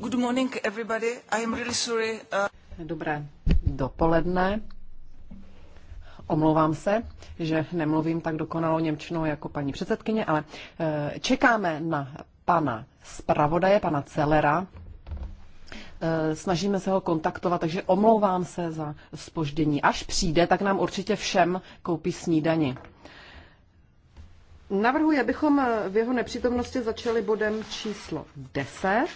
Good morning, everybody. I am really sorry. Uh, Dobré dopoledne. Omlouvám se, že nemluvím tak dokonalou Němčinou jako paní předsedkyně, ale eh, čekáme na pana zpravodaje, pana Celera. Eh, snažíme se ho kontaktovat, takže omlouvám se za spoždění. Až přijde, tak nám určitě všem koupí snídani. Navrhuji, abychom eh, v jeho nepřítomnosti začali bodem číslo 10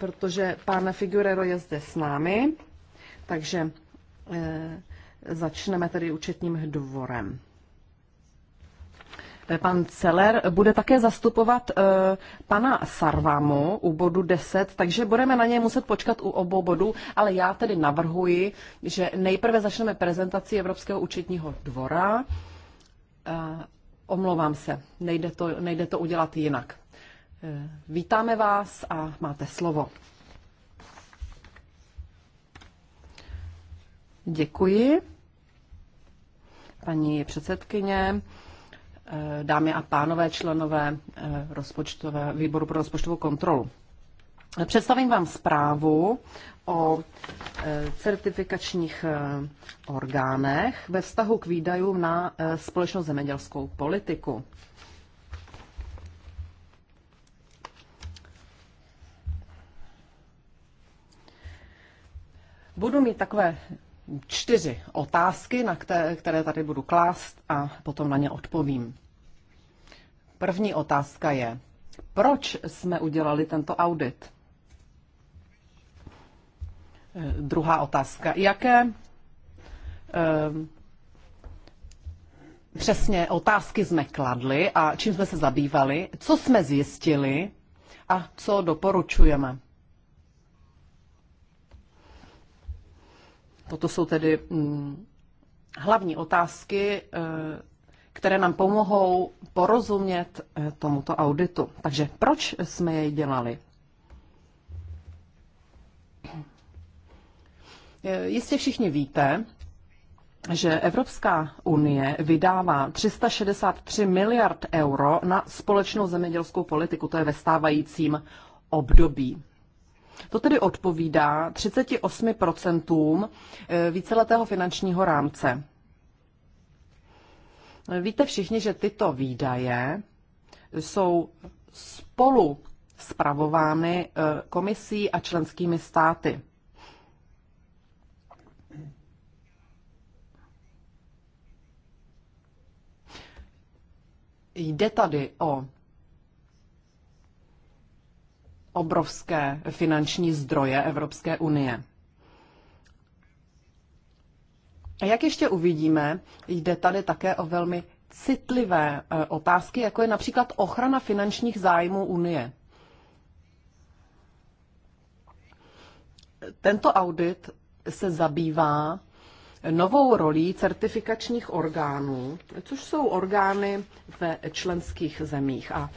protože pán Figurero je zde s námi, takže e, začneme tedy účetním dvorem. Eh, pan Celer bude také zastupovat e, pana Sarvamu u bodu 10, takže budeme na něj muset počkat u obou bodů, ale já tedy navrhuji, že nejprve začneme prezentaci Evropského účetního dvora. E, omlouvám se, nejde to, nejde to udělat jinak. Eh, vítáme vás a máte slovo. Děkuji. Paní předsedkyně, eh, dámy a pánové, členové eh, rozpočtové, výboru pro rozpočtovou kontrolu. Představím vám zprávu o certifikačních orgánech ve vztahu k výdajům na společnou zemědělskou politiku. Budu mít takové čtyři otázky, na které, které tady budu klást a potom na ně odpovím. První otázka je, proč jsme udělali tento audit? Eh, druhá otázka, jaké eh, přesně otázky jsme kladli a čím jsme se zabývali, co jsme zjistili a co doporučujeme. Toto jsou tedy mm, hlavní otázky, eh, které nám pomohou porozumět eh, tomuto auditu. Takže proč jsme jej dělali? Eh, jistě všichni víte, že Evropská unie vydává 363 miliard euro na společnou zemědělskou politiku, to je ve stávajícím období. To tedy odpovídá 38% eh, víceletého finančního rámce. Víte všichni, že tyto výdaje jsou spolu spravovány eh, komisí a členskými státy. Jde tady o obrovské finanční zdroje Evropské unie. A jak ještě uvidíme, jde tady také o velmi citlivé e, otázky, jako je například ochrana finančních zájmů Unie. Tento audit se zabývá novou rolí certifikačních orgánů, což jsou orgány ve členských zemích. A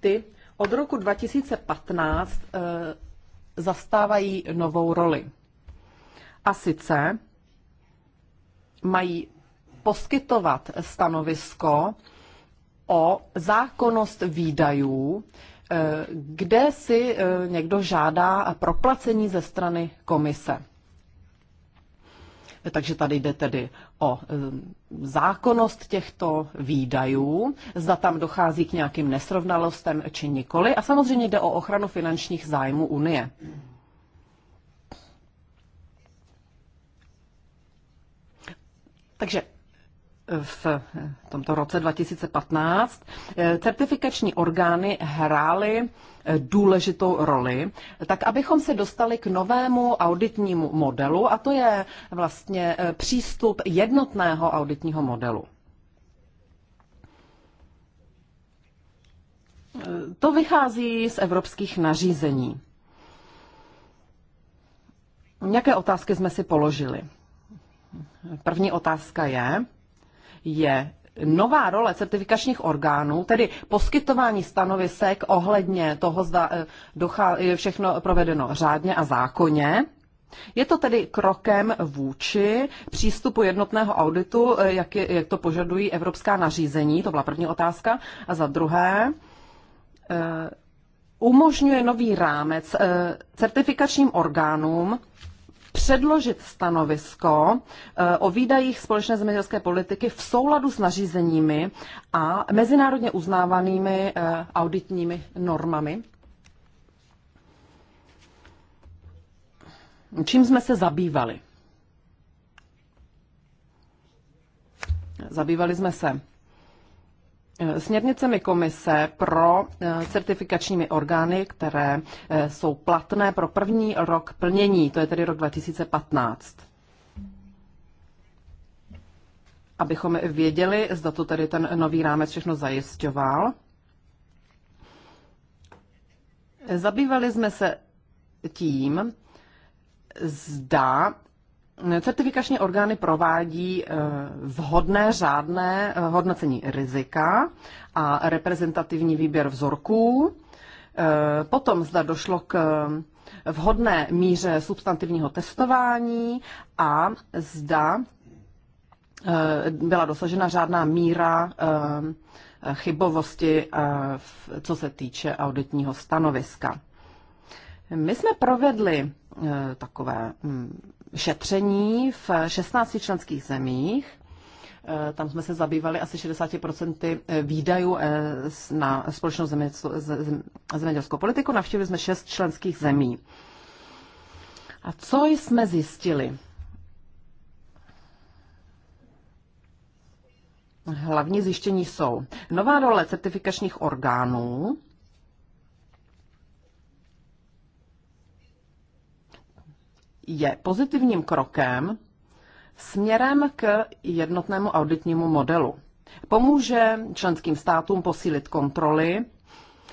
ty od roku 2015 eh, zastávají novou roli. A sice mají poskytovat stanovisko o zákonnost výdajů, eh, kde si eh, někdo žádá proplacení ze strany komise. Takže tady jde tedy o eh, zákonnost těchto výdajů, zda tam dochází k nějakým nesrovnalostem či nikoli a samozřejmě jde o ochranu finančních zájmů Unie. Takže v tomto roce 2015 certifikační orgány hrály důležitou roli, tak abychom se dostali k novému auditnímu modelu, a to je vlastně eh, přístup jednotného auditního modelu. Eh, to vychází z evropských nařízení. Nějaké otázky jsme si položili? První otázka je, je nová role certifikačních orgánů, tedy poskytování stanovisek ohledně toho, zda eh, je všechno provedeno řádně a zákonně. Je to tedy krokem vůči přístupu jednotného auditu, eh, jak, je, jak to požadují evropská nařízení, to byla první otázka. A za druhé, eh, umožňuje nový rámec certifikačním orgánům předložit stanovisko eh, o výdajích společné zemědělské politiky v souladu s nařízeními a mezinárodně uznávanými eh, auditními normami. Čím jsme se zabývali? Zabývali jsme se Eh, směrnicemi komise pro eh, certifikačními orgány, které eh, jsou platné pro první rok plnění, to je tedy rok 2015. Abychom věděli, zda to tedy ten nový rámec všechno zajišťoval. Zabývali jsme se tím, zda certifikační orgány provádí eh, vhodné řádné eh, hodnocení rizika a reprezentativní výběr vzorků. Eh, potom zda došlo k vhodné míře substantivního testování a zda byla dosažena řádná míra chybovosti, co se týče auditního stanoviska. My jsme provedli takové hm, šetření v 16 členských zemích. Eh, tam jsme se zabývali asi 60% eh, výdajů eh, na společnou zemědělskou politiku. Navštívili jsme 6 členských zemí. A co jsme zjistili? Hlavní zjištění jsou nová role certifikačních orgánů, je pozitivním krokem směrem k jednotnému auditnímu modelu. Pomůže členským státům posílit kontroly,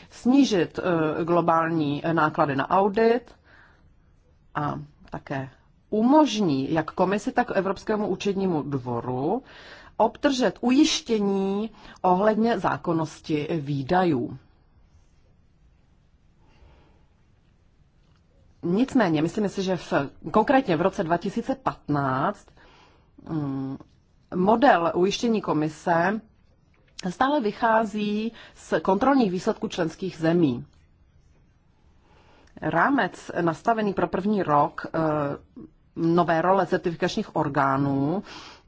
snížit eh, globální náklady na audit a také umožní jak komisi, tak Evropskému účetnímu dvoru obdržet ujištění ohledně zákonnosti výdajů. Nicméně, myslím si, že v, konkrétně v roce 2015 mm, model ujištění komise stále vychází z kontrolních výsledků členských zemí. Rámec nastavený pro první rok e, nové role certifikačních orgánů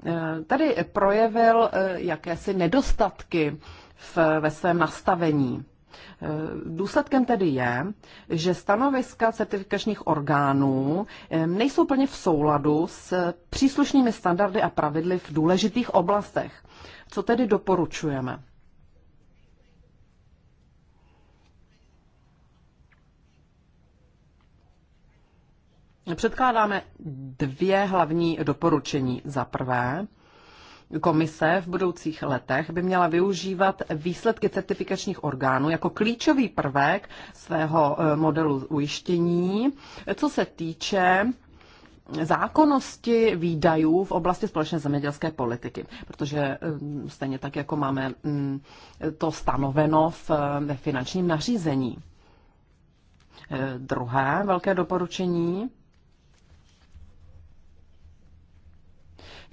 e, tady projevil e, jakési nedostatky v, ve svém nastavení. Eh, důsledkem tedy je, že stanoviska certifikačních orgánů eh, nejsou plně v souladu s příslušnými standardy a pravidly v důležitých oblastech. Co tedy doporučujeme? Předkládáme dvě hlavní doporučení. Za prvé, Komise v budoucích letech by měla využívat výsledky certifikačních orgánů jako klíčový prvek svého eh, modelu ujištění, co se týče zákonnosti výdajů v oblasti společné zemědělské politiky, protože eh, stejně tak, jako máme mm, to stanoveno eh, ve finančním nařízení. Druhé velké doporučení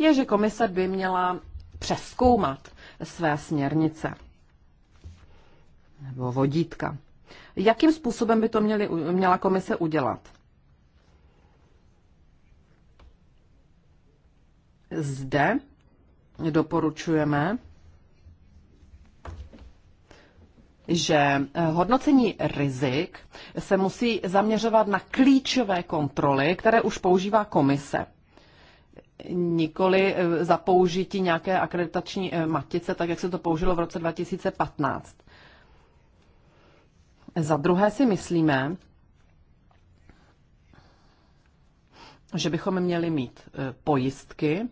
je, že komise by měla přeskoumat své směrnice nebo vodítka. Jakým způsobem by to měli, měla komise udělat? Zde doporučujeme, že eh, hodnocení rizik se musí zaměřovat na klíčové kontroly, které už používá komise nikoli eh, za použití nějaké akreditační eh, matice, tak jak se to použilo v roce 2015. Za druhé si myslíme, že bychom měli mít eh, pojistky,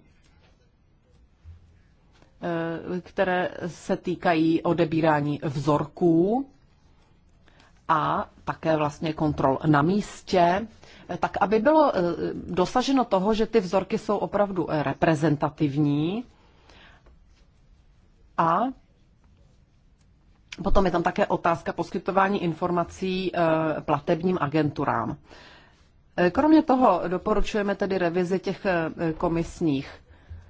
které se týkají odebírání vzorků a také vlastně kontrol na místě, tak aby bylo eh, dosaženo toho, že ty vzorky jsou opravdu eh, reprezentativní a Potom je tam také otázka poskytování informací eh, platebním agenturám. Kromě toho doporučujeme tedy revizi těch komisních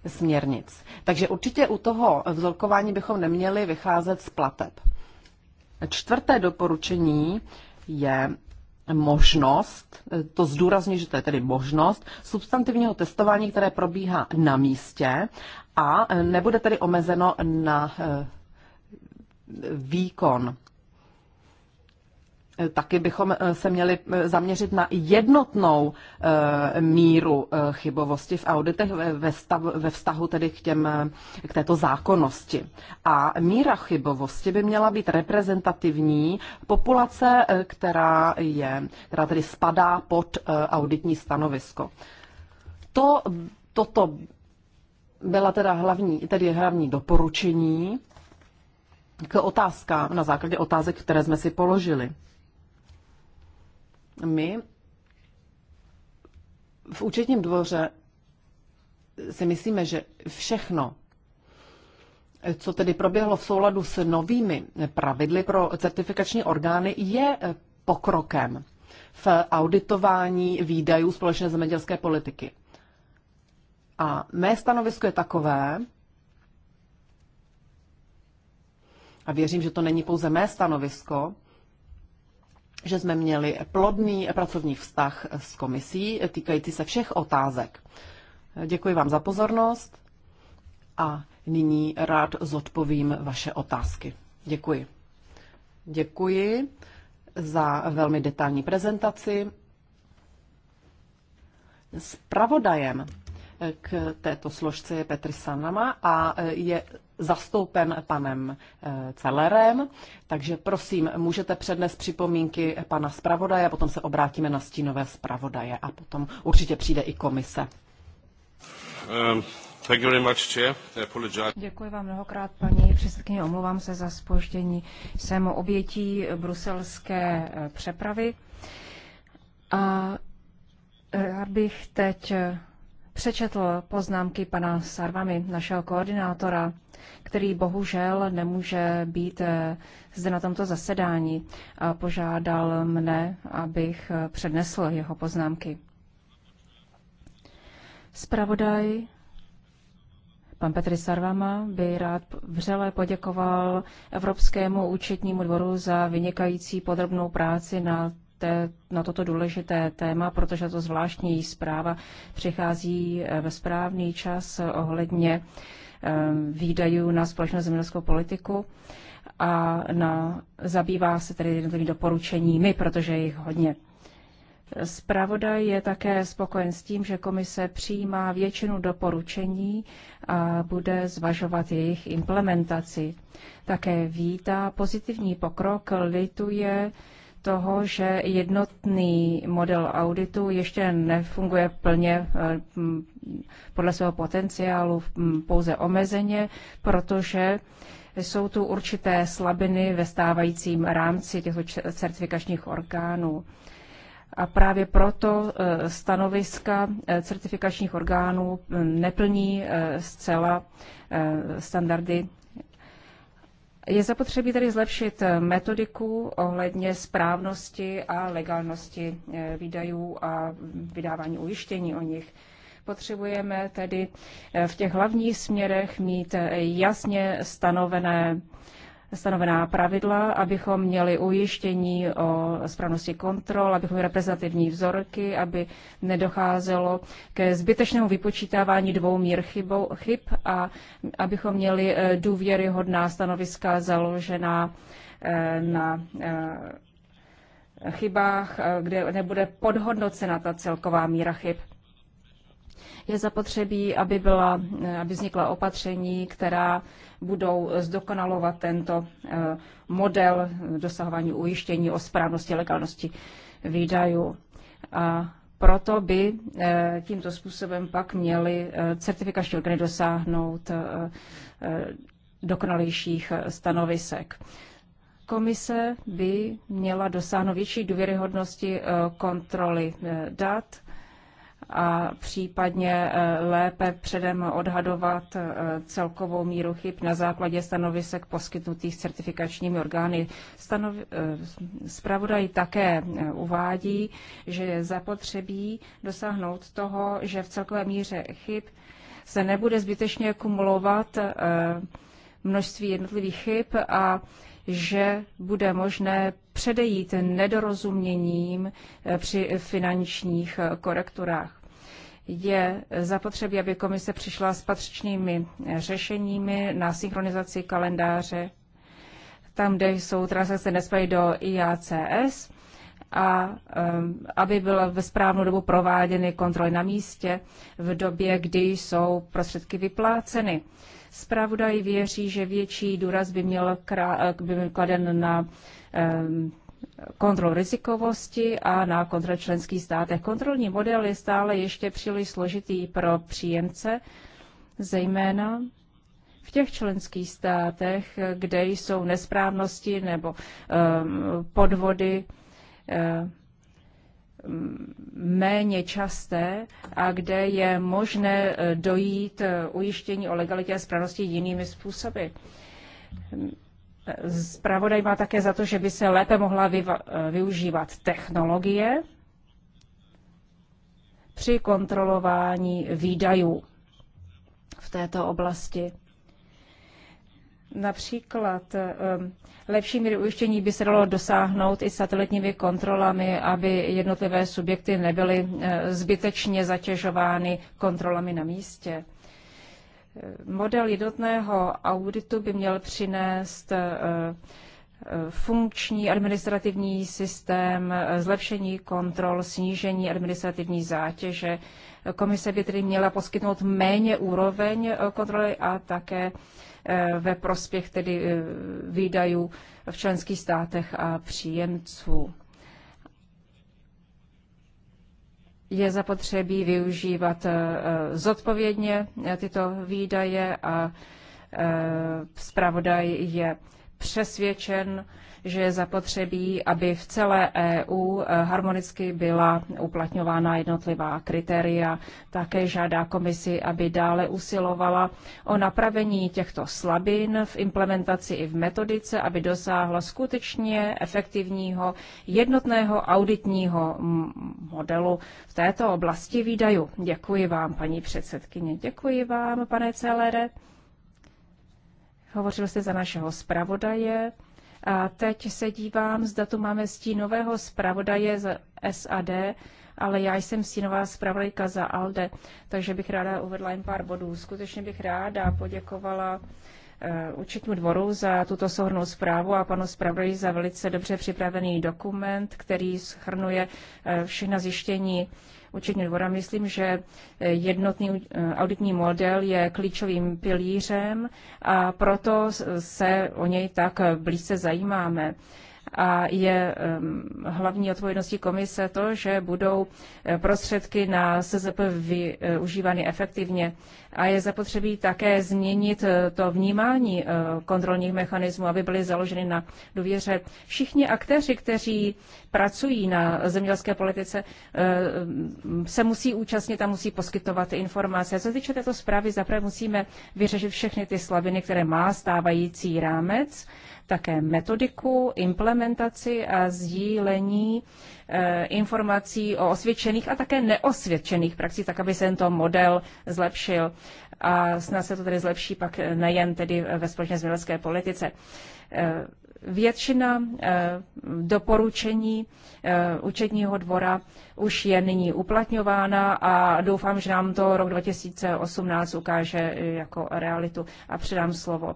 směrnic. Takže určitě u toho vzorkování bychom neměli vycházet z plateb. Čtvrté doporučení je možnost, eh, to zdůrazně, že to je tedy možnost, substantivního testování, které probíhá na místě a eh, nebude tedy omezeno na eh, výkon Eh, taky bychom eh, se měli eh, zaměřit na jednotnou míru chybovosti v auditech ve, stav, ve vztahu tedy k, těm, k této zákonnosti. A míra chybovosti by měla být reprezentativní populace, která, je, která tedy spadá pod auditní stanovisko. To, toto byla teda hlavní, tedy hlavní doporučení k otázkám, na základě otázek, které jsme si položili. My v účetním dvoře si myslíme, že všechno, co tedy proběhlo v souladu s novými pravidly pro certifikační orgány, je pokrokem v auditování výdajů společné zemědělské politiky. A mé stanovisko je takové, a věřím, že to není pouze mé stanovisko, že jsme měli plodný pracovní vztah s komisí týkající se všech otázek. Děkuji vám za pozornost a nyní rád zodpovím vaše otázky. Děkuji. Děkuji za velmi detailní prezentaci. Spravodajem k této složce je Petr Sanama a je zastoupen panem eh, Celerem, takže prosím, můžete přednes připomínky pana zpravodaje, potom se obrátíme na stínové zpravodaje a potom určitě přijde i komise. Um. Thank you very much, chair. Děkuji vám mnohokrát, paní předsedkyně. Omlouvám se za spoždění. Jsem obětí bruselské eh, přepravy. A já bych teď eh, přečetl poznámky pana Sarvami, našeho koordinátora, který bohužel nemůže být eh, zde na tomto zasedání a požádal mne, abych eh, přednesl jeho poznámky. Spravodaj Pan Petr Sarvama by rád vřele poděkoval Evropskému účetnímu dvoru za vynikající podrobnou práci na té, na toto důležité téma, protože to zvláštní zpráva přichází eh, ve správný čas ohledně eh, výdajů na společnou zemědělskou politiku a na, zabývá se tedy jednotlivými doporučeními, protože je jich hodně. Spravodaj je také spokojen s tím, že komise přijímá většinu doporučení a bude zvažovat jejich implementaci. Také vítá pozitivní pokrok, lituje toho, že jednotný model auditu ještě nefunguje plně eh, podle svého potenciálu, pouze omezeně, protože jsou tu určité slabiny ve stávajícím rámci těchto certifikačních orgánů. A právě proto eh, stanoviska eh, certifikačních orgánů neplní zcela standardy je zapotřebí tedy zlepšit eh, metodiku ohledně správnosti a legálnosti eh, výdajů a vydávání ujištění o nich. Potřebujeme tedy eh, v těch hlavních směrech mít jasně stanovené stanovená pravidla, abychom měli ujištění o správnosti kontrol, abychom měli reprezentativní vzorky, aby nedocházelo ke zbytečnému vypočítávání dvou mír chybou, chyb a abychom měli eh, důvěryhodná stanoviska založená eh, na eh, chybách, kde nebude podhodnocena ta celková míra chyb. Je zapotřebí, aby, byla, aby vznikla opatření, která budou zdokonalovat tento eh, model dosahování ujištění o správnosti a legálnosti výdajů. A proto by eh, tímto způsobem pak měly eh, certifikační orgány dosáhnout dokonalejších stanovisek. Komise by měla dosáhnout větší důvěryhodnosti kontroly dat a případně e, lépe předem odhadovat e, celkovou míru chyb na základě stanovisek poskytnutých certifikačními orgány. Stanov... Spravodaj e, také uvádí, že je zapotřebí dosáhnout toho, že v celkové míře chyb se nebude zbytečně kumulovat množství jednotlivých chyb a že bude možné předejít nedorozuměním eh, při finančních eh, korekturách. Je zapotřebí, aby komise přišla s patřičnými eh, řešeními na synchronizaci kalendáře tam, kde jsou transakce nespadají do IACS a um, aby byly ve správnou dobu prováděny kontroly na místě v době, kdy jsou prostředky vypláceny. Spravodaj věří, že větší důraz by měl, krá, by kladen na um, ehm, kontrol rizikovosti a na kontrol členských státech. Kontrolní model je stále ještě příliš složitý pro příjemce, zejména v těch členských státech, kde jsou nesprávnosti nebo um, podvody um, méně časté a kde je možné eh, dojít eh, ujištění o legalitě a správnosti jinými způsoby. Zpravodaj má také za to, že by se lépe mohla eh, využívat technologie při kontrolování výdajů v této oblasti. Například Lepší míry ujištění by se dalo dosáhnout i satelitními kontrolami, aby jednotlivé subjekty nebyly eh, zbytečně zatěžovány kontrolami na místě. Eh, model jednotného auditu by měl přinést eh, funkční administrativní systém, zlepšení kontrol, snížení administrativní zátěže. Komise by tedy měla poskytnout méně úroveň kontroly a také Eh, ve prospěch tedy eh, výdajů v členských státech a příjemců. Je zapotřebí využívat eh, zodpovědně tyto výdaje a zpravodaj je přesvědčen, že je zapotřebí, aby v celé EU eh, harmonicky byla uplatňována jednotlivá kritéria. Také žádá komisi, aby dále usilovala o napravení těchto slabin v implementaci i v metodice, aby dosáhla skutečně efektivního jednotného auditního modelu v této oblasti výdajů. Děkuji vám, paní předsedkyně. Děkuji vám, pane Celere. Hovořil jste za našeho zpravodaje. A teď se dívám, zda tu máme stínového zpravodaje z SAD, ale já jsem stínová zpravodajka za ALDE, takže bych ráda uvedla jen pár bodů. Skutečně bych ráda poděkovala eh, účetnímu dvoru za tuto souhrnou zprávu a panu zpravodaji za velice dobře připravený dokument, který schrnuje eh, všechna zjištění účetní dvora. Myslím, že eh, jednotný eh, auditní model je klíčovým pilířem a proto se o něj tak eh, blízce zajímáme a je hlavní odpovědností komise to, že budou eh, prostředky na SZP využívány eh, efektivně. A je zapotřebí také změnit eh, to vnímání kontrolních mechanismů, aby byly založeny na důvěře. Všichni aktéři, kteří pracují na zemědělské politice, se musí účastnit a musí poskytovat informace. Co se týče této zprávy, zaprvé musíme vyřešit všechny ty slabiny, které má stávající rámec také metodiku, implementaci a sdílení eh, informací o osvědčených a také neosvědčených praxích, tak aby se tento model zlepšil. A snad se to tedy zlepší pak nejen tedy ve společné zemědělské politice. Eh, většina eh, doporučení účetního dvora už je nyní uplatňována a doufám, že nám to rok 2018 ukáže jako realitu. A předám slovo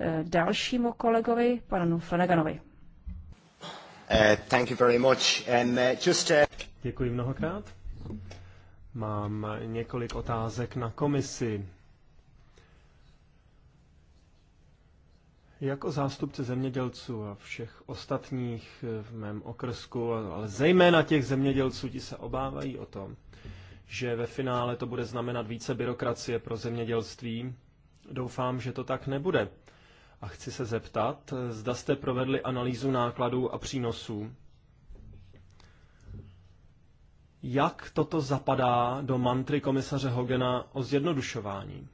Eh, dalšímu kolegovi, panu Flanaganovi. Eh, um, eh, Děkuji mnohokrát. Mám několik otázek na komisi. Jako zástupce zemědělců a všech ostatních v mém okrsku, ale zejména těch zemědělců, ti se obávají o tom, že ve finále to bude znamenat více byrokracie pro zemědělství. Doufám, že to tak nebude a chci se zeptat, zda jste provedli analýzu nákladů a přínosů. Jak toto zapadá do mantry komisaře Hogena o zjednodušování?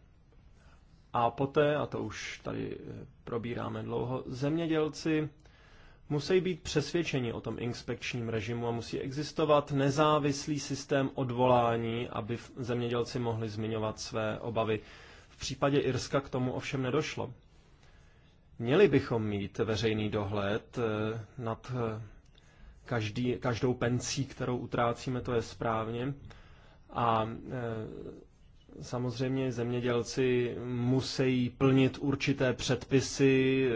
A poté, a to už tady eh, probíráme dlouho, zemědělci musí být přesvědčeni o tom inspekčním režimu a musí existovat nezávislý systém odvolání, aby zemědělci mohli zmiňovat své obavy. V případě Irska k tomu ovšem nedošlo. Měli bychom mít veřejný dohled eh, nad eh, každý, každou pencí, kterou utrácíme, to je správně. A eh, Samozřejmě zemědělci musí plnit určité předpisy,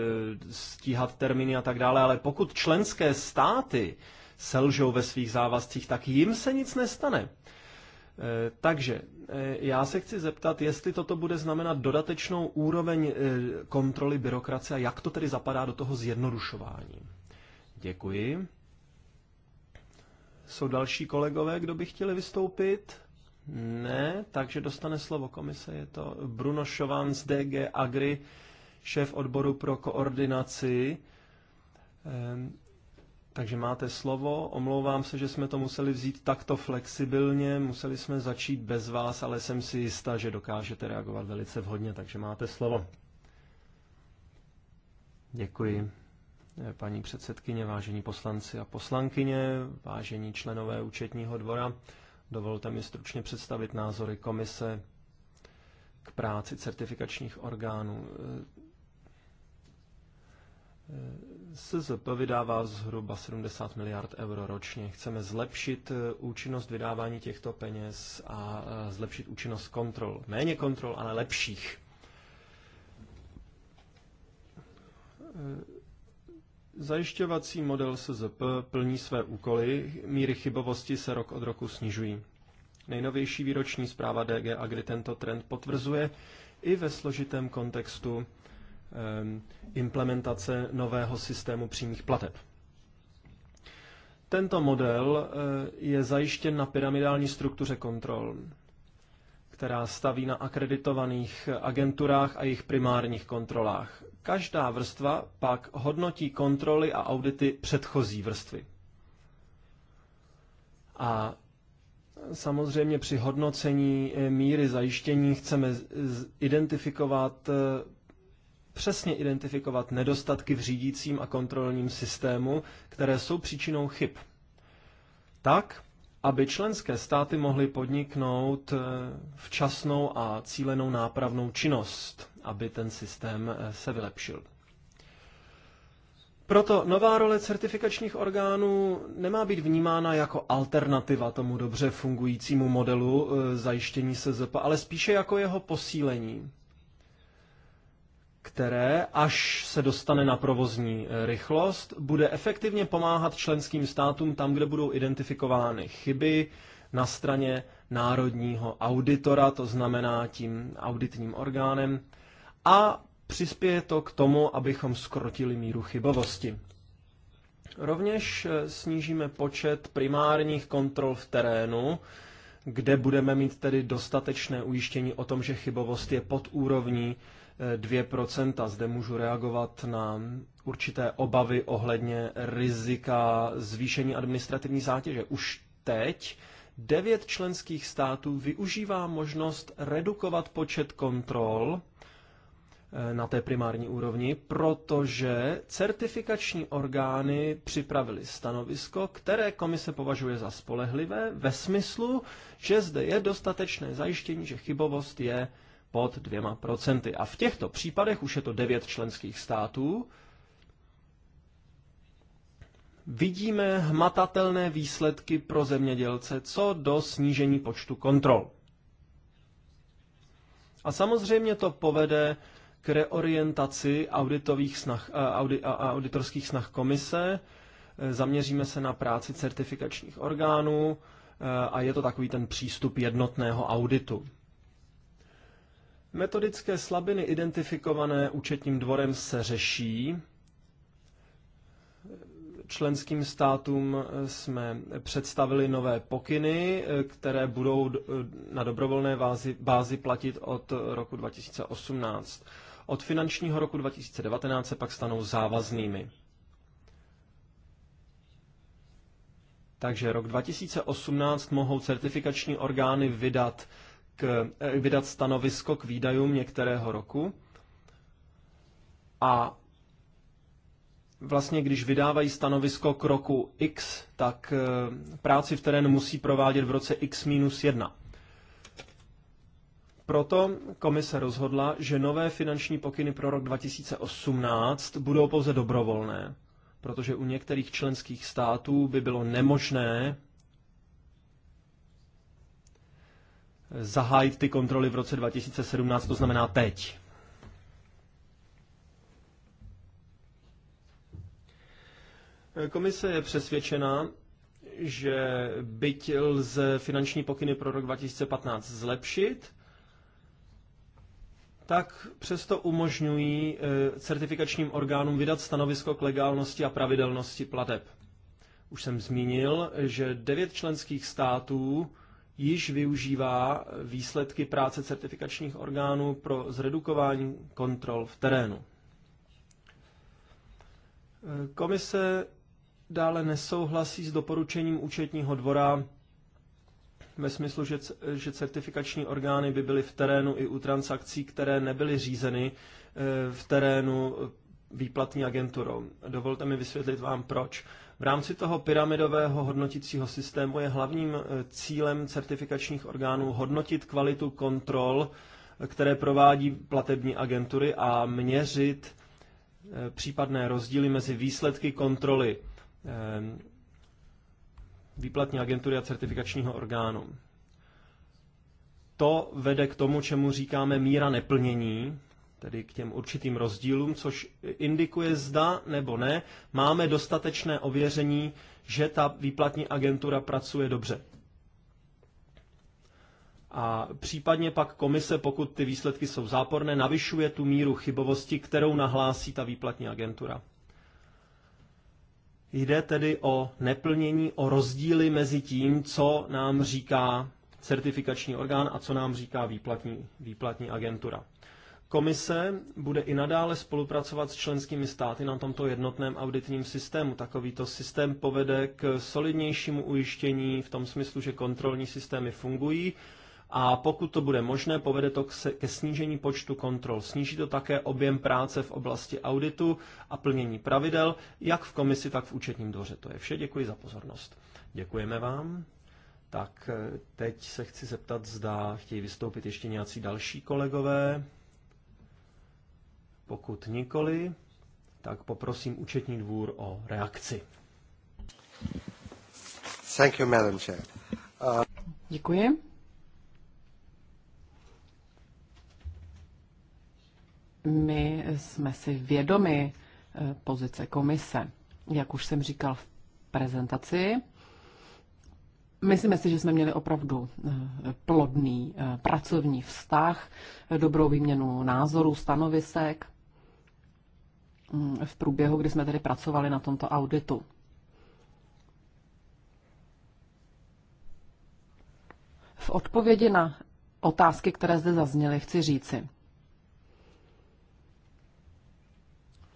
stíhat termíny a tak dále, ale pokud členské státy selžou ve svých závazcích, tak jim se nic nestane. Takže Eh, já se chci zeptat, jestli toto bude znamenat dodatečnou úroveň eh, kontroly byrokracie a jak to tedy zapadá do toho zjednodušování. Děkuji. Jsou další kolegové, kdo by chtěli vystoupit? Ne, takže dostane slovo komise. Je to Bruno Šován z DG Agri, šéf odboru pro koordinaci. Ehm, takže máte slovo. Omlouvám se, že jsme to museli vzít takto flexibilně. Museli jsme začít bez vás, ale jsem si jistá, že dokážete reagovat velice vhodně, takže máte slovo. Děkuji. Eh, paní předsedkyně, vážení poslanci a poslankyně, vážení členové účetního dvora, dovolte mi stručně představit názory komise k práci certifikačních orgánů. SZP vydává zhruba 70 miliard euro ročně. Chceme zlepšit eh, účinnost vydávání těchto peněz a eh, zlepšit účinnost kontrol. Méně kontrol, ale lepších. Eh, zajišťovací model SZP plní své úkoly, míry chybovosti se rok od roku snižují. Nejnovější výroční zpráva DG Agri tento trend potvrzuje i ve složitém kontextu Ehm, implementace nového systému přímých plateb. Tento model eh, je zajištěn na pyramidální struktuře kontrol, která staví na akreditovaných agenturách a jejich primárních kontrolách. Každá vrstva pak hodnotí kontroly a audity předchozí vrstvy. A samozřejmě při hodnocení eh, míry zajištění chceme identifikovat eh, přesně identifikovat nedostatky v řídícím a kontrolním systému, které jsou příčinou chyb. Tak, aby členské státy mohly podniknout eh, včasnou a cílenou nápravnou činnost, aby ten systém eh, se vylepšil. Proto nová role certifikačních orgánů nemá být vnímána jako alternativa tomu dobře fungujícímu modelu eh, zajištění SZP, ale spíše jako jeho posílení které, až se dostane na provozní eh, rychlost, bude efektivně pomáhat členským státům tam, kde budou identifikovány chyby na straně národního auditora, to znamená tím auditním orgánem, a přispěje to k tomu, abychom skrotili míru chybovosti. Rovněž eh, snížíme počet primárních kontrol v terénu, kde budeme mít tedy dostatečné ujištění o tom, že chybovost je pod úrovní 2%. Zde můžu reagovat na určité obavy ohledně rizika zvýšení administrativní zátěže. Už teď devět členských států využívá možnost redukovat počet kontrol eh, na té primární úrovni, protože certifikační orgány připravili stanovisko, které komise považuje za spolehlivé ve smyslu, že zde je dostatečné zajištění, že chybovost je pod dvěma procenty. A v těchto případech už je to devět členských států. Vidíme hmatatelné výsledky pro zemědělce co do snížení počtu kontrol. A samozřejmě to povede k reorientaci auditových snah, audi, auditorských snah komise. Zaměříme se na práci certifikačních orgánů e, a je to takový ten přístup jednotného auditu. Metodické slabiny identifikované účetním dvorem se řeší. Členským státům jsme představili nové pokyny, které budou na dobrovolné bázi, bázi platit od roku 2018. Od finančního roku 2019 se pak stanou závaznými. Takže rok 2018 mohou certifikační orgány vydat k, eh, vydat stanovisko k výdajům některého roku. A vlastně, když vydávají stanovisko k roku X, tak eh, práci v terénu musí provádět v roce X-1. minus Proto komise rozhodla, že nové finanční pokyny pro rok 2018 budou pouze dobrovolné, protože u některých členských států by bylo nemožné zahájit ty kontroly v roce 2017, to znamená teď. Komise je přesvědčena, že byť lze finanční pokyny pro rok 2015 zlepšit, tak přesto umožňují eh, certifikačním orgánům vydat stanovisko k legálnosti a pravidelnosti plateb. Už jsem zmínil, že devět členských států již využívá výsledky práce certifikačních orgánů pro zredukování kontrol v terénu. Komise dále nesouhlasí s doporučením účetního dvora ve smyslu, že, že certifikační orgány by byly v terénu i u transakcí, které nebyly řízeny e, v terénu výplatní agenturou. Dovolte mi vysvětlit vám proč. V rámci toho pyramidového hodnotícího systému je hlavním eh, cílem certifikačních orgánů hodnotit kvalitu kontrol, eh, které provádí platební agentury a měřit eh, případné rozdíly mezi výsledky kontroly výplatní agentury a certifikačního orgánu. To vede k tomu, čemu říkáme míra neplnění, tedy k těm určitým rozdílům, což indikuje zda nebo ne, máme dostatečné ověření, že ta výplatní agentura pracuje dobře. A případně pak komise, pokud ty výsledky jsou záporné, navyšuje tu míru chybovosti, kterou nahlásí ta výplatní agentura. Jde tedy o neplnění, o rozdíly mezi tím, co nám říká certifikační orgán a co nám říká výplatní, výplatní agentura. Komise bude i nadále spolupracovat s členskými státy na tomto jednotném auditním systému. Takovýto systém povede k solidnějšímu ujištění v tom smyslu, že kontrolní systémy fungují a pokud to bude možné, povede to ke snížení počtu kontrol. Sníží to také objem práce v oblasti auditu a plnění pravidel, jak v komisi, tak v účetním dvoře. To je vše, děkuji za pozornost. Děkujeme vám. Tak eh, teď se chci zeptat, zda chtějí vystoupit ještě nějací další kolegové. Pokud nikoli, tak poprosím účetní dvůr o reakci. Thank you, Madam Chair. Uh... Děkuji. My jsme si vědomi eh, pozice komise, jak už jsem říkal v prezentaci. Myslíme si, že jsme měli opravdu eh, plodný eh, pracovní vztah, dobrou výměnu názorů, stanovisek Mm, v průběhu, kdy jsme tady pracovali na tomto auditu. V odpovědi na otázky, které zde zazněly, chci říci.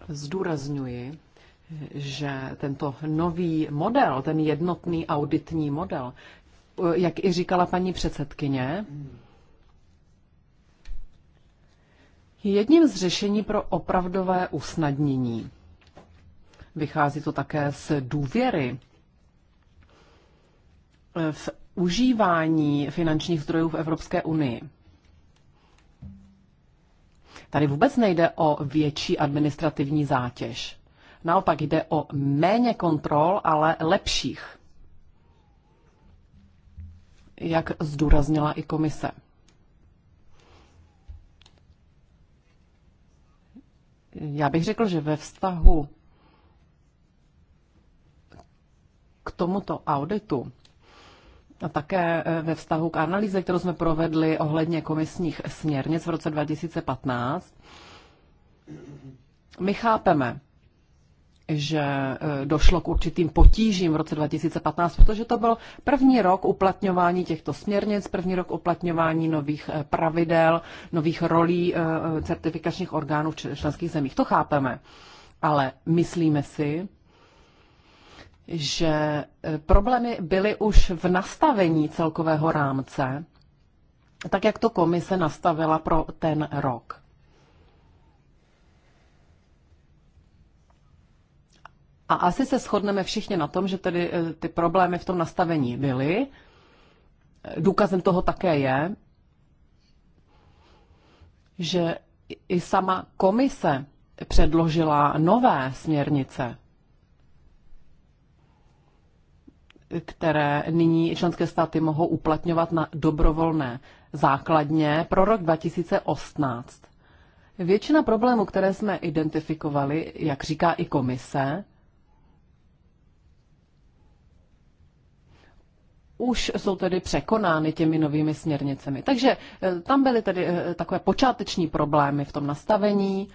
Zdůrazňuji, že tento nový model, ten jednotný auditní model, jak i říkala paní předsedkyně, hmm jedním z řešení pro opravdové usnadnění. Vychází to také z důvěry v užívání finančních zdrojů v Evropské unii. Tady vůbec nejde o větší administrativní zátěž. Naopak jde o méně kontrol, ale lepších. Jak zdůraznila i komise. Já bych řekl, že ve vztahu k tomuto auditu a také e, ve vztahu k analýze, kterou jsme provedli ohledně komisních směrnic v roce 2015, my chápeme, že e, došlo k určitým potížím v roce 2015, protože to byl první rok uplatňování těchto směrnic, první rok uplatňování nových e, pravidel, nových rolí e, certifikačních orgánů v členských zemích. To chápeme. Ale myslíme si, že problémy byly už v nastavení celkového rámce, tak jak to komise nastavila pro ten rok. A asi se shodneme všichni na tom, že tedy eh, ty problémy v tom nastavení byly. Důkazem toho také je, že i sama komise předložila nové směrnice, které nyní členské státy mohou uplatňovat na dobrovolné základně pro rok 2018. Většina problémů, které jsme identifikovali, jak říká i komise, už jsou tedy překonány těmi novými směrnicemi. Takže eh, tam byly tedy eh, takové počáteční problémy v tom nastavení.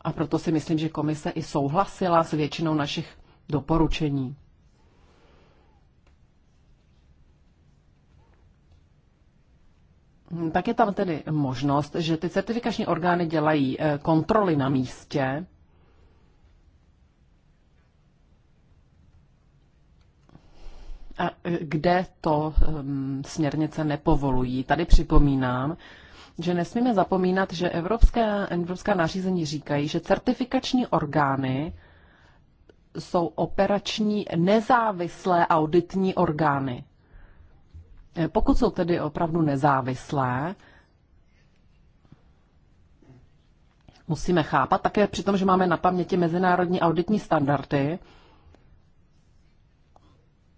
A proto si myslím, že komise i souhlasila s většinou našich doporučení. Hm, tak je tam tedy možnost, že ty certifikační orgány dělají eh, kontroly na místě A e, kde to směrnice nepovolují. Tady připomínám, že nesmíme zapomínat, že evropské, evropská nařízení říkají, že certifikační orgány jsou operační nezávislé auditní orgány. E, pokud jsou tedy opravdu nezávislé, musíme chápat také přitom, že máme na paměti mezinárodní auditní standardy,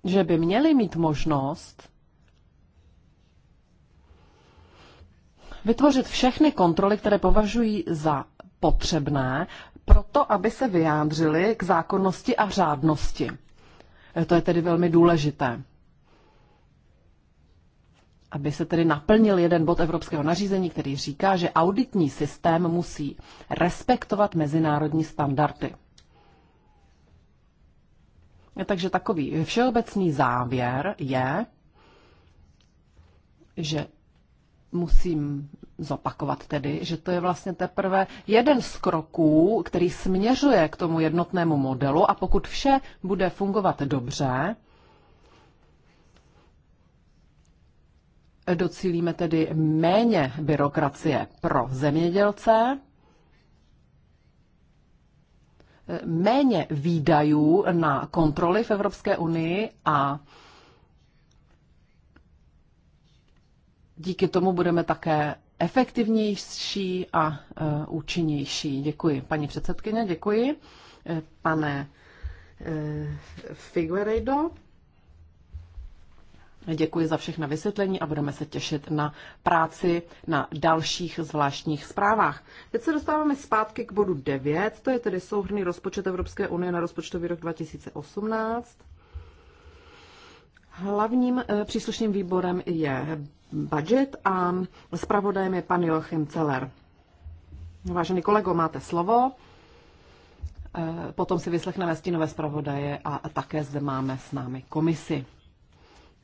že by měli mít možnost vytvořit všechny kontroly, které považují za potřebné, proto aby se vyjádřili k zákonnosti a řádnosti. To je tedy velmi důležité. Aby se tedy naplnil jeden bod evropského nařízení, který říká, že auditní systém musí respektovat mezinárodní standardy. Takže takový všeobecný závěr je, že musím zopakovat tedy, že to je vlastně teprve jeden z kroků, který směřuje k tomu jednotnému modelu a pokud vše bude fungovat dobře, docílíme tedy méně byrokracie pro zemědělce méně výdajů na kontroly v Evropské unii a díky tomu budeme také efektivnější a e, účinnější. Děkuji, paní předsedkyně, děkuji. E, pane e, Figueiredo. Děkuji za všechna vysvětlení a budeme se těšit na práci na dalších zvláštních zprávách. Teď se dostáváme zpátky k bodu 9, to je tedy souhrný rozpočet Evropské unie na rozpočtový rok 2018. Hlavním eh, příslušným výborem je budget a zpravodajem je pan Joachim Celer. Vážený kolego, máte slovo. Eh, potom si vyslechneme stínové zpravodaje a také zde máme s námi komisi.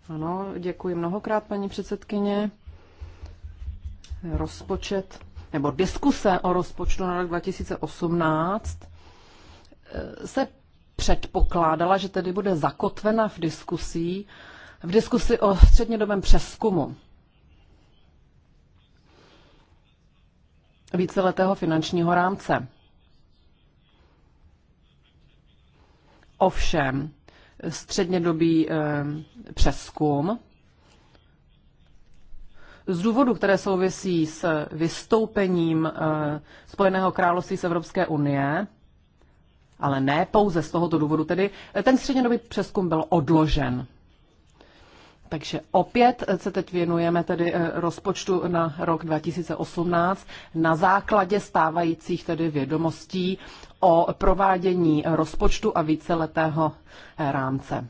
Ano, děkuji mnohokrát, paní předsedkyně. Rozpočet, nebo diskuse o rozpočtu na rok 2018 eh, se předpokládala, že tedy bude zakotvena v diskusí, v diskusi o střednědobém přeskumu víceletého finančního rámce. Ovšem, střednědobý eh, přeskum. Z důvodu, které souvisí s vystoupením eh, Spojeného království z Evropské unie, ale ne pouze z tohoto důvodu, tedy eh, ten střednědobý přeskum byl odložen. Takže opět se teď věnujeme tedy eh, rozpočtu na rok 2018 na základě stávajících tedy vědomostí o provádění rozpočtu a víceletého eh, rámce.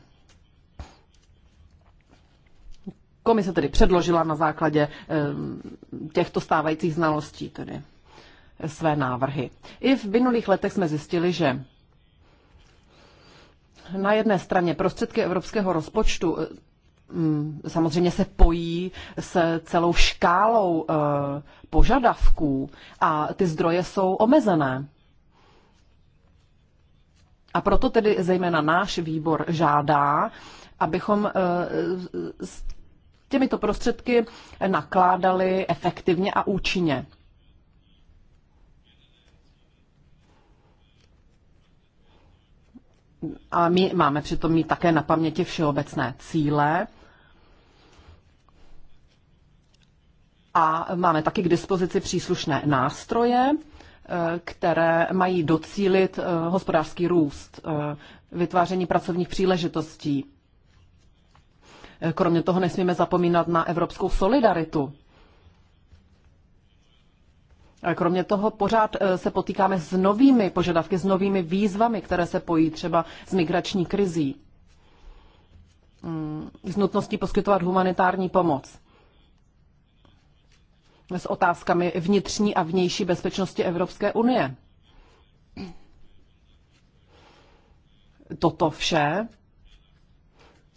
Komise tedy předložila na základě eh, těchto stávajících znalostí tedy své návrhy. I v minulých letech jsme zjistili, že na jedné straně prostředky evropského rozpočtu Mm, samozřejmě se pojí s celou škálou eh, požadavků a ty zdroje jsou omezené. A proto tedy zejména náš výbor žádá, abychom eh, s těmito prostředky nakládali efektivně a účinně. A my máme přitom mít také na paměti všeobecné cíle A máme taky k dispozici příslušné nástroje, eh, které mají docílit eh, hospodářský růst, eh, vytváření pracovních příležitostí. Kromě toho nesmíme zapomínat na evropskou solidaritu. Kromě toho pořád se potýkáme s novými požadavky, s novými výzvami, které se pojí třeba s migrační krizí, s hmm, nutností poskytovat humanitární pomoc s otázkami vnitřní a vnější bezpečnosti Evropské unie. Toto vše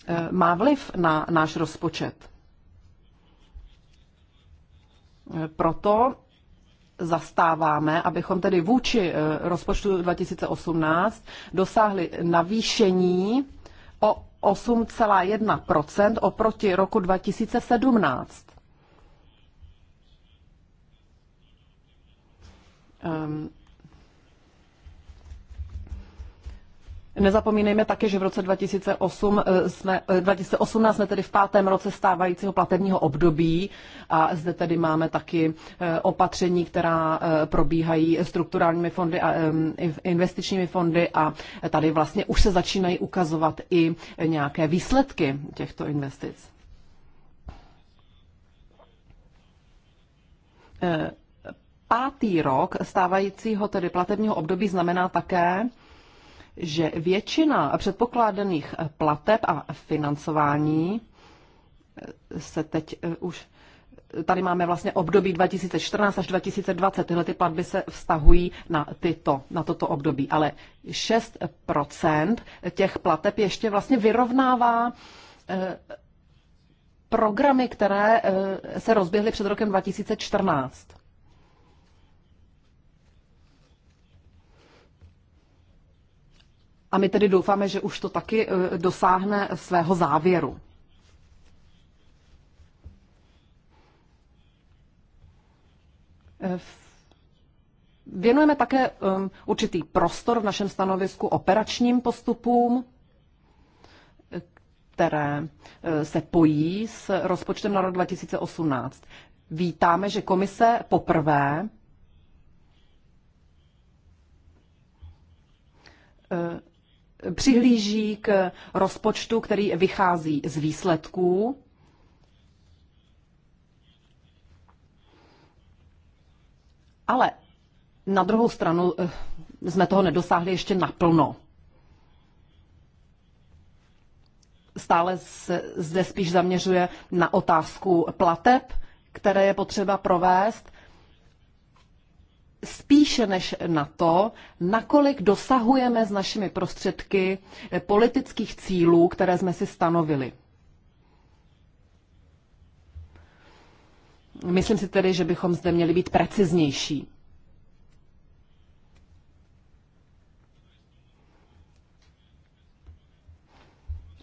eh, má vliv na náš rozpočet. Eh, proto zastáváme, abychom tedy vůči eh, rozpočtu 2018 dosáhli navýšení o 8,1 oproti roku 2017. Um, Nezapomínejme také, že v roce 2008 eh, jsme, 2018 eh, jsme tedy v pátém roce stávajícího platebního období a zde tedy máme taky eh, opatření, která probíhají strukturálními fondy a ehm, investičními fondy a tady vlastně už se začínají ukazovat i nějaké výsledky těchto investic pátý rok stávajícího tedy platebního období znamená také, že většina předpokládaných plateb a financování se teď eh, už tady máme vlastně období 2014 až 2020. Tyhle ty platby se vztahují na, tyto, na toto období, ale 6% těch plateb ještě vlastně vyrovnává eh, programy, které eh, se rozběhly před rokem 2014. A my tedy doufáme, že už to taky eh, dosáhne svého závěru. Eh, věnujeme také eh, určitý prostor v našem stanovisku operačním postupům, které se pojí s rozpočtem na rok 2018. Vítáme, že komise poprvé přihlíží k rozpočtu, který vychází z výsledků. Ale na druhou stranu eh, jsme toho nedosáhli ještě naplno. Stále se zde spíš zaměřuje na otázku plateb, které je potřeba provést spíše než na to, nakolik dosahujeme s našimi prostředky eh, politických cílů, které jsme si stanovili. Myslím si tedy, že bychom zde měli být preciznější.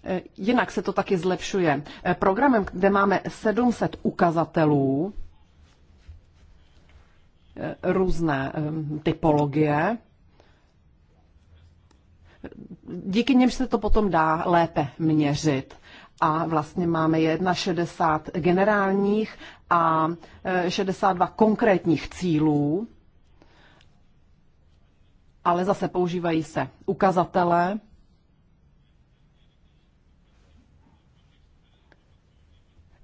Eh, jinak se to taky zlepšuje. Eh, programem, kde máme 700 ukazatelů, Eh, různé eh, typologie, díky němž se to potom dá lépe měřit. A vlastně máme 61 generálních a 62 eh, konkrétních cílů, ale zase používají se ukazatele,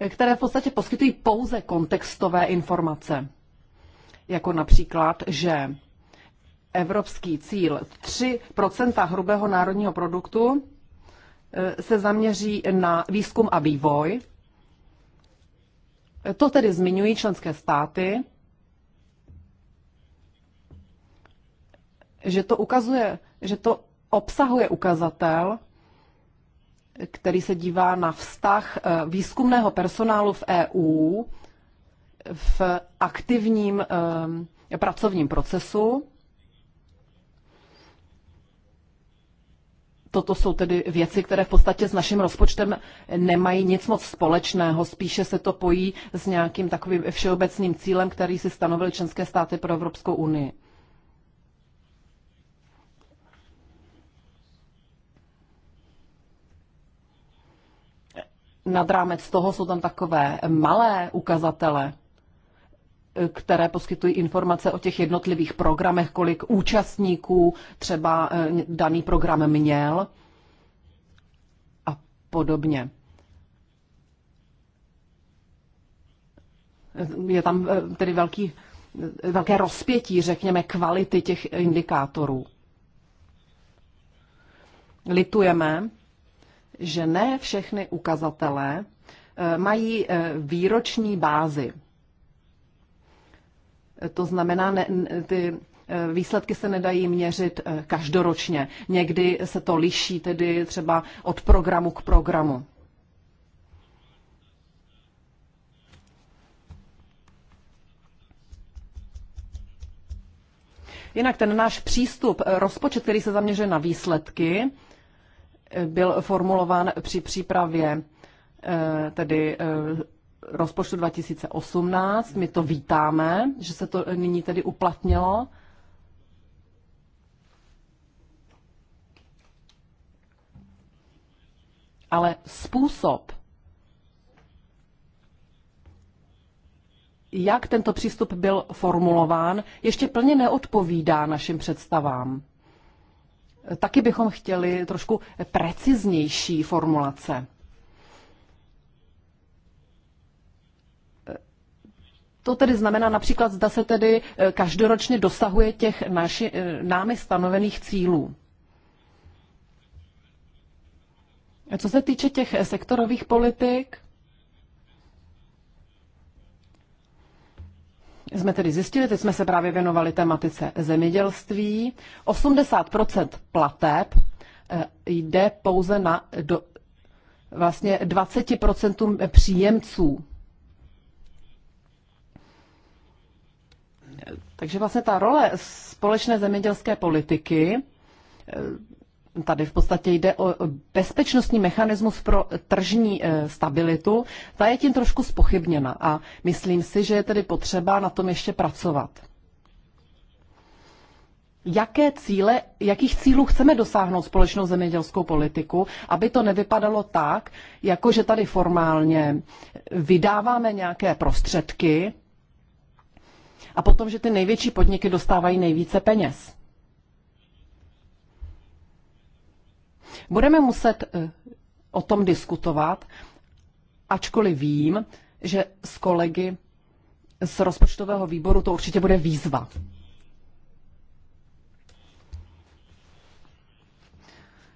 které v podstatě poskytují pouze kontextové informace jako například, že evropský cíl 3 hrubého národního produktu e, se zaměří na výzkum a vývoj. E, to tedy zmiňují členské státy, že to ukazuje, že to obsahuje ukazatel, který se dívá na vztah e, výzkumného personálu v EU v aktivním ehm, pracovním procesu. Toto jsou tedy věci, které v podstatě s naším rozpočtem nemají nic moc společného. Spíše se to pojí s nějakým takovým všeobecným cílem, který si stanovily členské státy pro Evropskou unii. nad rámec toho jsou tam takové malé ukazatele které poskytují informace o těch jednotlivých programech, kolik účastníků třeba e, daný program měl a podobně. Je tam e, tedy velký, e, velké rozpětí, řekněme, kvality těch indikátorů. Litujeme, že ne všechny ukazatele mají výroční bázi. To znamená, ne, ty e, výsledky se nedají měřit e, každoročně. Někdy se to liší tedy třeba od programu k programu. Jinak ten náš přístup, e, rozpočet, který se zaměřuje na výsledky, byl formulován při přípravě tedy rozpočtu 2018. My to vítáme, že se to nyní tedy uplatnilo. Ale způsob, jak tento přístup byl formulován, ještě plně neodpovídá našim představám. Taky bychom chtěli trošku preciznější formulace. to tedy znamená například, zda se tedy e, každoročně dosahuje těch naši, e, námi stanovených cílů. Co se týče těch e, sektorových politik, jsme tedy zjistili, teď jsme se právě věnovali tematice zemědělství, 80% plateb jde pouze na do, vlastně 20% příjemců. Takže vlastně ta role společné zemědělské politiky, eh, tady v podstatě jde o bezpečnostní mechanismus pro tržní eh, stabilitu, ta je tím trošku spochybněna a myslím si, že je tedy potřeba na tom ještě pracovat. Jaké cíle, jakých cílů chceme dosáhnout společnou zemědělskou politiku, aby to nevypadalo tak, jako že tady formálně vydáváme nějaké prostředky, a potom, že ty největší podniky dostávají nejvíce peněz. Budeme muset eh, o tom diskutovat, ačkoliv vím, že s kolegy z rozpočtového výboru to určitě bude výzva.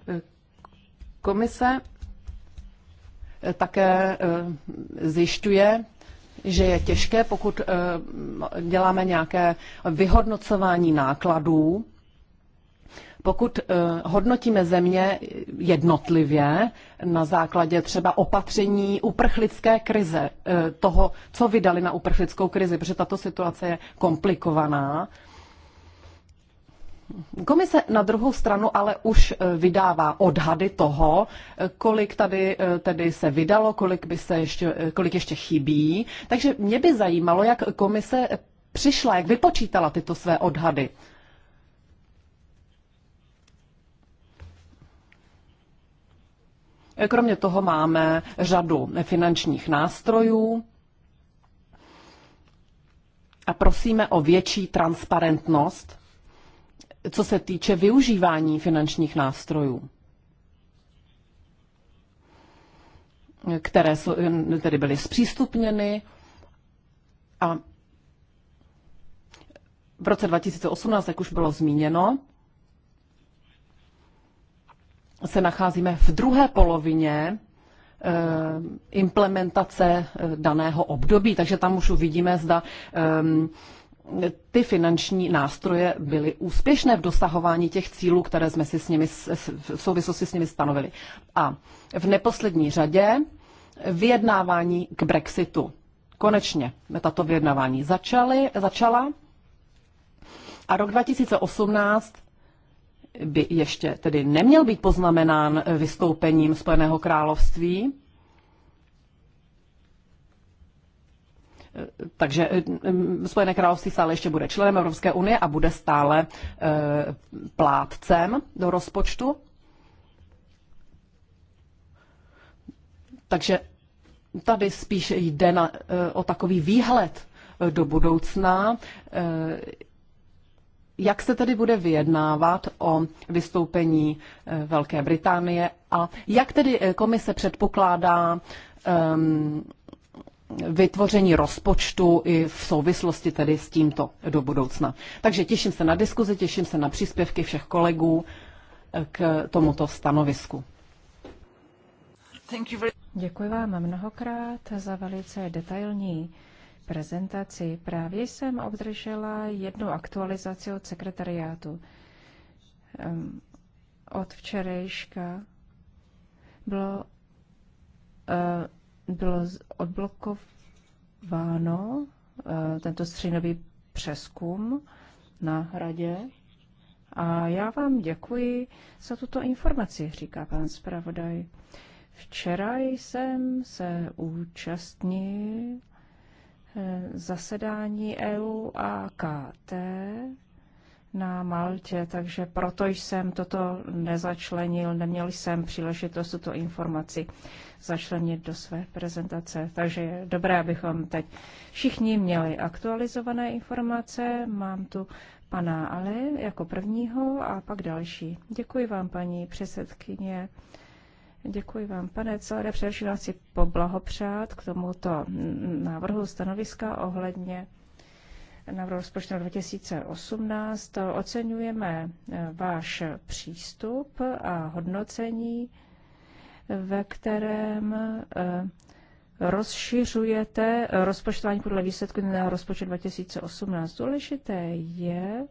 Eh, komise eh, také zjišťuje, že je těžké, pokud eh, děláme nějaké vyhodnocování nákladů, pokud eh, hodnotíme země jednotlivě na základě třeba opatření uprchlické krize, eh, toho, co vydali na uprchlickou krizi, protože tato situace je komplikovaná, Komise na druhou stranu ale už e, vydává odhady toho, e, kolik tady e, tedy se vydalo, kolik, by se ještě, kolik ještě chybí. Takže mě by zajímalo, jak komise přišla, jak vypočítala tyto své odhady. Kromě toho máme řadu finančních nástrojů a prosíme o větší transparentnost co se týče využívání finančních nástrojů, které tedy byly zpřístupněny a v roce 2018, jak už bylo zmíněno, se nacházíme v druhé polovině eh, implementace eh, daného období, takže tam už uvidíme, zda ehm, ty finanční nástroje byly úspěšné v dosahování těch cílů, které jsme si s nimi, v souvislosti s nimi stanovili. A v neposlední řadě vyjednávání k Brexitu. Konečně tato vyjednávání začaly, začala a rok 2018 by ještě tedy neměl být poznamenán vystoupením Spojeného království, Takže eh, mm, Spojené království stále ještě bude členem Evropské unie a bude stále eh, plátcem do rozpočtu. Takže tady spíš jde na, eh, o takový výhled do budoucna. Jak se tedy bude vyjednávat o vystoupení Velké Británie a jak tedy komise předpokládá um, vytvoření rozpočtu i v souvislosti tedy s tímto do budoucna. Takže těším se na diskuzi, těším se na příspěvky všech kolegů eh, k tomuto stanovisku. Děkuji vám mnohokrát za velice detailní prezentaci. Právě jsem obdržela jednu aktualizaci od sekretariátu. Ehm, od včerejška bylo eh, bylo odblokováno eh, tento střínový přeskum na hradě. A já vám děkuji za tuto informaci, říká pan zpravodaj. Včera jsem se účastnil eh, zasedání EU a KT na Maltě, takže proto jsem toto nezačlenil, neměl jsem příležitost tuto informaci začlenit do své prezentace. Takže je dobré, abychom teď všichni měli aktualizované informace. Mám tu pana Ale jako prvního a pak další. Děkuji vám, paní předsedkyně. Děkuji vám, pane Celere. Především vás chci poblahopřát k tomuto návrhu stanoviska ohledně na rozpočtu 2018. Oceňujeme eh, váš přístup a hodnocení, ve kterém eh, rozšiřujete rozpočtování podle výsledku na rozpočet 2018. Důležité je,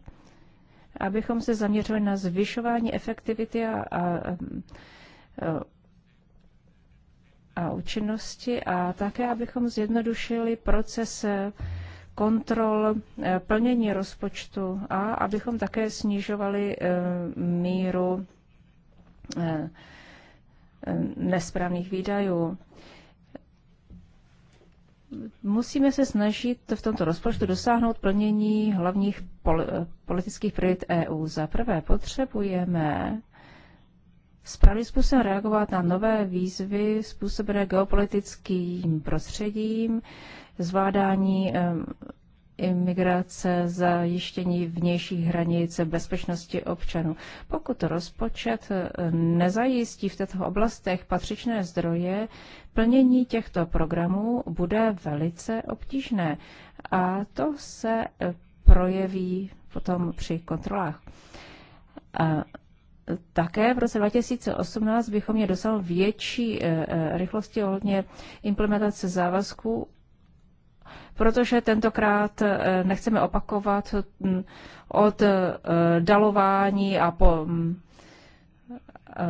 abychom se zaměřili na zvyšování efektivity a, a eh, a účinnosti a také, abychom zjednodušili proces kontrol eh, plnění rozpočtu a abychom také snižovali eh, míru eh, nesprávných výdajů. Musíme se snažit v tomto rozpočtu dosáhnout plnění hlavních politických priorit EU. Za prvé potřebujeme správným způsobem reagovat na nové výzvy způsobené geopolitickým prostředím, zvládání imigrace, zajištění vnějších hranic, bezpečnosti občanů. Pokud rozpočet eh, nezajistí v těchto oblastech patřičné zdroje, plnění těchto programů bude velice obtížné a to se eh, projeví potom při kontrolách. A eh, také v roce 2018 bychom měli dosáhnout větší rychlosti ohledně implementace závazků protože tentokrát eh, nechceme opakovat mm, od eh, dalování a po mm,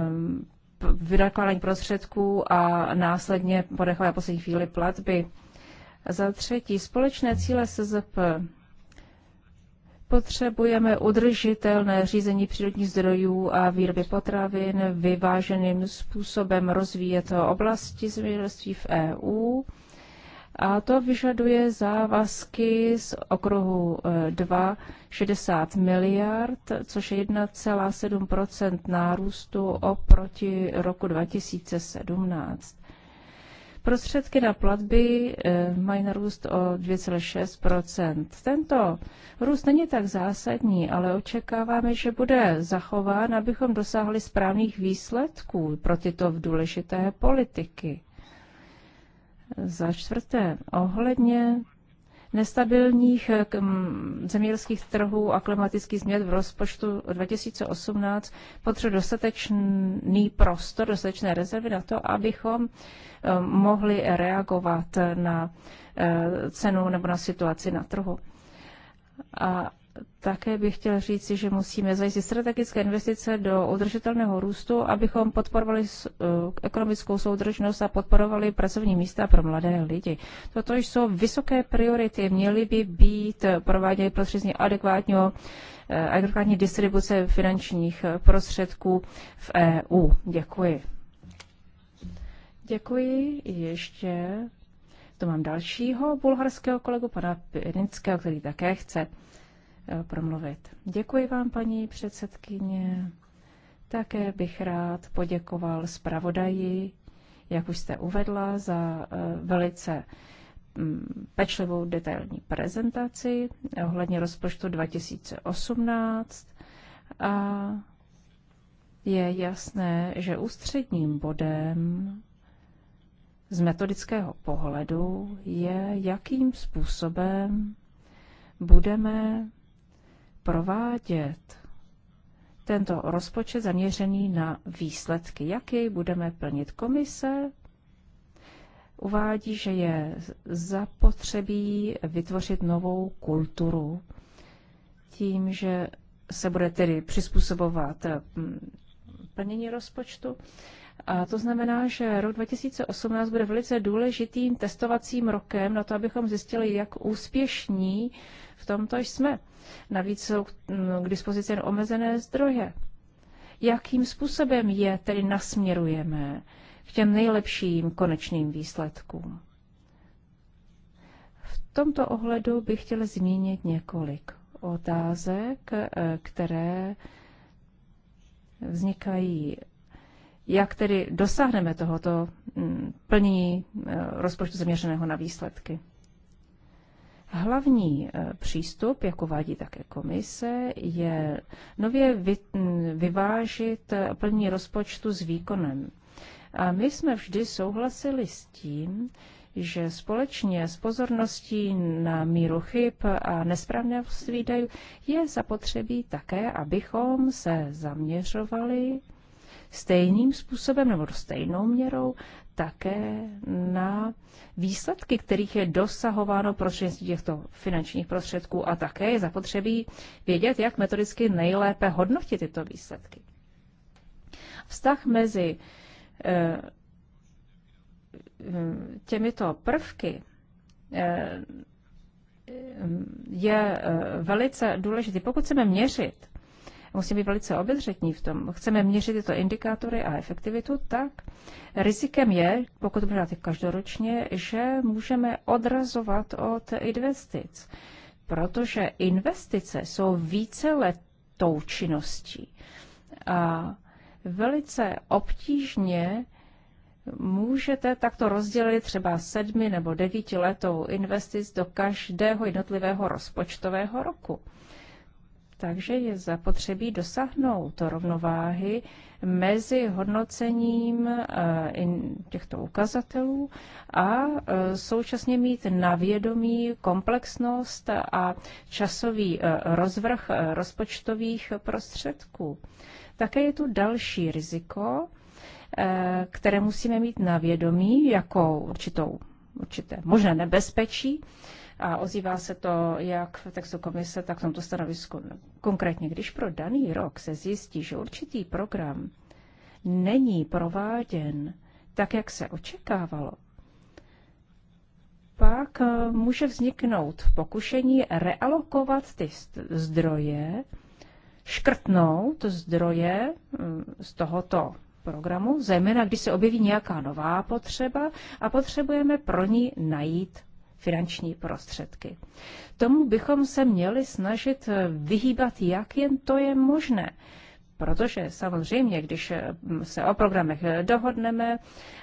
mm, vynakládání prostředků a následně podechové a poslední chvíli platby. Za třetí, společné cíle SZP. Potřebujeme udržitelné řízení přírodních zdrojů a výroby potravin vyváženým způsobem rozvíjet oblasti zemědělství v EU a to vyžaduje závazky z okruhu 2 eh, 60 miliard, což je 1,7 nárůstu oproti roku 2017. Prostředky na platby eh, mají narůst o 2,6 Tento růst není tak zásadní, ale očekáváme, že bude zachován, abychom dosáhli správných výsledků pro tyto důležité politiky. Za čtvrté, ohledně nestabilních eh, zemědělských trhů a klimatických změn v rozpočtu 2018 potřebuje dostatečný prostor, dostatečné rezervy na to, abychom eh, mohli reagovat na eh, cenu nebo na situaci na trhu. A také bych chtěl říci, že musíme zajistit strategické investice do udržitelného růstu, abychom podporovali eh, ekonomickou soudržnost a podporovali pracovní místa pro mladé lidi. Toto jsou vysoké priority, měly by být prováděny prostřednictvím adekvátního eh, adekvátní distribuce finančních eh, prostředků v EU. Děkuji. Děkuji. Ještě to mám dalšího bulharského kolegu, pana Pirinského, který také chce Eh, promluvit. Děkuji vám, paní předsedkyně. Také bych rád poděkoval zpravodaji, jak už jste uvedla, za eh, velice mm, pečlivou detailní prezentaci ohledně rozpočtu 2018 a je jasné, že ústředním bodem z metodického pohledu je, jakým způsobem budeme provádět tento rozpočet zaměřený na výsledky. Jak jej budeme plnit? Komise uvádí, že je zapotřebí vytvořit novou kulturu tím, že se bude tedy přizpůsobovat mm, plnění rozpočtu. A to znamená, že rok 2018 bude velice důležitým testovacím rokem na to, abychom zjistili, jak úspěšní v tomto jsme. Navíc jsou k dispozici jen omezené zdroje. Jakým způsobem je tedy nasměrujeme k těm nejlepším konečným výsledkům? V tomto ohledu bych chtěl zmínit několik otázek, e, které vznikají. Jak tedy dosáhneme tohoto plnění e, rozpočtu zaměřeného na výsledky? Hlavní eh, přístup, jak uvádí také komise, je nově vy, mm, vyvážit eh, plní rozpočtu s výkonem. A my jsme vždy souhlasili s tím, že společně s pozorností na míru chyb a nesprávnost výdajů je zapotřebí také, abychom se zaměřovali stejným způsobem nebo stejnou měrou také na výsledky, kterých je dosahováno prostřednictvím těchto finančních prostředků a také je zapotřebí vědět, jak metodicky nejlépe hodnotit tyto výsledky. Vztah mezi eh, eh, těmito prvky eh, je velice důležitý. Pokud chceme měřit musíme být velice obezřetní v tom. Chceme měřit tyto indikátory a efektivitu, tak rizikem je, pokud to budeme každoročně, že můžeme odrazovat od investic, protože investice jsou více letou činností. A velice obtížně můžete takto rozdělit třeba sedmi nebo devíti letou investic do každého jednotlivého rozpočtového roku. Takže je zapotřebí dosáhnout rovnováhy mezi hodnocením eh, těchto ukazatelů a eh, současně mít na vědomí komplexnost a časový eh, rozvrh rozpočtových prostředků. Také je tu další riziko, které musíme mít na vědomí jako určitou, určité možné nebezpečí, a ozývá se to jak v textu komise, tak v tomto stanovisku. Konkrétně, když pro daný rok se zjistí, že určitý program není prováděn tak, jak se očekávalo, pak eh, může vzniknout pokušení realokovat ty zdroje, škrtnout zdroje mm, z tohoto programu, zejména když se objeví nějaká nová potřeba a potřebujeme pro ní najít finanční prostředky. Tomu bychom se měli snažit vyhýbat, jak jen to je možné. Protože samozřejmě, když se o programech dohodneme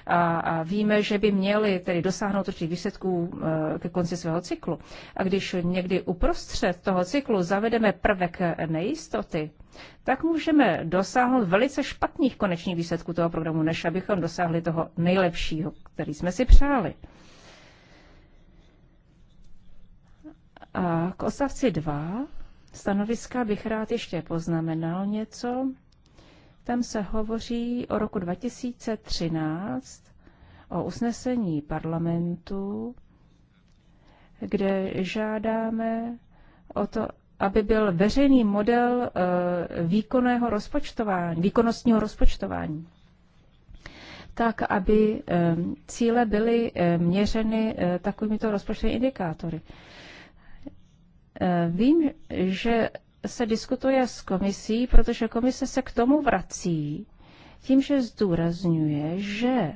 a, a víme, že by měli tedy dosáhnout určitých výsledků e, ke konci svého cyklu, a když někdy uprostřed toho cyklu zavedeme prvek nejistoty, tak můžeme dosáhnout velice špatných konečných výsledků toho programu, než abychom dosáhli toho nejlepšího, který jsme si přáli. A k odstavci 2 stanoviska bych rád ještě poznamenal něco. Tam se hovoří o roku 2013, o usnesení parlamentu, kde žádáme o to, aby byl veřejný model eh, výkonného rozpočtování, výkonnostního rozpočtování tak, aby eh, cíle byly eh, měřeny takovýmito rozpočtovými indikátory. Vím, že se diskutuje s komisí, protože komise se k tomu vrací tím, že zdůrazňuje, že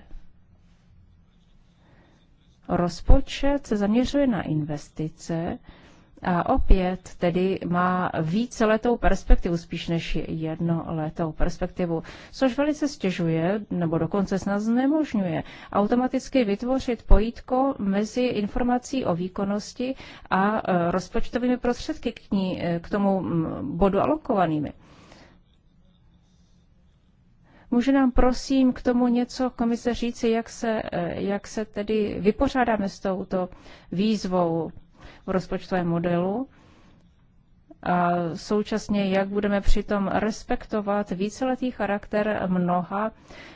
rozpočet se zaměřuje na investice, a opět tedy má víceletou perspektivu, spíš než jednoletou perspektivu, což velice stěžuje, nebo dokonce snad znemožňuje automaticky vytvořit pojítko mezi informací o výkonnosti a e, rozpočtovými prostředky k, ní, e, k tomu bodu alokovanými. Může nám prosím k tomu něco komise říci, jak se, e, jak se tedy vypořádáme s touto výzvou v rozpočtovém modelu a současně jak budeme přitom respektovat víceletý charakter mnoha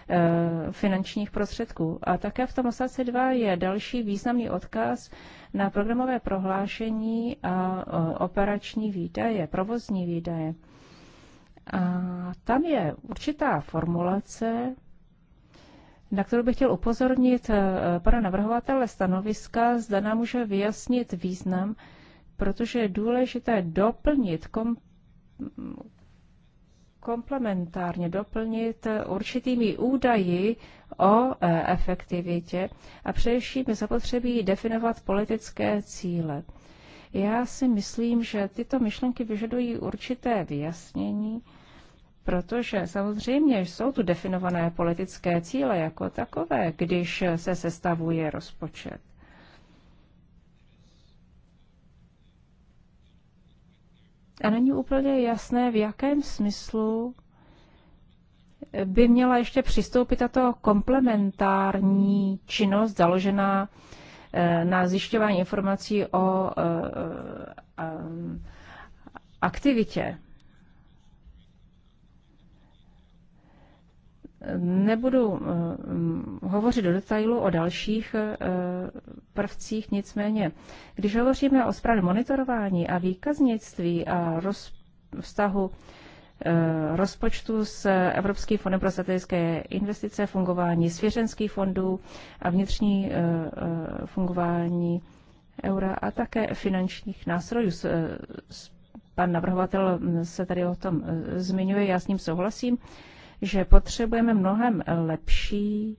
e, finančních prostředků. A také v tom osadce 2 je další významný odkaz na programové prohlášení a operační výdaje, provozní výdaje. A tam je určitá formulace, na kterou bych chtěl upozornit eh, pana navrhovatele stanoviska, zda nám může vyjasnit význam, protože je důležité doplnit kom, komplementárně doplnit eh, určitými údaji o eh, efektivitě a především je zapotřebí definovat politické cíle. Já si myslím, že tyto myšlenky vyžadují určité vyjasnění Protože samozřejmě jsou tu definované politické cíle jako takové, když se sestavuje rozpočet. A není úplně jasné, v jakém smyslu by měla ještě přistoupit tato komplementární činnost založená eh, na zjišťování informací o eh, eh, aktivitě Nebudu eh, mm, hovořit do detailu o dalších eh, prvcích, nicméně, když hovoříme o správě monitorování a výkaznictví a roz, vztahu eh, rozpočtu s Evropským fondem pro strategické investice, fungování svěřenských fondů a vnitřní fungování eura a také finančních nástrojů. Pan navrhovatel mm, se tady o tom zmiňuje, já s ním souhlasím že potřebujeme mnohem lepší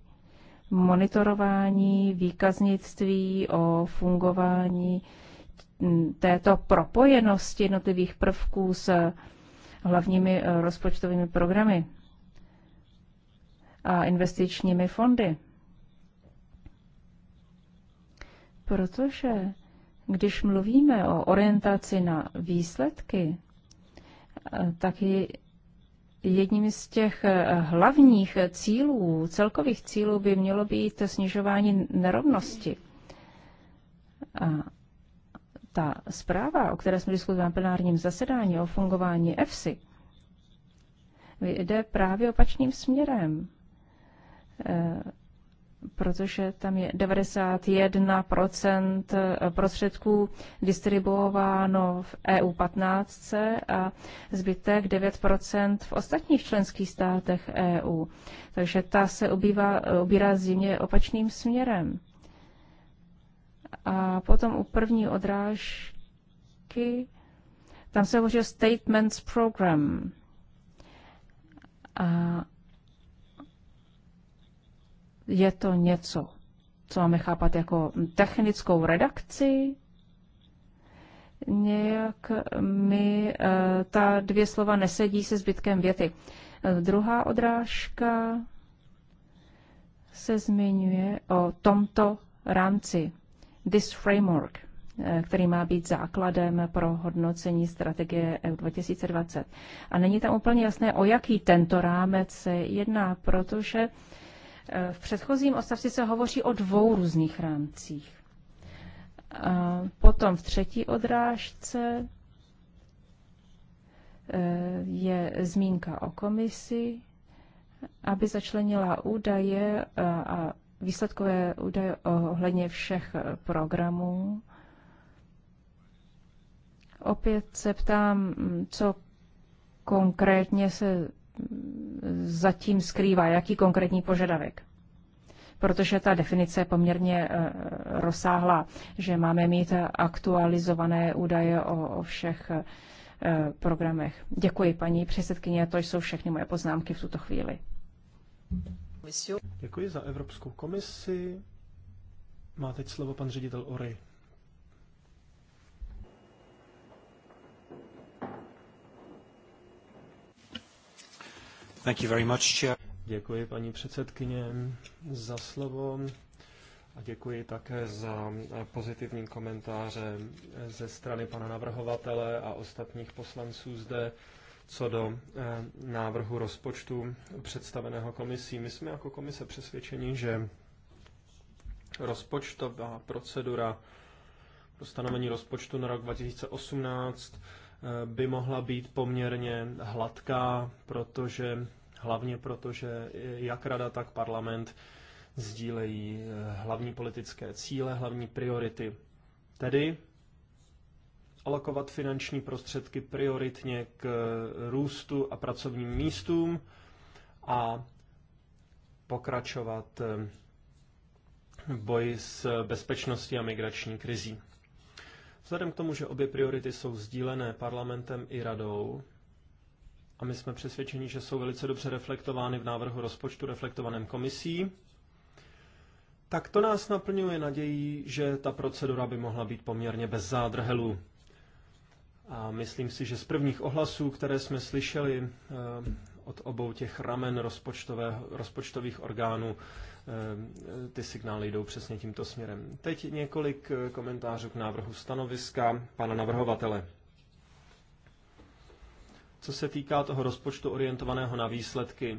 monitorování, výkaznictví o fungování této propojenosti jednotlivých prvků s hlavními eh, rozpočtovými programy a investičními fondy. Protože když mluvíme o orientaci na výsledky, eh, tak Jedním z těch eh, hlavních cílů, celkových cílů by mělo být snižování nerovnosti. A ta zpráva, o které jsme diskutovali na plenárním zasedání o fungování EFSI, jde právě opačným směrem. Eh, protože tam je 91% eh, prostředků distribuováno v EU 15 a zbytek 9% v ostatních členských státech EU. Takže ta se obývá, obírá zimně opačným směrem. A potom u první odrážky, tam se hovoří o Statements Program. A je to něco, co máme chápat jako technickou redakci? Nějak mi eh, ta dvě slova nesedí se zbytkem věty. Eh, druhá odrážka se zmiňuje o tomto rámci, this framework, eh, který má být základem pro hodnocení strategie EU 2020. A není tam úplně jasné, o jaký tento rámec se jedná, protože Eh, v předchozím odstavci se hovoří o dvou různých rámcích. A potom v třetí odrážce eh, je zmínka o komisi, aby začlenila údaje eh, a výsledkové údaje ohledně všech programů. Opět se ptám, mm, co konkrétně se zatím skrývá, jaký konkrétní požadavek. Protože ta definice je poměrně eh, rozsáhlá, že máme mít aktualizované údaje o, o všech eh, programech. Děkuji, paní předsedkyně, to jsou všechny moje poznámky v tuto chvíli. Děkuji za Evropskou komisi. Má teď slovo pan ředitel Ory. Thank you very much, Chair. Děkuji paní předsedkyně za slovo a děkuji také za pozitivní komentáře ze strany pana navrhovatele a ostatních poslanců zde co do eh, návrhu rozpočtu představeného komisí. My jsme jako komise přesvědčeni, že rozpočtová procedura pro stanovení rozpočtu na rok 2018 eh, by mohla být poměrně hladká, protože Hlavně proto, že jak rada, tak parlament sdílejí eh, hlavní politické cíle, hlavní priority. Tedy alokovat finanční prostředky prioritně k eh, růstu a pracovním místům a pokračovat v eh, boji s bezpečností a migrační krizí. Vzhledem k tomu, že obě priority jsou sdílené parlamentem i radou, a my jsme přesvědčeni, že jsou velice dobře reflektovány v návrhu rozpočtu reflektovaném komisí, tak to nás naplňuje nadějí, že ta procedura by mohla být poměrně bez zádrhelů. A myslím si, že z prvních ohlasů, které jsme slyšeli eh, od obou těch ramen rozpočtových orgánů, eh, ty signály jdou přesně tímto směrem. Teď několik eh, komentářů k návrhu stanoviska pana navrhovatele co se týká toho rozpočtu orientovaného na výsledky.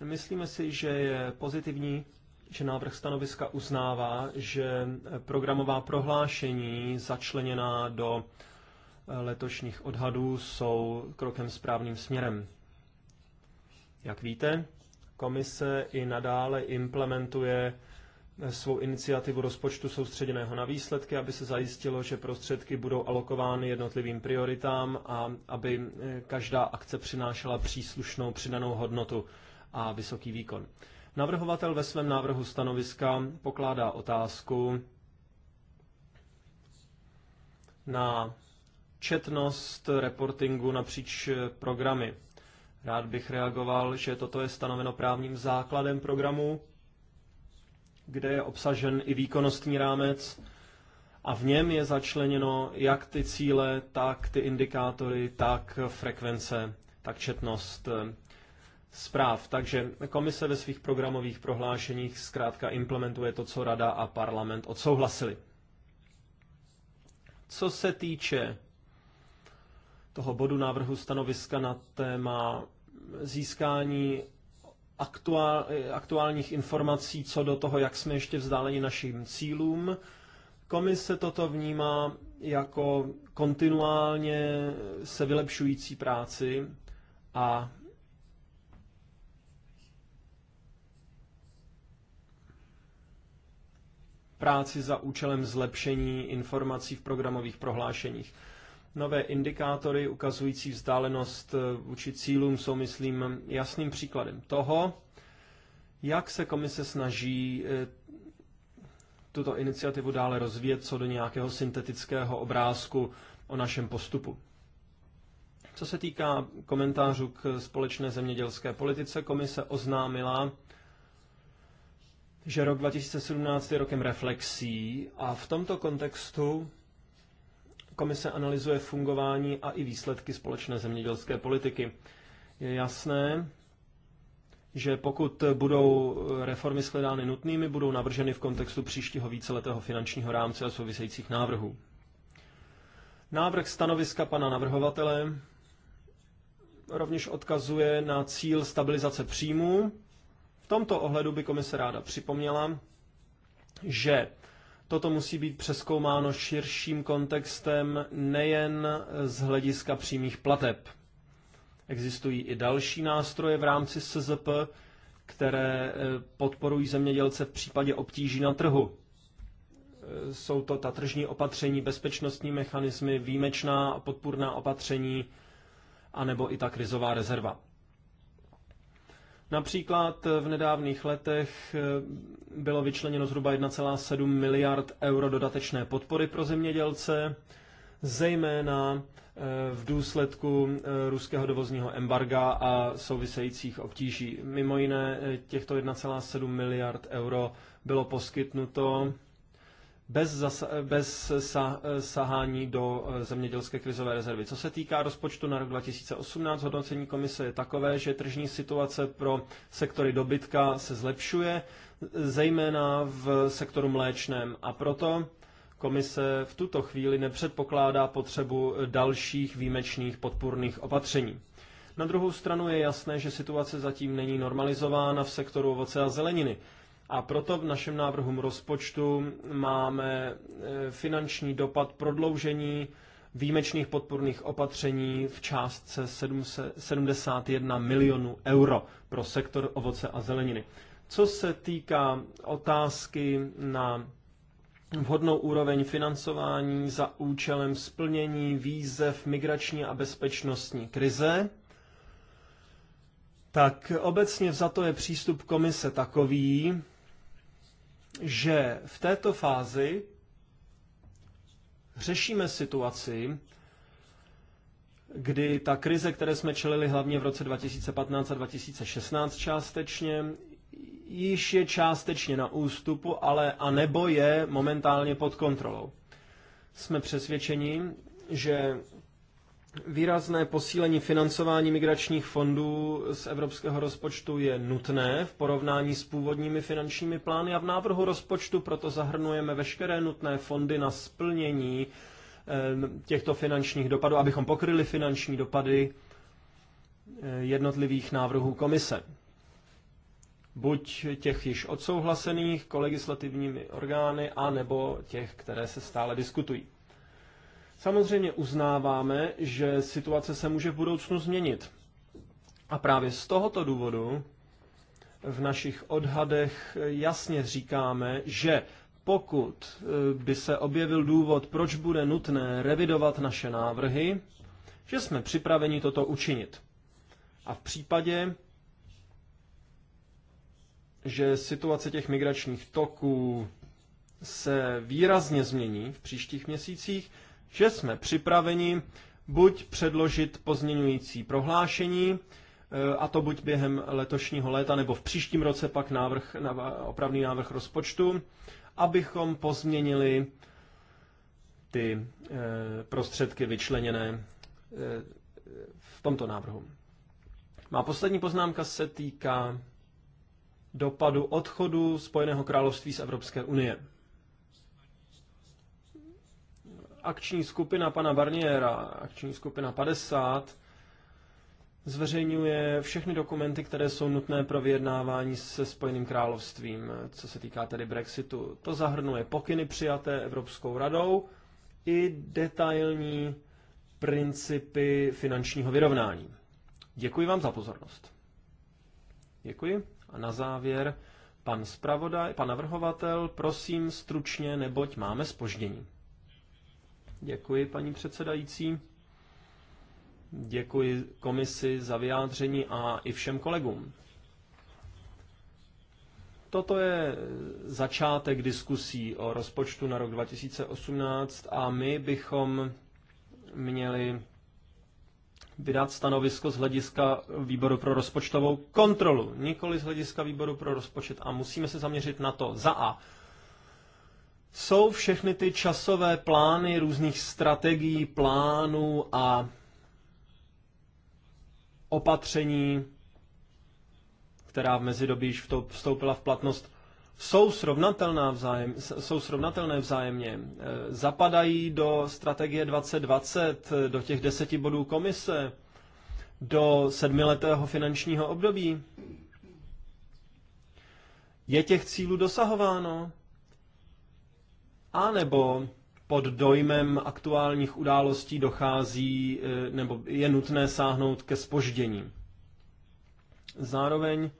Myslíme si, že je pozitivní, že návrh stanoviska uznává, že programová prohlášení začleněná do eh, letošních odhadů jsou krokem správným směrem. Jak víte, komise i nadále implementuje svou iniciativu rozpočtu soustředěného na výsledky, aby se zajistilo, že prostředky budou alokovány jednotlivým prioritám a aby eh, každá akce přinášela příslušnou přidanou hodnotu a vysoký výkon. Navrhovatel ve svém návrhu stanoviska pokládá otázku na četnost reportingu napříč eh, programy. Rád bych reagoval, že toto je stanoveno právním základem programu kde je obsažen i výkonnostní rámec a v něm je začleněno jak ty cíle, tak ty indikátory, tak frekvence, tak četnost eh, zpráv. Takže komise ve svých programových prohlášeních zkrátka implementuje to, co rada a parlament odsouhlasili. Co se týče toho bodu návrhu stanoviska na téma získání aktuál, aktuálních informací co do toho, jak jsme ještě vzdáleni našim cílům. Komise toto vnímá jako kontinuálně se vylepšující práci a práci za účelem zlepšení informací v programových prohlášeních. Nové indikátory ukazující vzdálenost eh, vůči cílům jsou, myslím, jasným příkladem toho, jak se komise snaží eh, tuto iniciativu dále rozvíjet co do nějakého syntetického obrázku o našem postupu. Co se týká komentářů k společné zemědělské politice, komise oznámila, že rok 2017 je rokem reflexí a v tomto kontextu komise analyzuje fungování a i výsledky společné zemědělské politiky. Je jasné, že pokud budou reformy shledány nutnými, budou navrženy v kontextu příštího víceletého finančního rámce a souvisejících návrhů. Návrh stanoviska pana navrhovatele rovněž odkazuje na cíl stabilizace příjmů. V tomto ohledu by komise ráda připomněla, že Toto musí být přeskoumáno širším kontextem nejen z hlediska přímých plateb. Existují i další nástroje v rámci SZP, které eh, podporují zemědělce v případě obtíží na trhu. Eh, jsou to ta tržní opatření, bezpečnostní mechanismy, výjimečná a podpůrná opatření, anebo i ta krizová rezerva. Například eh, v nedávných letech eh, bylo vyčleněno zhruba 1,7 miliard euro dodatečné podpory pro zemědělce, zejména eh, v důsledku ruského dovozního embarga a souvisejících obtíží. Mimo jiné těchto 1,7 miliard euro bylo poskytnuto bez, zasa, bez sa, sahání do eh, zemědělské krizové rezervy. Co se týká rozpočtu na rok 2018, hodnocení komise je takové, že tržní situace pro sektory dobytka se zlepšuje, zejména v sektoru mléčném. A proto komise v tuto chvíli nepředpokládá potřebu dalších výjimečných podpůrných opatření. Na druhou stranu je jasné, že situace zatím není normalizována v sektoru ovoce a zeleniny. A proto v našem návrhu rozpočtu máme e, finanční dopad prodloužení výjimečných podporných opatření v částce 71 milionů euro pro sektor ovoce a zeleniny. Co se týká otázky na vhodnou úroveň financování za účelem splnění výzev migrační a bezpečnostní krize, tak obecně za to je přístup komise takový, že v této fázi řešíme situaci, kdy ta krize, které jsme čelili hlavně v roce 2015 a 2016 částečně, již je částečně na ústupu, ale a nebo je momentálně pod kontrolou. Jsme přesvědčeni, že Výrazné posílení financování migračních fondů z evropského rozpočtu je nutné v porovnání s původními finančními plány a v návrhu rozpočtu proto zahrnujeme veškeré nutné fondy na splnění ehm, těchto finančních dopadů, abychom pokryli finanční dopady eh, jednotlivých návrhů komise. Buď těch již odsouhlasených kolegislativními orgány, a nebo těch, které se stále diskutují. Samozřejmě uznáváme, že situace se může v budoucnu změnit. A právě z tohoto důvodu v našich odhadech jasně říkáme, že pokud eh, by se objevil důvod, proč bude nutné revidovat naše návrhy, že jsme připraveni toto učinit. A v případě, že situace těch migračních toků se výrazně změní v příštích měsících, že jsme připraveni buď předložit pozměňující prohlášení, e, a to buď během letošního léta nebo v příštím roce pak návrh, opravný návrh rozpočtu, abychom pozměnili ty e, prostředky vyčleněné e, v tomto návrhu. Má poslední poznámka se týká dopadu odchodu Spojeného království z Evropské unie akční skupina pana Barniera, akční skupina 50, zveřejňuje všechny dokumenty, které jsou nutné pro vyjednávání se Spojeným královstvím, co se týká tedy Brexitu. To zahrnuje pokyny přijaté Evropskou radou i detailní principy finančního vyrovnání. Děkuji vám za pozornost. Děkuji. A na závěr pan zpravodaj, pan navrhovatel, prosím stručně, neboť máme spoždění. Děkuji, paní předsedající. Děkuji komisi za vyjádření a i všem kolegům. Toto je začátek diskusí o rozpočtu na rok 2018 a my bychom měli vydat stanovisko z hlediska výboru pro rozpočtovou kontrolu, nikoli z hlediska výboru pro rozpočet. A musíme se zaměřit na to za A jsou všechny ty časové plány různých strategií, plánů a opatření, která v mezidobí již vstoupila v platnost, jsou, srovnatelná vzájem, jsou srovnatelné vzájemně. E, zapadají do strategie 2020, do těch deseti bodů komise, do sedmiletého finančního období. Je těch cílů dosahováno? A nebo pod dojmem aktuálních událostí dochází, e, nebo je nutné sáhnout ke spoždění. Zároveň,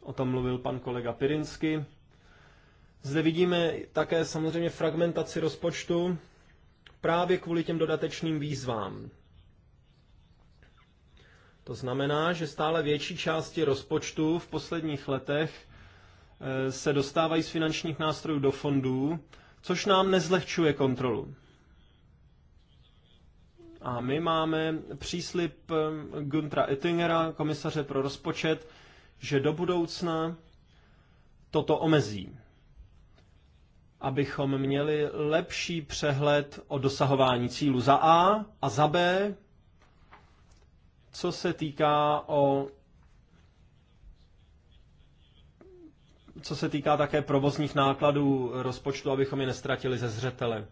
o tom mluvil pan kolega Pirinsky, zde vidíme také samozřejmě fragmentaci rozpočtu právě kvůli těm dodatečným výzvám. To znamená, že stále větší části rozpočtu v posledních letech e, se dostávají z finančních nástrojů do fondů což nám nezlehčuje kontrolu. A my máme příslip eh, Guntra Ettingera, komisaře pro rozpočet, že do budoucna toto omezí, abychom měli lepší přehled o dosahování cílu za A a za B, co se týká o co se týká také provozních nákladů rozpočtu, abychom je nestratili ze zřetele.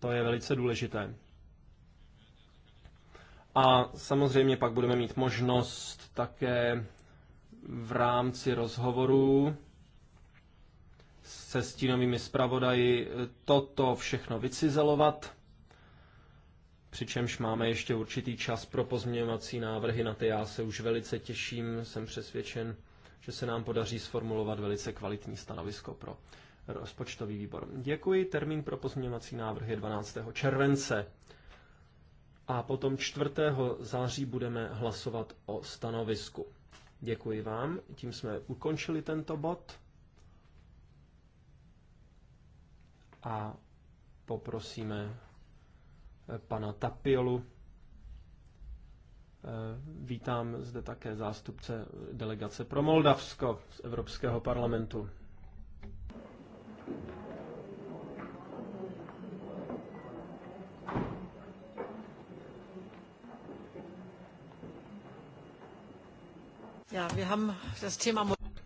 To je velice důležité. A samozřejmě pak budeme mít možnost také v rámci rozhovorů se stínovými zpravodaji toto všechno vycizelovat, přičemž máme ještě určitý čas pro pozměňovací návrhy, na ty já se už velice těším, jsem přesvědčen, že se nám podaří sformulovat velice kvalitní stanovisko pro rozpočtový výbor. Děkuji. Termín pro pozměňovací návrh je 12. července. A potom 4. září budeme hlasovat o stanovisku. Děkuji vám. Tím jsme ukončili tento bod. A poprosíme pana Tapiolu, Eh, vítám zde také zástupce delegace pro Moldavsko z Evropského parlamentu.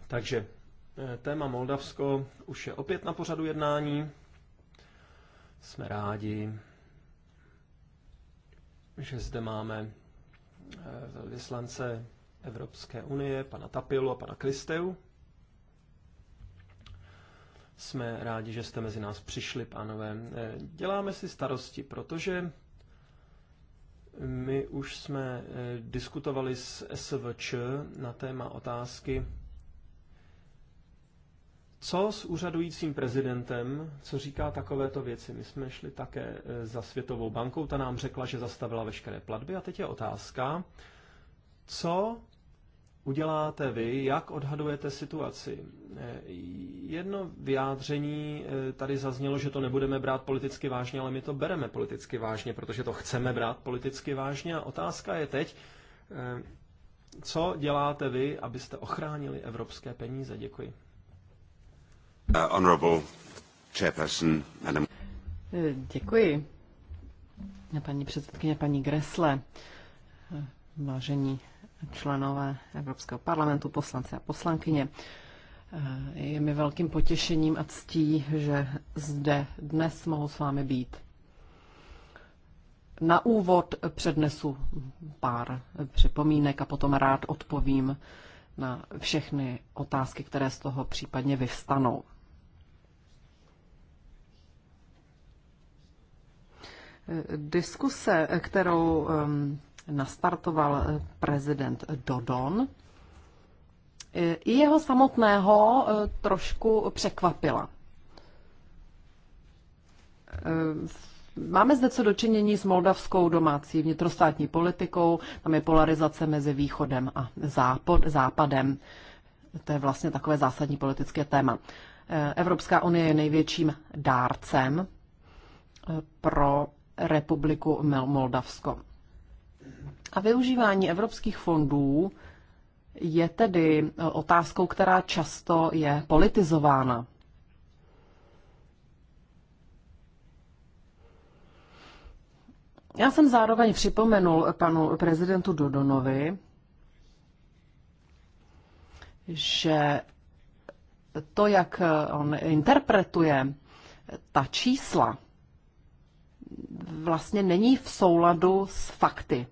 Takže eh, téma Moldavsko už je opět na pořadu jednání. Jsme rádi, že zde máme Eh, velvyslance Evropské unie, pana Tapilu a pana Kristeu. Jsme rádi, že jste mezi nás přišli, pánové. Eh, děláme si starosti, protože my už jsme eh, diskutovali s SVČ na téma otázky co s úřadujícím prezidentem, co říká takovéto věci? My jsme šli také e, za Světovou bankou, ta nám řekla, že zastavila veškeré platby a teď je otázka, co uděláte vy, jak odhadujete situaci. E, jedno vyjádření e, tady zaznělo, že to nebudeme brát politicky vážně, ale my to bereme politicky vážně, protože to chceme brát politicky vážně. A otázka je teď, co děláte vy, abyste ochránili evropské peníze? Děkuji. Uh, eh, děkuji. Paní předsedkyně, paní Gresle, eh, vážení členové Evropského parlamentu, poslanci a poslankyně. Eh, je mi velkým potěšením a ctí, že zde dnes mohu s vámi být. Na úvod přednesu pár připomínek a potom rád odpovím na všechny otázky, které z toho případně vyvstanou. diskuse, kterou nastartoval prezident Dodon, i jeho samotného e, trošku překvapila. Máme zde co dočinění s moldavskou domácí vnitrostátní politikou, tam je polarizace mezi východem a západ, západem. To je vlastně takové zásadní politické téma. E, Evropská unie je největším dárcem e, pro republiku Moldavsko. A využívání evropských fondů je tedy e, otázkou, která často je politizována. Já jsem zároveň připomenul panu prezidentu Dodonovi, že to, jak on interpretuje ta čísla, vlastně není v souladu s fakty.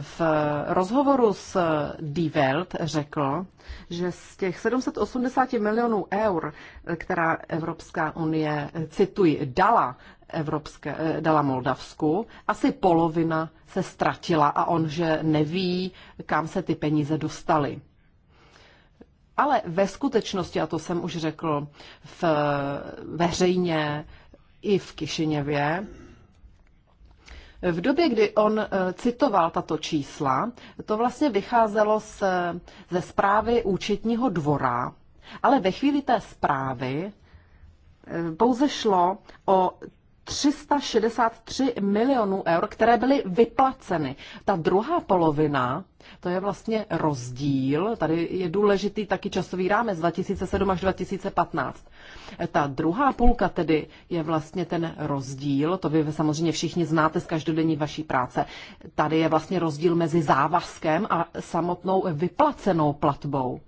V rozhovoru s Die Welt řekl, že z těch 780 milionů eur, která Evropská unie, cituji, dala, Evropské, dala Moldavsku, asi polovina se ztratila a on, že neví, kam se ty peníze dostaly. Ale ve skutečnosti, a to jsem už řekl v veřejně, i v Kišiněvě. V době, kdy on eh, citoval tato čísla, to vlastně vycházelo z, ze zprávy účetního dvora, ale ve chvíli té zprávy eh, pouze šlo o 363 milionů eur, které byly vyplaceny. Ta druhá polovina, to je vlastně rozdíl, tady je důležitý taky časový rámec 2007 až 2015. Ta druhá půlka tedy je vlastně ten rozdíl, to vy samozřejmě všichni znáte z každodenní vaší práce. Tady je vlastně rozdíl mezi závazkem a samotnou vyplacenou platbou.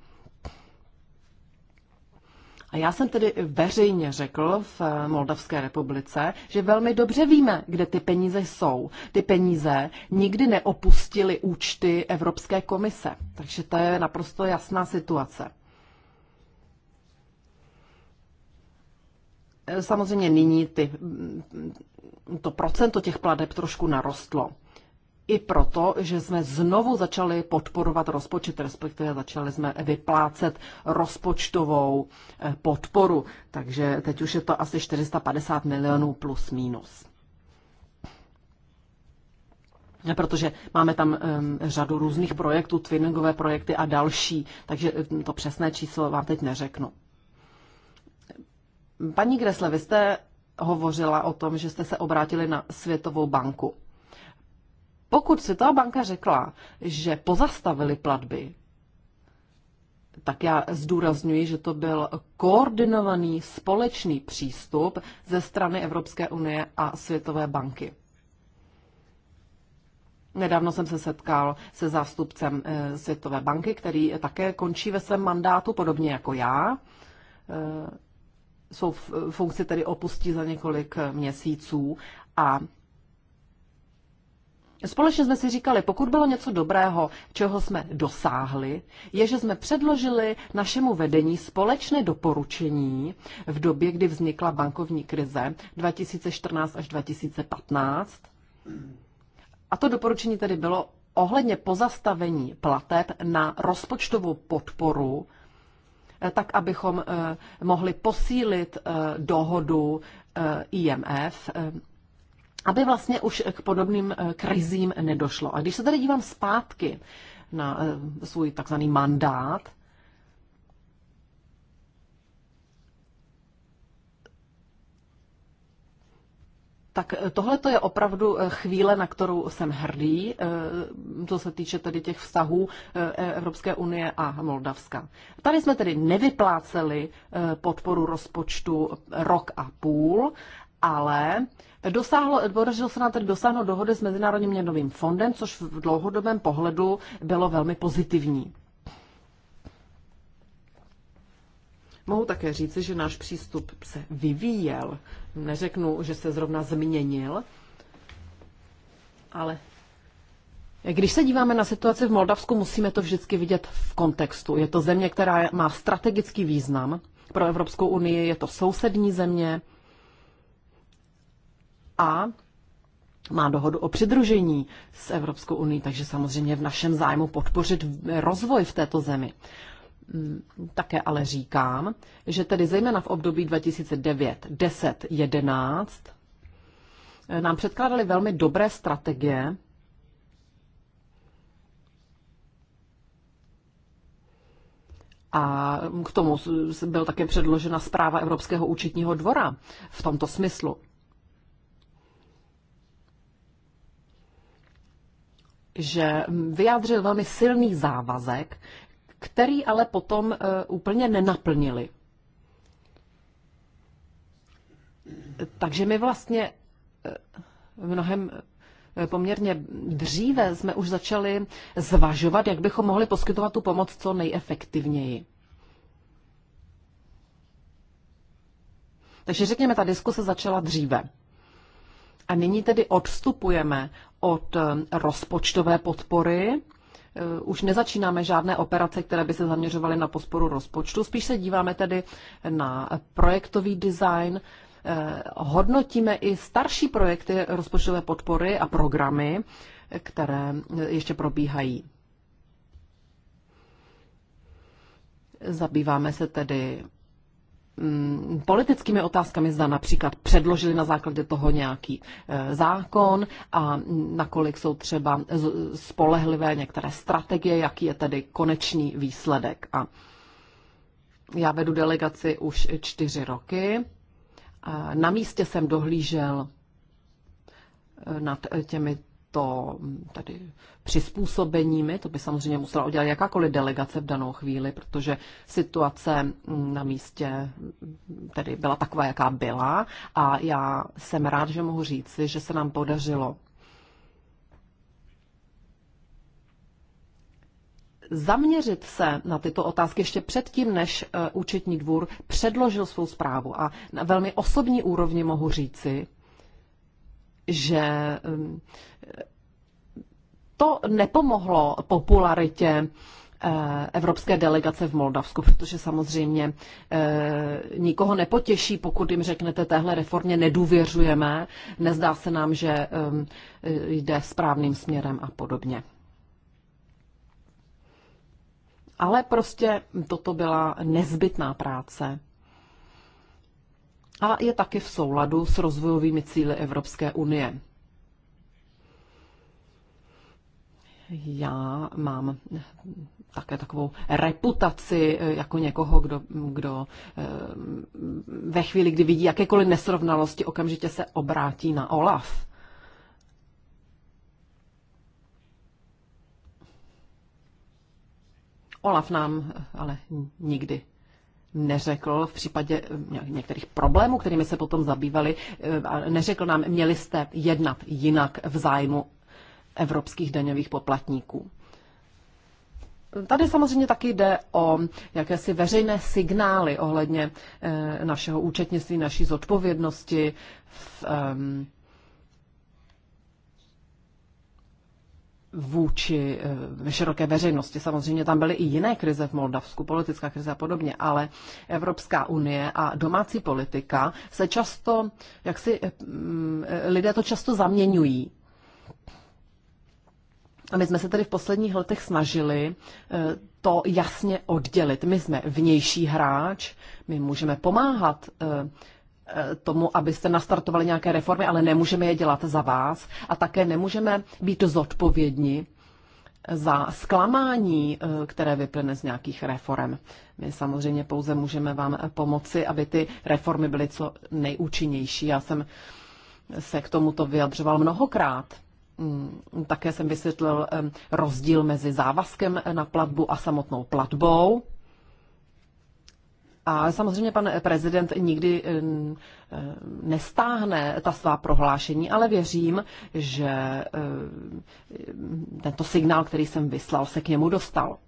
A já jsem tedy veřejně řekl v Moldavské republice, že velmi dobře víme, kde ty peníze jsou. Ty peníze nikdy neopustily účty Evropské komise. Takže to je naprosto jasná situace. Samozřejmě nyní ty, to procento těch pladeb trošku narostlo. I proto, že jsme znovu začali podporovat rozpočet, respektive začali jsme vyplácet rozpočtovou eh, podporu. Takže teď už je to asi 450 milionů plus minus. Protože máme tam um, řadu různých projektů, twinningové projekty a další, takže ehm, to přesné číslo vám teď neřeknu. Paní Gresle, vy jste hovořila o tom, že jste se obrátili na Světovou banku. Pokud Světová banka řekla, že pozastavili platby, tak já zdůrazňuji, že to byl koordinovaný společný přístup ze strany Evropské unie a Světové banky. Nedávno jsem se setkal se zástupcem eh, Světové banky, který také končí ve svém mandátu, podobně jako já. Eh, svou funkci tedy opustí za několik měsíců a Společně jsme si říkali, pokud bylo něco dobrého, čeho jsme dosáhli, je, že jsme předložili našemu vedení společné doporučení v době, kdy vznikla bankovní krize 2014 až 2015. A to doporučení tedy bylo ohledně pozastavení plateb na rozpočtovou podporu Eh, tak abychom eh, mohli posílit eh, dohodu IMF, aby vlastně už k podobným krizím nedošlo. A když se tady dívám zpátky na svůj takzvaný mandát, Tak eh, tohle to je opravdu eh, chvíle, na kterou jsem hrdý, eh, co se týče tedy těch vztahů e- Evropské unie a Moldavska. Tady jsme tedy nevypláceli podporu rozpočtu rok a půl, ale dosáhlo, podařilo se nám tedy dosáhnout dohody s Mezinárodním měnovým fondem, což v dlouhodobém pohledu bylo velmi pozitivní. Mohu také říci, že náš přístup se vyvíjel. Neřeknu, že se zrovna změnil, ale když se díváme na situaci v Moldavsku, musíme to vždycky vidět v kontextu. Je to země, která má strategický význam pro Evropskou unii, je to sousední země a má dohodu o přidružení s Evropskou unii, takže samozřejmě v našem zájmu podpořit rozvoj v této zemi. Mm, také ale říkám, že tedy zejména v období 2009, 10, 11 nám předkládali velmi dobré strategie, A k tomu byl také předložena zpráva Evropského účetního dvora v tomto smyslu. že vyjádřil velmi silný závazek který ale potom eh, úplně nenaplnili. Takže my vlastně eh, mnohem eh, poměrně dříve jsme už začali zvažovat, jak bychom mohli poskytovat tu pomoc co nejefektivněji. Takže řekněme, ta diskuse začala dříve. A nyní tedy odstupujeme od rozpočtové podpory Eh, už nezačínáme žádné operace, které by se zaměřovaly na posporu rozpočtu. Spíš se díváme tedy na projektový design, eh, hodnotíme i starší projekty rozpočtové podpory a programy, které eh, ještě probíhají. Zabýváme se tedy Mm, politickými otázkami, zda například předložili na základě toho nějaký e, zákon a nakolik jsou třeba spolehlivé některé strategie, jaký je tedy konečný výsledek. A já vedu delegaci už čtyři roky. E, na místě jsem dohlížel e, nad těmi to tedy přizpůsobeními, to by samozřejmě musela udělat jakákoliv delegace v danou chvíli, protože situace na místě tedy byla taková, jaká byla a já jsem rád, že mohu říci, že se nám podařilo zaměřit se na tyto otázky ještě předtím, než eh, účetní dvůr předložil svou zprávu. A na velmi osobní úrovni mohu říci, že um, to nepomohlo popularitě eh, evropské delegace v Moldavsku, protože samozřejmě eh, nikoho nepotěší, pokud jim řeknete, téhle reformě nedůvěřujeme, nezdá se nám, že um, jde správným směrem a podobně. Ale prostě toto byla nezbytná práce a je taky v souladu s rozvojovými cíly Evropské unie. Já mám také takovou reputaci eh, jako někoho, kdo, kdo eh, ve chvíli, kdy vidí jakékoliv nesrovnalosti, okamžitě se obrátí na OLAF. Olaf nám ale nikdy neřekl v případě eh, některých problémů, kterými se potom zabývali, eh, neřekl nám, měli jste jednat jinak v zájmu evropských daňových poplatníků. Tady samozřejmě taky jde o jakési veřejné signály ohledně eh, našeho účetnictví, naší zodpovědnosti v ehm, vůči eh, široké veřejnosti. Samozřejmě tam byly i jiné krize v Moldavsku, politická krize a podobně, ale Evropská unie a domácí politika se často, jak si eh, mm, eh, lidé to často zaměňují. A my jsme se tedy v posledních letech snažili to jasně oddělit. My jsme vnější hráč, my můžeme pomáhat Eh, tomu, abyste nastartovali nějaké reformy, ale nemůžeme je dělat za vás a také nemůžeme být zodpovědní za zklamání, eh, které vyplyne z nějakých reform. My samozřejmě pouze můžeme vám pomoci, aby ty reformy byly co nejúčinnější. Já jsem se k tomuto vyjadřoval mnohokrát. Mm, také jsem vysvětlil eh, rozdíl mezi závazkem na platbu a samotnou platbou. A samozřejmě pan prezident nikdy eh, eh, nestáhne ta svá prohlášení, ale věřím, že eh, tento signál, který jsem vyslal, se k němu dostal.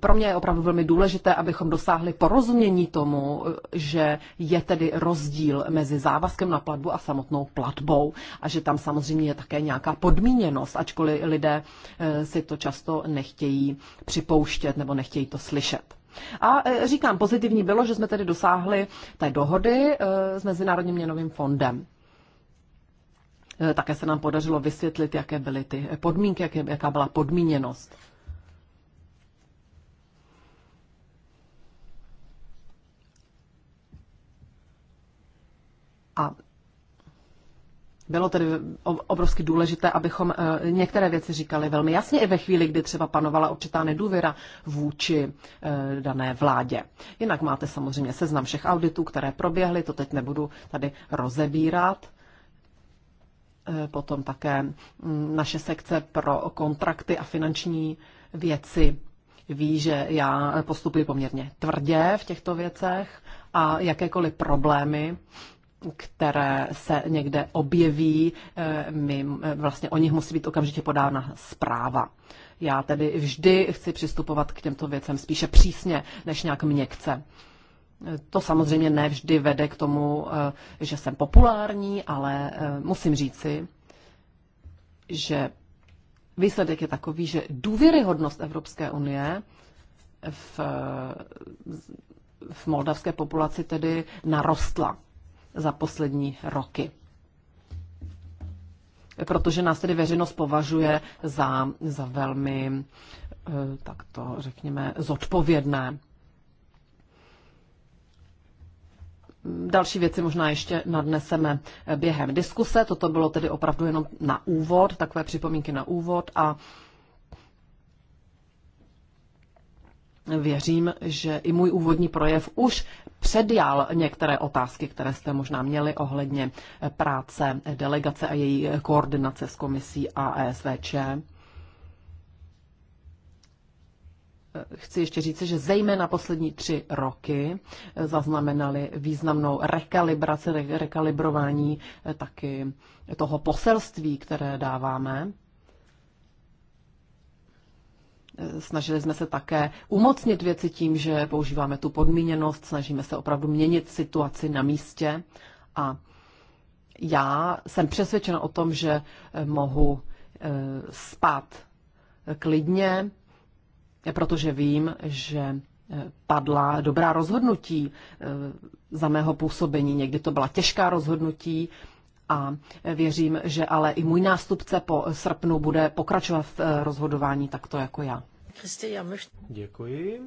pro mě je opravdu velmi důležité, abychom dosáhli porozumění tomu, že je tedy rozdíl mezi závazkem na platbu a samotnou platbou a že tam samozřejmě je také nějaká podmíněnost, ačkoliv lidé eh, si to často nechtějí připouštět nebo nechtějí to slyšet. A eh, říkám, pozitivní bylo, že jsme tedy dosáhli té dohody eh, s Mezinárodním měnovým fondem. Také se nám podařilo vysvětlit, jaké byly ty podmínky, jaká byla podmíněnost. A bylo tedy obrovsky důležité, abychom eh, některé věci říkali velmi jasně i ve chvíli, kdy třeba panovala určitá nedůvěra vůči eh, dané vládě. Jinak máte samozřejmě seznam všech auditů, které proběhly, to teď nebudu tady rozebírat. Eh, potom také mm, naše sekce pro kontrakty a finanční věci ví, že já postupuji poměrně tvrdě v těchto věcech a jakékoliv problémy které se někde objeví, eh, my, eh, vlastně o nich musí být okamžitě podána zpráva. Já tedy vždy chci přistupovat k těmto věcem spíše přísně, než nějak měkce. Eh, to samozřejmě nevždy vede k tomu, že jsem populární, ale musím říci, že výsledek je takový, že důvěryhodnost Evropské unie v, v moldavské populaci tedy narostla za poslední roky. Protože nás tedy veřejnost považuje za, za velmi, eh, tak to řekněme, zodpovědné. Další věci možná ještě nadneseme během diskuse. Toto bylo tedy opravdu jenom na úvod, takové připomínky na úvod a věřím, že i můj úvodní projev už předjal některé otázky, které jste možná měli ohledně práce delegace a její koordinace s komisí a ESVČ. Chci ještě říct, že zejména poslední tři roky zaznamenali významnou rekalibraci, rekalibrování taky toho poselství, které dáváme Snažili jsme se také umocnit věci tím, že používáme tu podmíněnost, snažíme se opravdu měnit situaci na místě a já jsem přesvědčena o tom, že eh, mohu eh, spát eh, klidně, protože vím, že padla dobrá rozhodnutí za mého působení. Někdy to byla těžká rozhodnutí, a věřím, že ale i můj nástupce po srpnu bude pokračovat v eh, rozhodování takto jako já. Děkuji.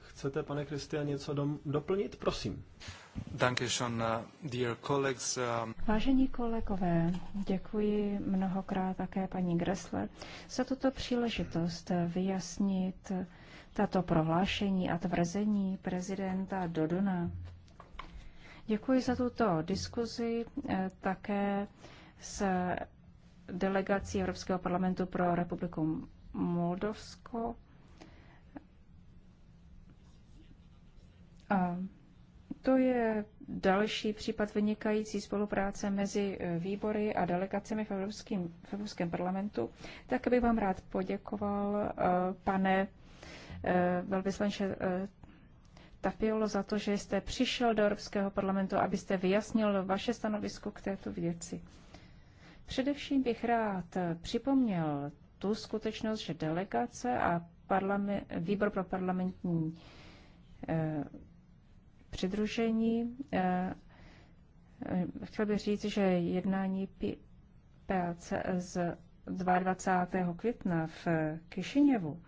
Chcete, pane Kristian, něco doplnit? Prosím. Uh, uh, Vážení kolegové, děkuji mnohokrát také paní Gressler. za tuto příležitost vyjasnit tato prohlášení a tvrzení prezidenta Dodona Děkuji za tuto diskuzi eh, také s delegací Evropského parlamentu pro republiku Moldovsko. A to je další případ vynikající spolupráce mezi eh, výbory a delegacemi v, Evropským, v Evropském parlamentu. Tak bych vám rád poděkoval, eh, pane velvyslanče Tapiolo za to, že jste přišel do Evropského parlamentu, abyste vyjasnil vaše stanovisko k této věci. Především bych rád připomněl tu skutečnost, že delegace a výbor pro parlamentní eh, přidružení eh, chtěl bych říct, že jednání PAC z 22. května v Kišiněvu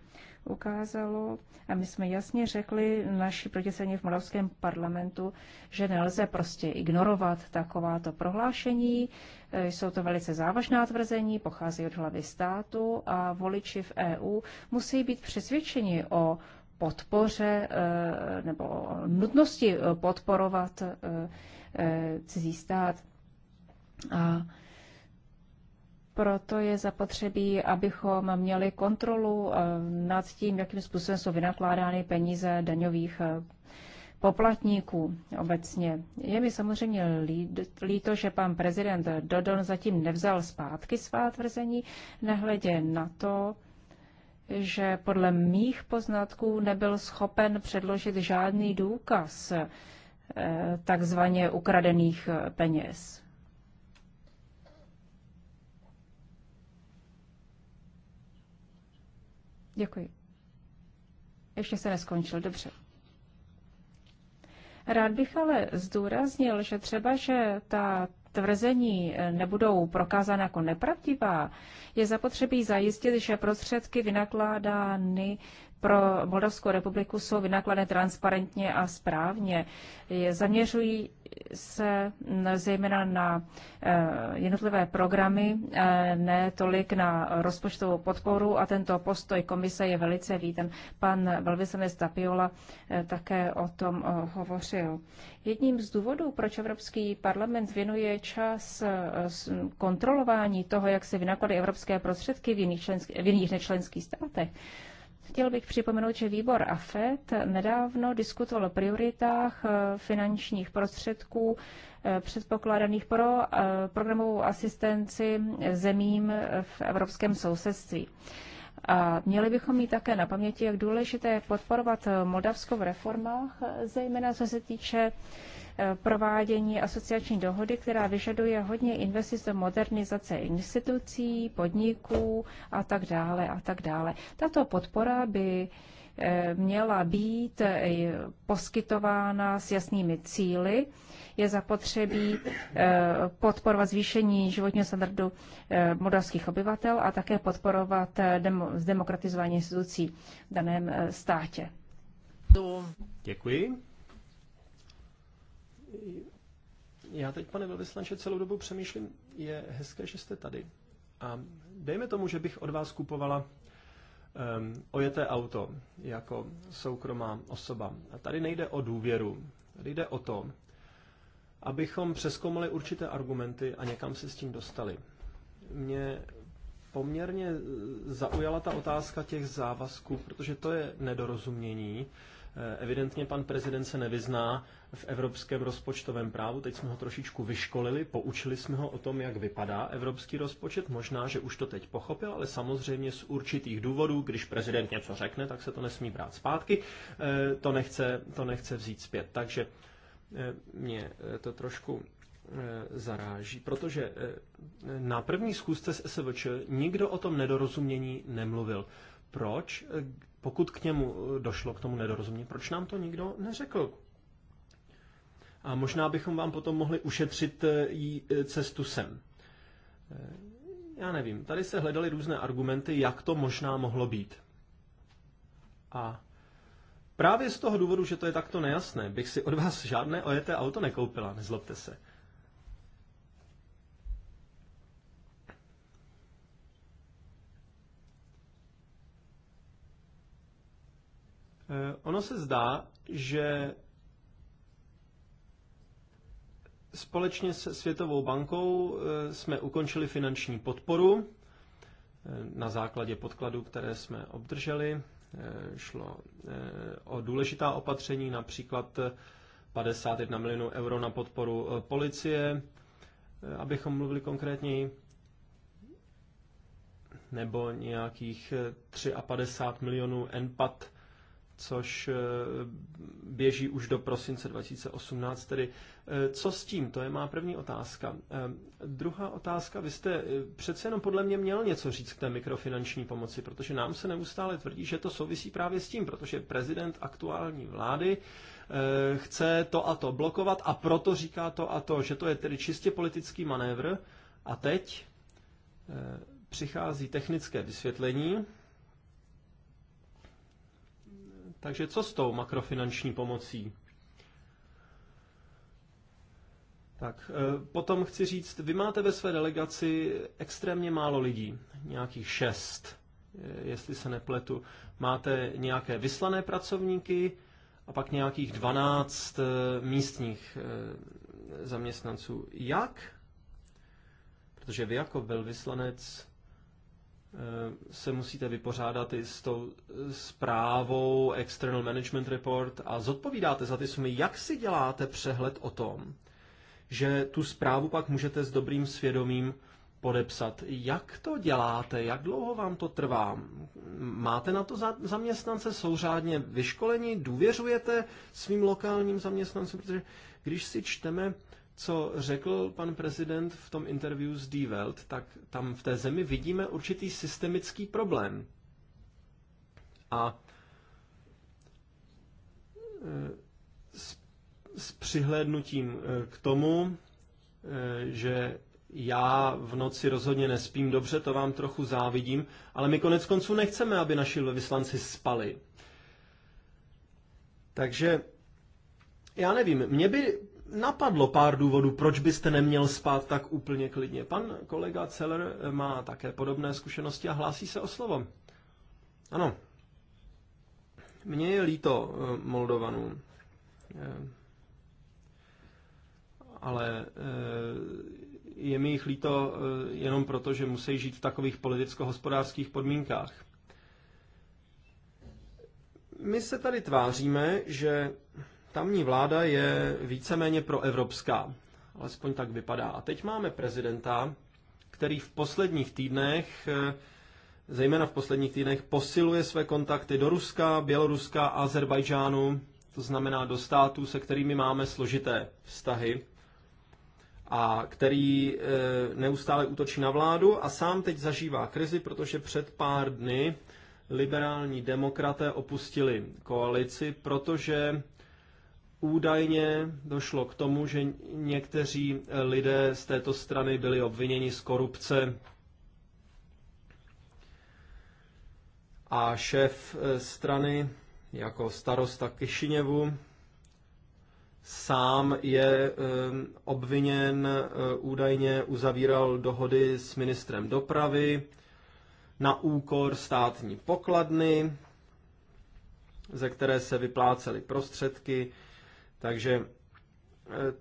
ukázalo, a my jsme jasně řekli naši protiseně v Moravském parlamentu, že nelze prostě ignorovat takováto prohlášení. E, jsou to velice závažná tvrzení, pochází od hlavy státu a voliči v EU musí být přesvědčeni o podpoře e, nebo o nutnosti podporovat e, cizí stát. A proto je zapotřebí, abychom měli kontrolu eh, nad tím, jakým způsobem jsou vynakládány peníze daňových eh, poplatníků obecně. Je mi samozřejmě líto, že pan prezident Dodon zatím nevzal zpátky svá tvrzení, nehledě na to, že podle mých poznatků nebyl schopen předložit žádný důkaz eh, takzvaně ukradených peněz. Děkuji. Ještě se neskončil, dobře. Rád bych ale zdůraznil, že třeba, že ta tvrzení eh, nebudou prokázána jako nepravdivá, je zapotřebí zajistit, že prostředky vynakládány pro Moldavskou republiku jsou vynaklady transparentně a správně. Zaměřují se zejména na eh, jednotlivé programy, eh, ne tolik na rozpočtovou podporu a tento postoj komise je velice vítan. Pan velvyslanec Tapiola eh, také o tom hovořil. Jedním z důvodů, proč Evropský parlament věnuje čas kontrolování toho, jak se vynakladají evropské prostředky v jiných, v jiných nečlenských státech, Chtěl bych připomenout, že výbor AFET nedávno diskutoval o prioritách eh, finančních prostředků eh, předpokládaných pro eh, programovou asistenci zemím v evropském sousedství. A měli bychom mít také na paměti, jak důležité je podporovat Moldavsko v reformách, zejména co se týče uh, Eh, provádění asociační dohody, která vyžaduje hodně investic do modernizace institucí, podniků a tak dále a tak dále. Tato podpora by eh, měla být eh, poskytována s jasnými cíly. Je zapotřebí podporovat zvýšení životního standardu moldavských obyvatel a také podporovat zdemokratizování institucí v daném státě. Děkuji. Já teď, pane velvyslanče, celou dobu přemýšlím, je hezké, že jste tady. A dejme tomu, že bych od vás kupovala um, ojeté auto jako soukromá osoba. A tady nejde o důvěru, tady jde o to, abychom přeskoumali určité argumenty a někam se s tím dostali. Mě poměrně e, zaujala ta otázka těch závazků, protože to je nedorozumění. E, evidentně pan prezident se nevyzná v evropském rozpočtovém právu. Teď jsme ho trošičku vyškolili, poučili jsme ho o tom, jak vypadá evropský rozpočet. Možná, že už to teď pochopil, ale samozřejmě z určitých důvodů, když prezident něco řekne, tak se to nesmí brát zpátky. Eh, to nechce, to nechce vzít zpět. Takže eh, mě eh, to trošku zaráží, protože na první schůzce s SVČ nikdo o tom nedorozumění nemluvil. Proč, pokud k němu došlo, k tomu nedorozumění, proč nám to nikdo neřekl? a možná bychom vám potom mohli ušetřit eh, jí eh, cestu sem. Eh, já nevím, tady se hledaly různé argumenty, jak to možná mohlo být. A právě z toho důvodu, že to je takto nejasné, bych si od vás žádné ojeté auto nekoupila, nezlobte se. Ono se zdá, že Společně se Světovou bankou eh, jsme ukončili finanční podporu eh, na základě podkladů, které jsme obdrželi. Eh, šlo o důležitá opatření, například 51 milionů euro na podporu policie, abychom mluvili konkrétněji, nebo nějakých 53 milionů NPAT což eh, běží už do prosince 2018. Tedy eh, co s tím? To je má první otázka. Eh, druhá otázka, vy jste přece jenom podle mě měl něco říct k té mikrofinanční pomoci, protože nám se neustále tvrdí, že to souvisí právě s tím, protože prezident aktuální vlády chce to a to blokovat a proto říká to a to, že to je tedy čistě politický manévr. A teď přichází technické vysvětlení, takže co s tou makrofinanční pomocí? Tak, e, potom chci říct, vy máte ve své delegaci extrémně málo lidí, nějakých šest, e, jestli se nepletu. Máte nějaké vyslané pracovníky a pak nějakých dvanáct e, místních zaměstnanců. Jak? Protože vy jako velvyslanec Eh, se musíte vypořádat i s tou zprávou External Management Report a zodpovídáte za ty sumy. Jak si děláte přehled o tom, že tu zprávu pak můžete s dobrým svědomím podepsat. Jak to děláte? Jak dlouho vám to trvá? Máte na to zaměstnance? souřádně vyškolení? Důvěřujete svým lokálním zaměstnancům? Protože když si čteme co řekl pan prezident v tom interview s Die Welt, tak tam v té zemi vidíme určitý systemický problém. A e, s, s přihlédnutím e, k tomu, e, že já v noci rozhodně nespím dobře, to vám trochu závidím, ale my konec konců nechceme, aby naši vyslanci spali. Takže já nevím, mě by napadlo pár důvodů, proč byste neměl spát tak úplně klidně. Pan kolega Celer má také podobné zkušenosti a hlásí se o slovo. Ano. Mně je líto eh, Moldovanů, eh, ale eh, je mi jich líto jenom proto, že musí žít v takových politicko-hospodářských podmínkách. My se tady tváříme, že Tamní vláda je víceméně proevropská, alespoň tak vypadá. A teď máme prezidenta, který v posledních týdnech, eh, zejména v posledních týdnech, posiluje své kontakty do Ruska, Běloruska, Azerbajdžánu, to znamená do států, se kterými máme složité vztahy a který eh, neustále útočí na vládu a sám teď zažívá krizi, protože před pár dny liberální demokraté opustili koalici, protože Údajně došlo k tomu, že někteří lidé z této strany byli obviněni z korupce a šéf e, strany jako starosta Kišiněvu sám je e, obviněn, e, údajně uzavíral dohody s ministrem dopravy na úkor státní pokladny, ze které se vyplácely prostředky takže e,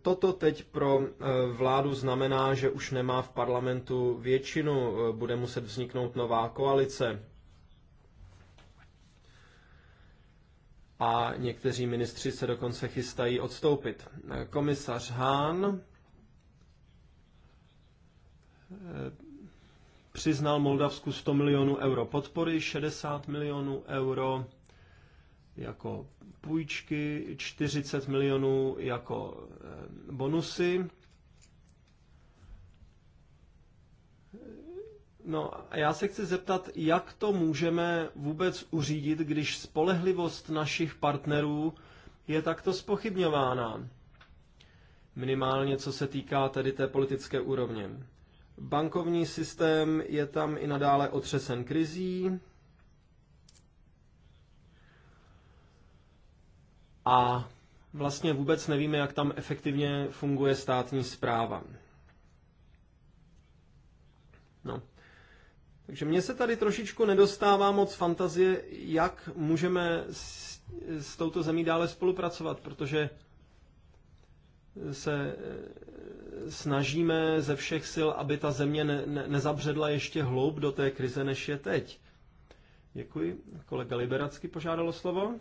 toto teď pro e, vládu znamená, že už nemá v parlamentu většinu, e, bude muset vzniknout nová koalice. A někteří ministři se dokonce chystají odstoupit. Komisař Hán přiznal Moldavsku 100 milionů euro podpory, 60 milionů euro jako půjčky, 40 milionů jako eh, bonusy. No a já se chci zeptat, jak to můžeme vůbec uřídit, když spolehlivost našich partnerů je takto spochybňována. Minimálně co se týká tedy té politické úrovně. Bankovní systém je tam i nadále otřesen krizí, a vlastně vůbec nevíme, jak tam efektivně funguje státní zpráva. No. Takže mně se tady trošičku nedostává moc fantazie, jak můžeme s, s touto zemí dále spolupracovat, protože se eh, snažíme ze všech sil, aby ta země ne, ne, nezabředla ještě hloub do té krize, než je teď. Děkuji. Kolega Liberacky požádalo slovo.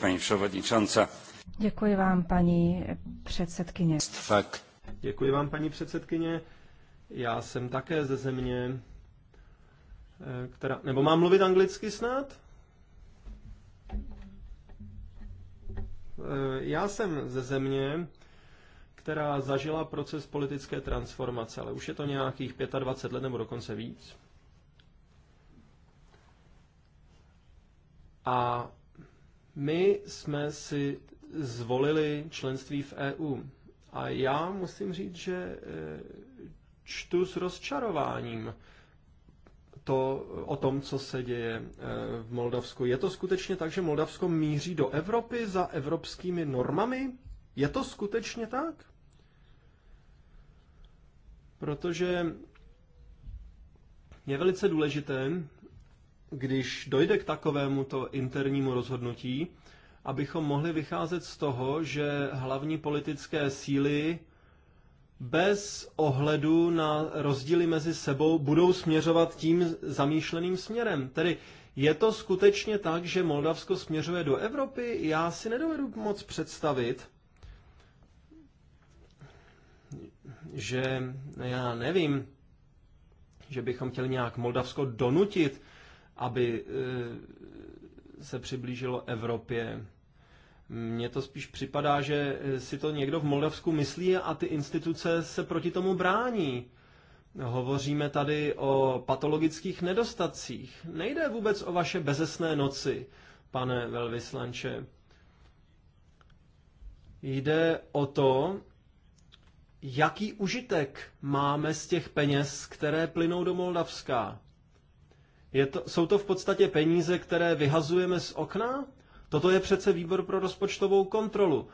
Paní předsedkyně. Děkuji vám, paní předsedkyně. Fakt. Děkuji vám, paní předsedkyně. Já jsem také ze země, eh, která... Nebo mám mluvit anglicky snad? Eh, já jsem ze země, která zažila proces politické transformace, ale už je to nějakých 25 let nebo dokonce víc. A my jsme si zvolili členství v EU. A já musím říct, že eh, čtu s rozčarováním to, o tom, co se děje eh, v Moldavsku. Je to skutečně tak, že Moldavsko míří do Evropy za evropskými normami? Je to skutečně tak? Protože je velice důležité, když dojde k takovému to internímu rozhodnutí, abychom mohli vycházet z toho, že hlavní politické síly bez ohledu na rozdíly mezi sebou budou směřovat tím zamýšleným směrem. Tedy je to skutečně tak, že Moldavsko směřuje do Evropy? Já si nedovedu moc představit, že já nevím, že bychom chtěli nějak Moldavsko donutit aby eh, se přiblížilo Evropě. Mně to spíš připadá, že eh, si to někdo v Moldavsku myslí a ty instituce se proti tomu brání. Hovoříme tady o patologických nedostacích. Nejde vůbec o vaše bezesné noci, pane velvyslanče. Jde o to, jaký užitek máme z těch peněz, které plynou do Moldavska. Je to, jsou to v podstatě peníze, které vyhazujeme z okna? Toto je přece výbor pro rozpočtovou kontrolu.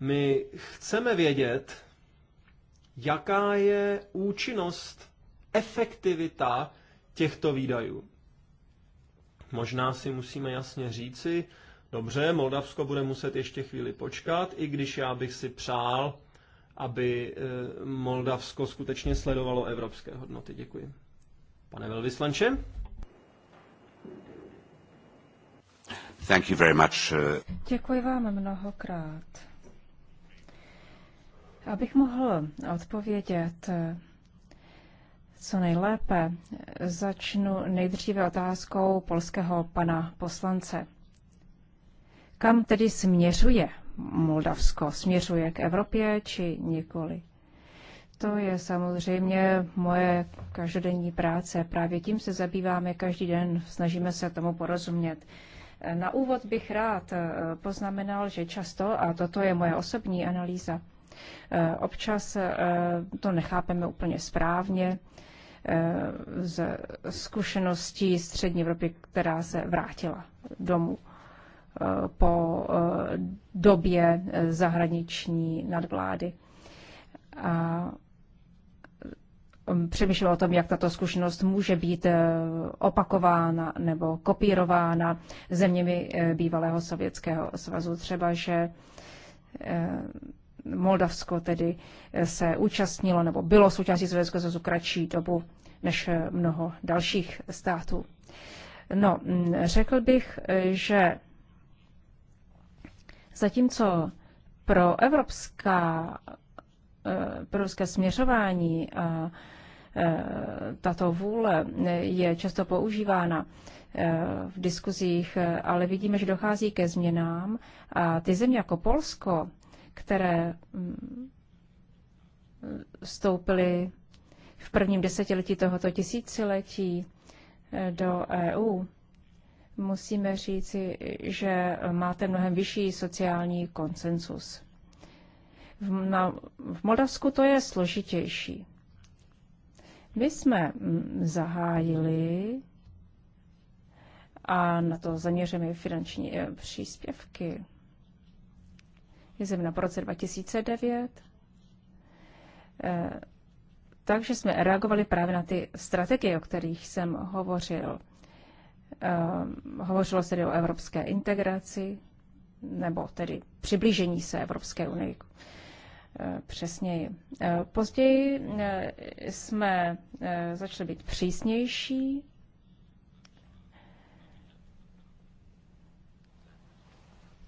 My chceme vědět, jaká je účinnost, efektivita těchto výdajů. Možná si musíme jasně říci, dobře, Moldavsko bude muset ještě chvíli počkat, i když já bych si přál, aby eh, Moldavsko skutečně sledovalo evropské hodnoty. Děkuji. Pane velvyslanče? Thank you very much. Uh, Děkuji vám mnohokrát. Abych mohl odpovědět eh, co nejlépe, začnu nejdříve otázkou polského pana poslance. Kam tedy směřuje Moldavsko? Směřuje k Evropě či nikoli? To je samozřejmě moje každodenní práce. Právě tím se zabýváme každý den, snažíme se tomu porozumět. Na úvod bych rád eh, poznamenal, že často, a toto je moje osobní analýza, eh, občas eh, to nechápeme úplně správně z zkušeností střední Evropy, která se vrátila domů po době zahraniční nadvlády. A Um, přemýšlel o tom, jak tato zkušenost může být eh, opakována nebo kopírována zeměmi eh, bývalého Sovětského svazu. Třeba, že eh, Moldavsko tedy se účastnilo nebo bylo součástí Sovětského svazu kratší dobu než mnoho dalších států. No, mm, řekl bych, že zatímco pro evropská pro evropské směřování a Eh, tato vůle eh, je často používána eh, v diskuzích, ale vidíme, že dochází ke změnám a ty země jako Polsko, které mm, vstoupily v prvním desetiletí tohoto tisíciletí do EU, musíme říci, že máte mnohem vyšší sociální konsensus. V, v Moldavsku to je složitější. My jsme mm, zahájili a na to zaměříme finanční eh, příspěvky. Jsem na po roce 2009. Eh, takže jsme reagovali právě na ty strategie, o kterých jsem hovořil. Eh, hovořilo se tedy o evropské integraci, nebo tedy přiblížení se Evropské unii přesněji. Eh, později eh, jsme eh, začali být přísnější.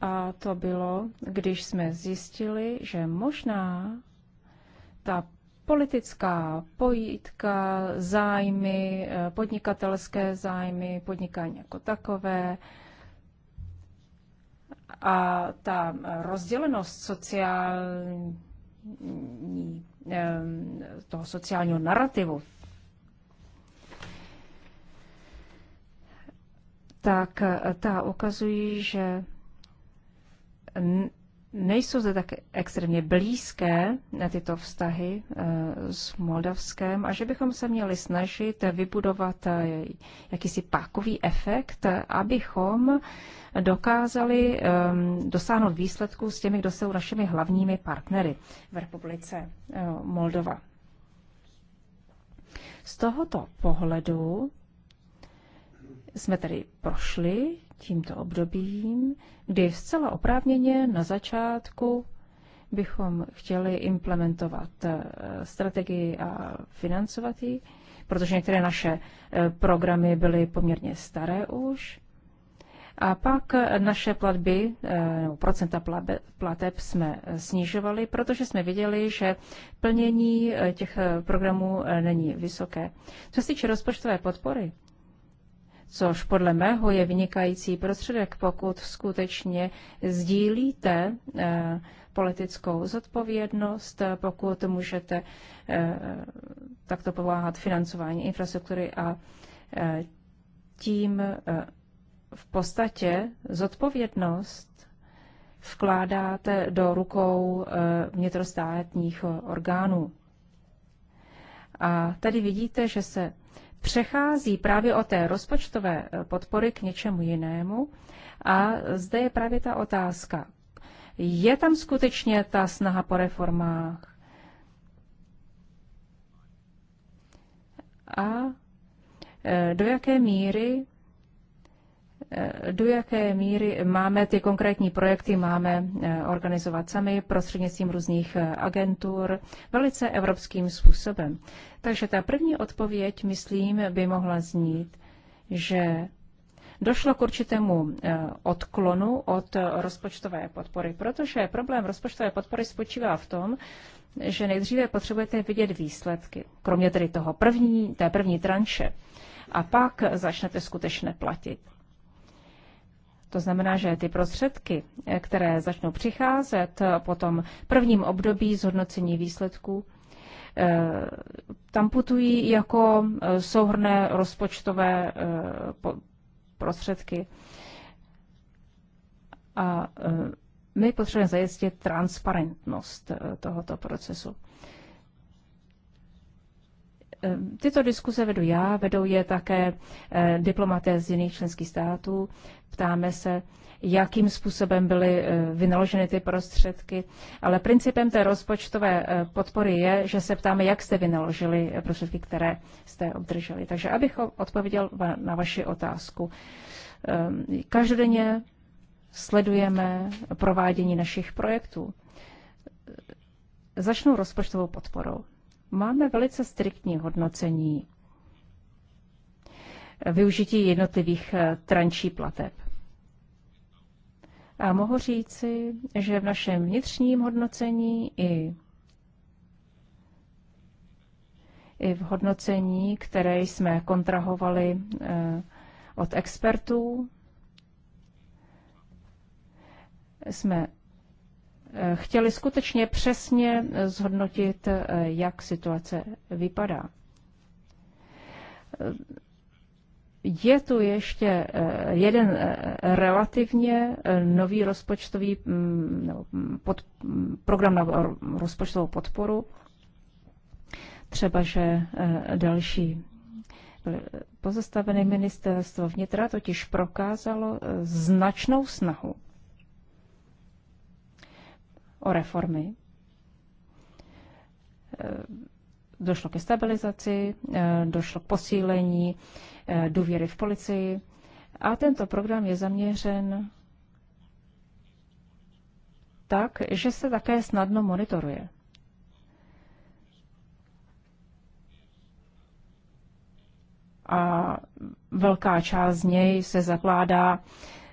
A to bylo, když jsme zjistili, že možná ta politická pojítka, zájmy, podnikatelské zájmy, podnikání jako takové, a ta rozdělenost sociální vytváření mm, toho sociálního narrativu, tak eh, ta ukazují, že Nejsou zde tak extrémně blízké eh, tyto vztahy eh, s Moldavskem a že bychom se měli snažit vybudovat eh, jakýsi pákový efekt, abychom dokázali ehm, dosáhnout výsledků s těmi, kdo jsou našimi hlavními partnery v republice Moldova. Z tohoto pohledu jsme tedy prošli tímto obdobím, kdy zcela oprávněně na začátku bychom chtěli implementovat eh, strategii a financovat ji, protože některé naše eh, programy byly poměrně staré už. A pak eh, naše platby, nebo procenta plateb jsme snižovali, protože jsme viděli, že plnění těch programů není vysoké. Co se týče rozpočtové podpory, což podle mého je vynikající prostředek, pokud skutečně sdílíte eh, politickou zodpovědnost, pokud můžete eh, takto pomáhat financování infrastruktury a eh, tím v podstatě zodpovědnost vkládáte do rukou vnitrostátních orgánů. A tady vidíte, že se přechází právě od té rozpočtové eh, podpory k něčemu jinému. A zde je právě ta otázka. Je tam skutečně ta snaha po reformách? A eh, do jaké míry Eh, do jaké míry máme ty konkrétní projekty, máme eh, organizovat sami prostřednictvím různých eh, agentur, velice evropským způsobem. Takže ta první odpověď, myslím, by mohla znít, že došlo k určitému odklonu od rozpočtové podpory, protože problém rozpočtové podpory spočívá v tom, že nejdříve potřebujete vidět výsledky, kromě tedy toho první, té první tranše, a pak začnete skutečně platit. To znamená, že ty prostředky, eh, které začnou přicházet po tom prvním období zhodnocení výsledků, eh, tam putují jako eh, souhrné rozpočtové prostředky. A my potřebujeme zajistit transparentnost tohoto procesu. Ehm, tyto diskuse vedu já, vedou je také eh, diplomaté z jiných členských států. Ptáme se, jakým způsobem byly eh, vynaloženy ty prostředky. Ale principem té rozpočtové eh, podpory je, že se ptáme, jak jste vynaložili prostředky, které jste obdrželi. Takže abych odpověděl na vaši otázku. Ehm, každodenně sledujeme provádění našich projektů. Začnu rozpočtovou podporou máme velice striktní hodnocení využití jednotlivých eh, trančí plateb. A mohu říci, že v našem vnitřním hodnocení i, i v hodnocení, které jsme kontrahovali eh, od expertů, jsme Eh, chtěli skutečně přesně zhodnotit, eh, jak situace vypadá. Eh, je tu ještě jeden relativně nový rozpočtový mm, mm, pod, mm, program na rozpočtovou podporu. Třeba, že další pozastavené ministerstvo vnitra totiž prokázalo značnou snahu o reformy. E, došlo ke stabilizaci, e, došlo k posílení e, důvěry v policii a tento program je zaměřen tak, že se také snadno monitoruje. A velká část z něj se zakládá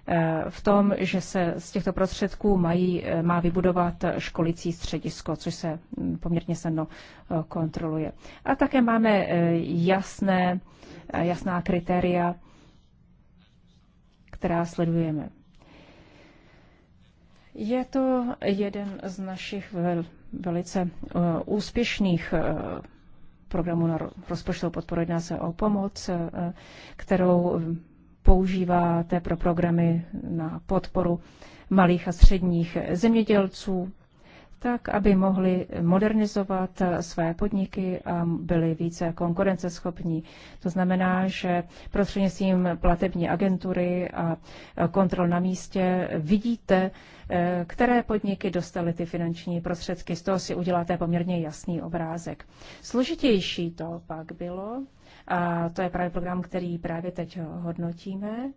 Eh, v tom, že se z těchto prostředků mají, eh, má vybudovat školicí středisko, což se mm, poměrně snadno eh, kontroluje. A také máme jasné, jasná kritéria, která sledujeme. Je to jeden z našich velice úspěšných programů na rozpočtovou podporu. Jedná se o pomoc, kterou používáte pro programy na podporu malých a středních zemědělců, tak aby mohli modernizovat své podniky a byli více konkurenceschopní. To znamená, že prostřednictvím platební agentury a kontrol na místě vidíte, eh, které podniky dostaly ty finanční prostředky. Z toho si uděláte poměrně jasný obrázek. Složitější to pak bylo a to je právě program, který právě teď hodnotíme.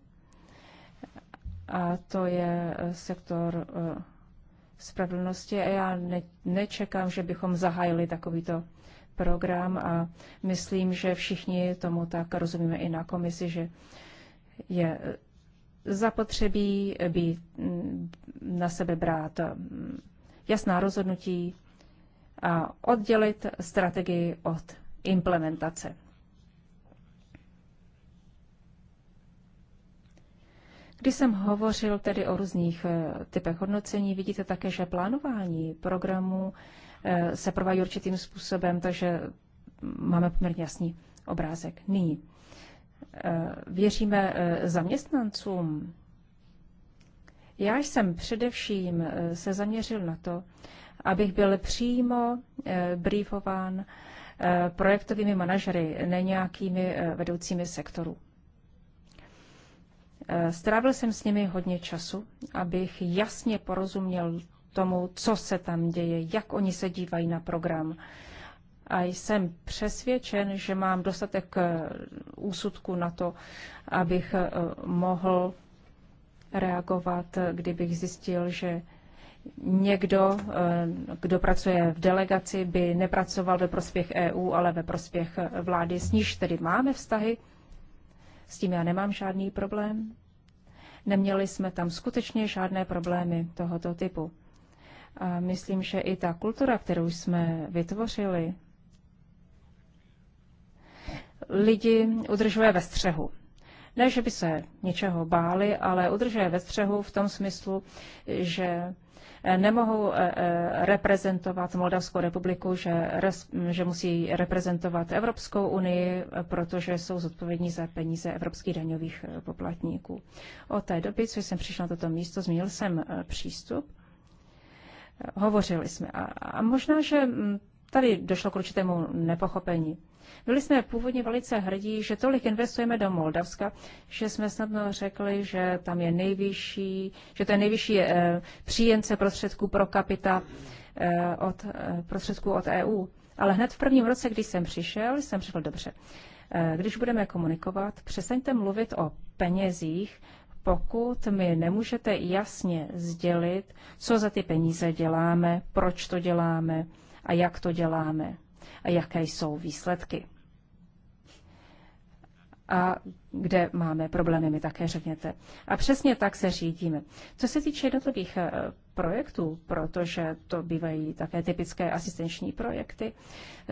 A to je eh, sektor eh, spravedlnosti a já ne, nečekám, že bychom zahájili takovýto program a myslím, že všichni tomu tak rozumíme i na komisi, že je eh, zapotřebí být mm, na sebe brát mm, jasná rozhodnutí a oddělit strategii od implementace. Když jsem hovořil tedy o různých eh, typech hodnocení, vidíte také, že plánování programu eh, se provádí určitým způsobem, takže máme poměrně jasný obrázek. Nyní eh, věříme zaměstnancům. Já jsem především se zaměřil na to, abych byl přímo briefován projektovými manažery, ne nějakými vedoucími sektorů. Eh, strávil jsem s nimi hodně času, abych jasně porozuměl tomu, co se tam děje, jak oni se dívají na program. A jsem přesvědčen, že mám dostatek eh, úsudku na to, abych eh, mohl reagovat, kdybych zjistil, že někdo, kdo pracuje v delegaci, by nepracoval ve prospěch EU, ale ve prospěch vlády, s níž tedy máme vztahy s tím já nemám žádný problém. Neměli jsme tam skutečně žádné problémy tohoto typu. A myslím, že i ta kultura, kterou jsme vytvořili, lidi udržuje ve střehu. Ne, že by se něčeho báli, ale udržuje ve střehu v tom smyslu, že nemohou eh, eh, reprezentovat Moldavskou republiku, že, že musí reprezentovat Evropskou unii, protože jsou zodpovědní za peníze evropských daňových eh, poplatníků. Od té doby, co jsem přišla na toto místo, změnil jsem přístup. Hovořili jsme a, a možná, že mm, tady došlo k určitému nepochopení. Byli jsme původně velice hrdí, že tolik investujeme do Moldavska, že jsme snadno řekli, že tam je nejvyšší, že to je nejvyšší eh, příjemce prostředků pro kapita eh, od eh, prostředků od EU. Ale hned v prvním roce, když jsem přišel, jsem řekl dobře, když budeme komunikovat, přestaňte mluvit o penězích, pokud mi nemůžete jasně sdělit, co za ty peníze děláme, proč to děláme a jak to děláme jaké jsou výsledky. A kde máme problémy, mi také řekněte. A přesně tak se řídíme. Co se týče jednotlivých eh, projektů, protože to bývají také typické asistenční projekty,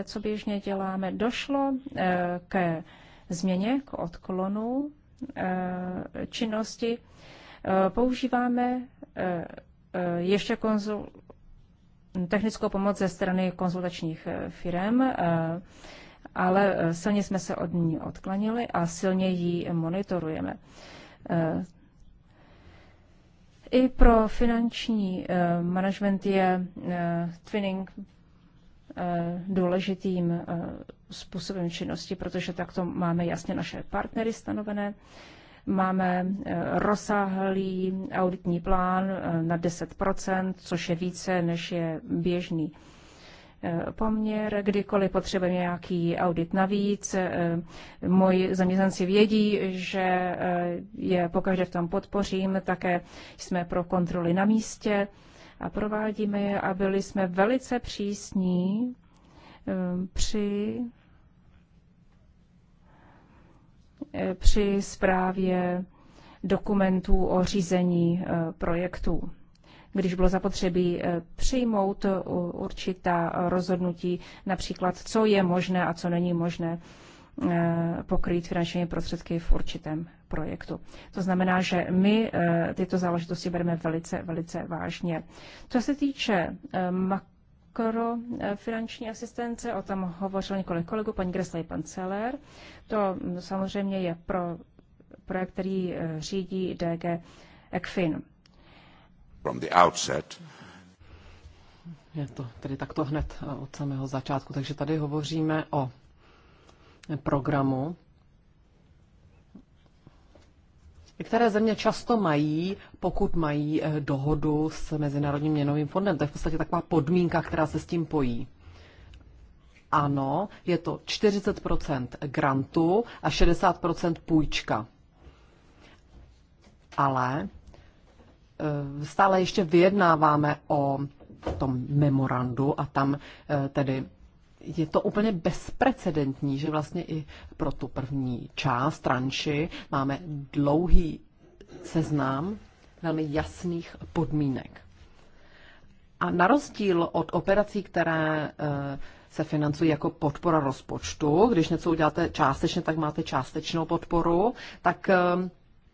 co běžně děláme, došlo eh, ke změně, k odklonu eh, činnosti. Používáme ještě konzul, technickou pomoc ze strany konzultačních eh, firm, eh, ale eh, silně jsme se od ní odklanili a silně ji monitorujeme. I pro finanční management je twinning důležitým způsobem činnosti, protože takto máme jasně naše partnery stanovené. Máme eh, rozsáhlý auditní plán eh, na 10 což je více, než je běžný eh, poměr, kdykoliv potřebujeme nějaký audit navíc. Moji zaměstnanci vědí, že je pokaždé v tom podpořím, také jsme pro kontroly na místě a provádíme je a byli jsme velice přísní při Eh, při zprávě dokumentů o řízení eh, projektů. Když bylo zapotřebí eh, přijmout určitá rozhodnutí, například co je možné a co není možné pokrýt finanční prostředky v určitém projektu. To znamená, že my tyto záležitosti bereme velice, velice vážně. Co se týče mak Eh, finanční asistence, o tom hovořil několik kolegů, paní Gresla i pan Celer. To samozřejmě je pro projekt, který eh, řídí DG ECFIN. From the outset. Je to tedy takto hned eh, od samého začátku. Takže tady hovoříme o programu, Některé země často mají, pokud mají eh, dohodu s Mezinárodním měnovým fondem? To je v podstatě taková podmínka, která se s tím pojí. Ano, je to 40 grantu a 60 půjčka. Ale eh, stále ještě vyjednáváme o tom memorandu a tam eh, tedy je to úplně bezprecedentní, že vlastně i pro tu první část tranši máme dlouhý seznám velmi jasných podmínek. A na rozdíl od operací, které eh, se financují jako podpora rozpočtu, když něco uděláte částečně, tak máte částečnou podporu, tak eh,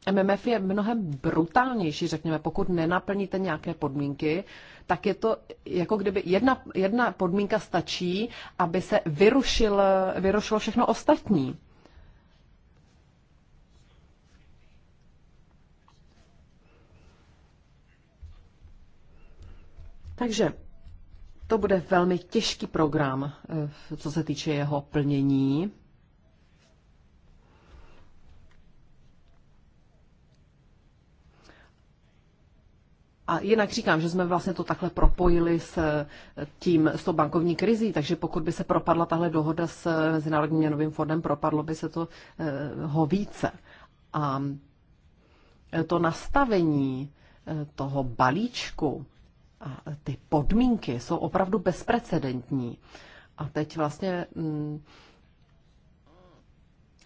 MMF je mnohem brutálnější, řekněme, pokud nenaplníte nějaké podmínky, tak je to jako kdyby jedna, jedna podmínka stačí, aby se vyrušil, vyrušilo všechno ostatní. Takže to bude velmi těžký program, eh, co se týče jeho plnění. A jinak říkám, že jsme vlastně to takhle propojili s eh, tím, s tou bankovní krizí, takže pokud by se propadla tahle dohoda s eh, Mezinárodním měnovým fondem, propadlo by se to eh, ho více. A to nastavení toho balíčku a ty podmínky jsou opravdu bezprecedentní. A teď vlastně mm,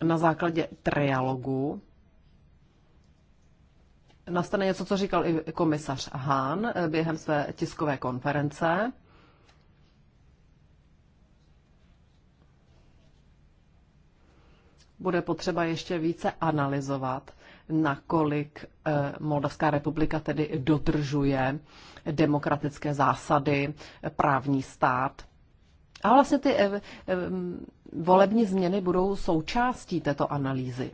na základě trialogu nastane něco, co říkal i komisař Hahn eh, během své tiskové konference. Bude potřeba ještě více analyzovat, nakolik eh, Moldavská republika tedy dodržuje demokratické zásady, eh, právní stát. A vlastně ty volební změny budou součástí této analýzy.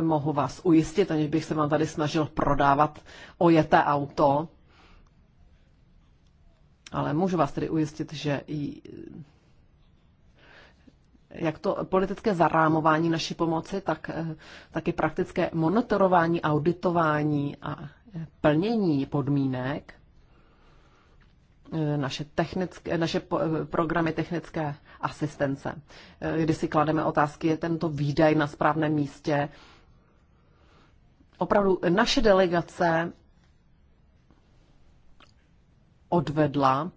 mohu vás ujistit, aniž bych se vám tady snažil prodávat ojeté auto, ale můžu vás tedy ujistit, že i jak to politické zarámování naší pomoci, tak eh, taky praktické monitorování, auditování a eh, plnění podmínek, eh, naše, technické, naše programy technické asistence, kdy si klademe otázky, je tento výdaj na správném místě, opravdu naše delegace odvedla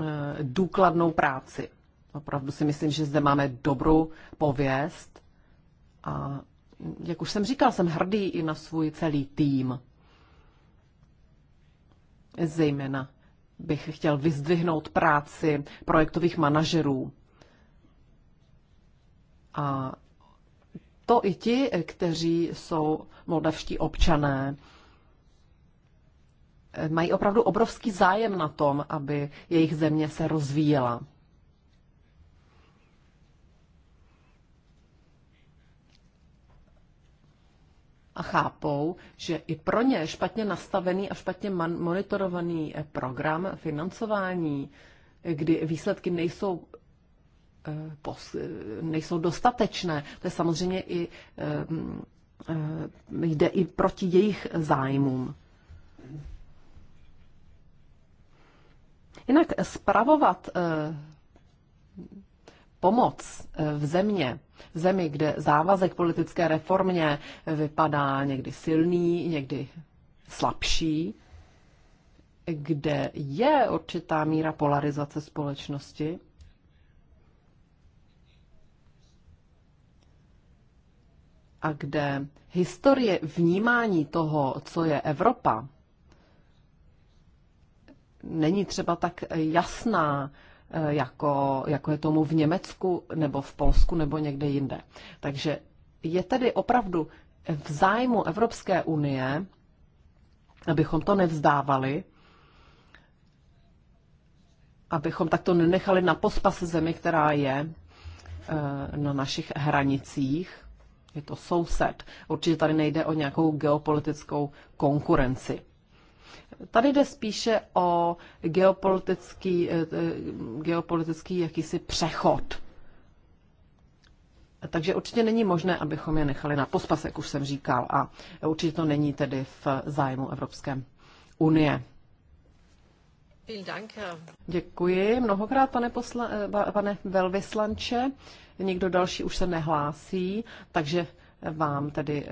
eh, důkladnou práci. Opravdu si myslím, že zde máme dobrou pověst a jak už jsem říkal, jsem hrdý i na svůj celý tým. Zejména bych chtěl vyzdvihnout práci projektových manažerů a to i ti, kteří jsou moldavští občané. Mají opravdu obrovský zájem na tom, aby jejich země se rozvíjela. a chápou, že i pro ně špatně nastavený a špatně monitorovaný program financování, kdy výsledky nejsou Eh, nejsou dostatečné. To je samozřejmě i eh, eh, jde i proti jejich zájmům. Jinak spravovat pomoc v země, v zemi, kde závazek politické reformě vypadá někdy silný, někdy slabší, kde je určitá míra polarizace společnosti, a kde historie vnímání toho, co je Evropa, není třeba tak jasná, eh, jako, jako je tomu v Německu nebo v Polsku nebo někde jinde. Takže je tedy opravdu v zájmu Evropské unie, abychom to nevzdávali, abychom takto nenechali na pospas zemi, která je eh, na našich hranicích je to soused. Určitě tady nejde o nějakou geopolitickou konkurenci. Tady jde spíše o geopolitický, eh, eh, geopolitický jakýsi přechod. Takže určitě není možné, abychom je nechali na pospas, jak už jsem říkal, a určitě to není tedy v zájmu Evropské unie. Děkuji mnohokrát, pane, posla- pane velvyslanče. Nikdo další už se nehlásí, takže vám tedy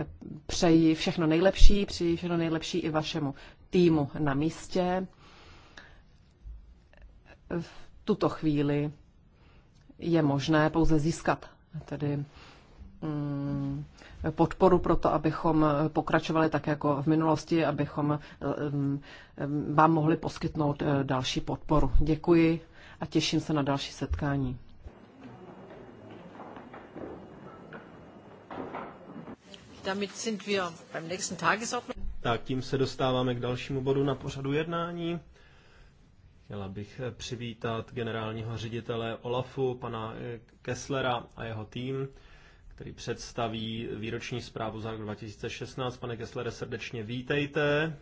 přeji všechno nejlepší, přeji všechno nejlepší i vašemu týmu na místě. V tuto chvíli je možné pouze získat tedy mm, podporu pro to, abychom pokračovali tak jako v minulosti, abychom eh, eh, vám mohli poskytnout eh, další podporu. Děkuji a těším se na další setkání. Tak tím se dostáváme k dalšímu bodu na pořadu jednání. Chtěla bych přivítat generálního ředitele OLAFu, pana Kesslera a jeho tým který představí výroční zprávu za rok 2016. Pane Kesslere, srdečně vítejte.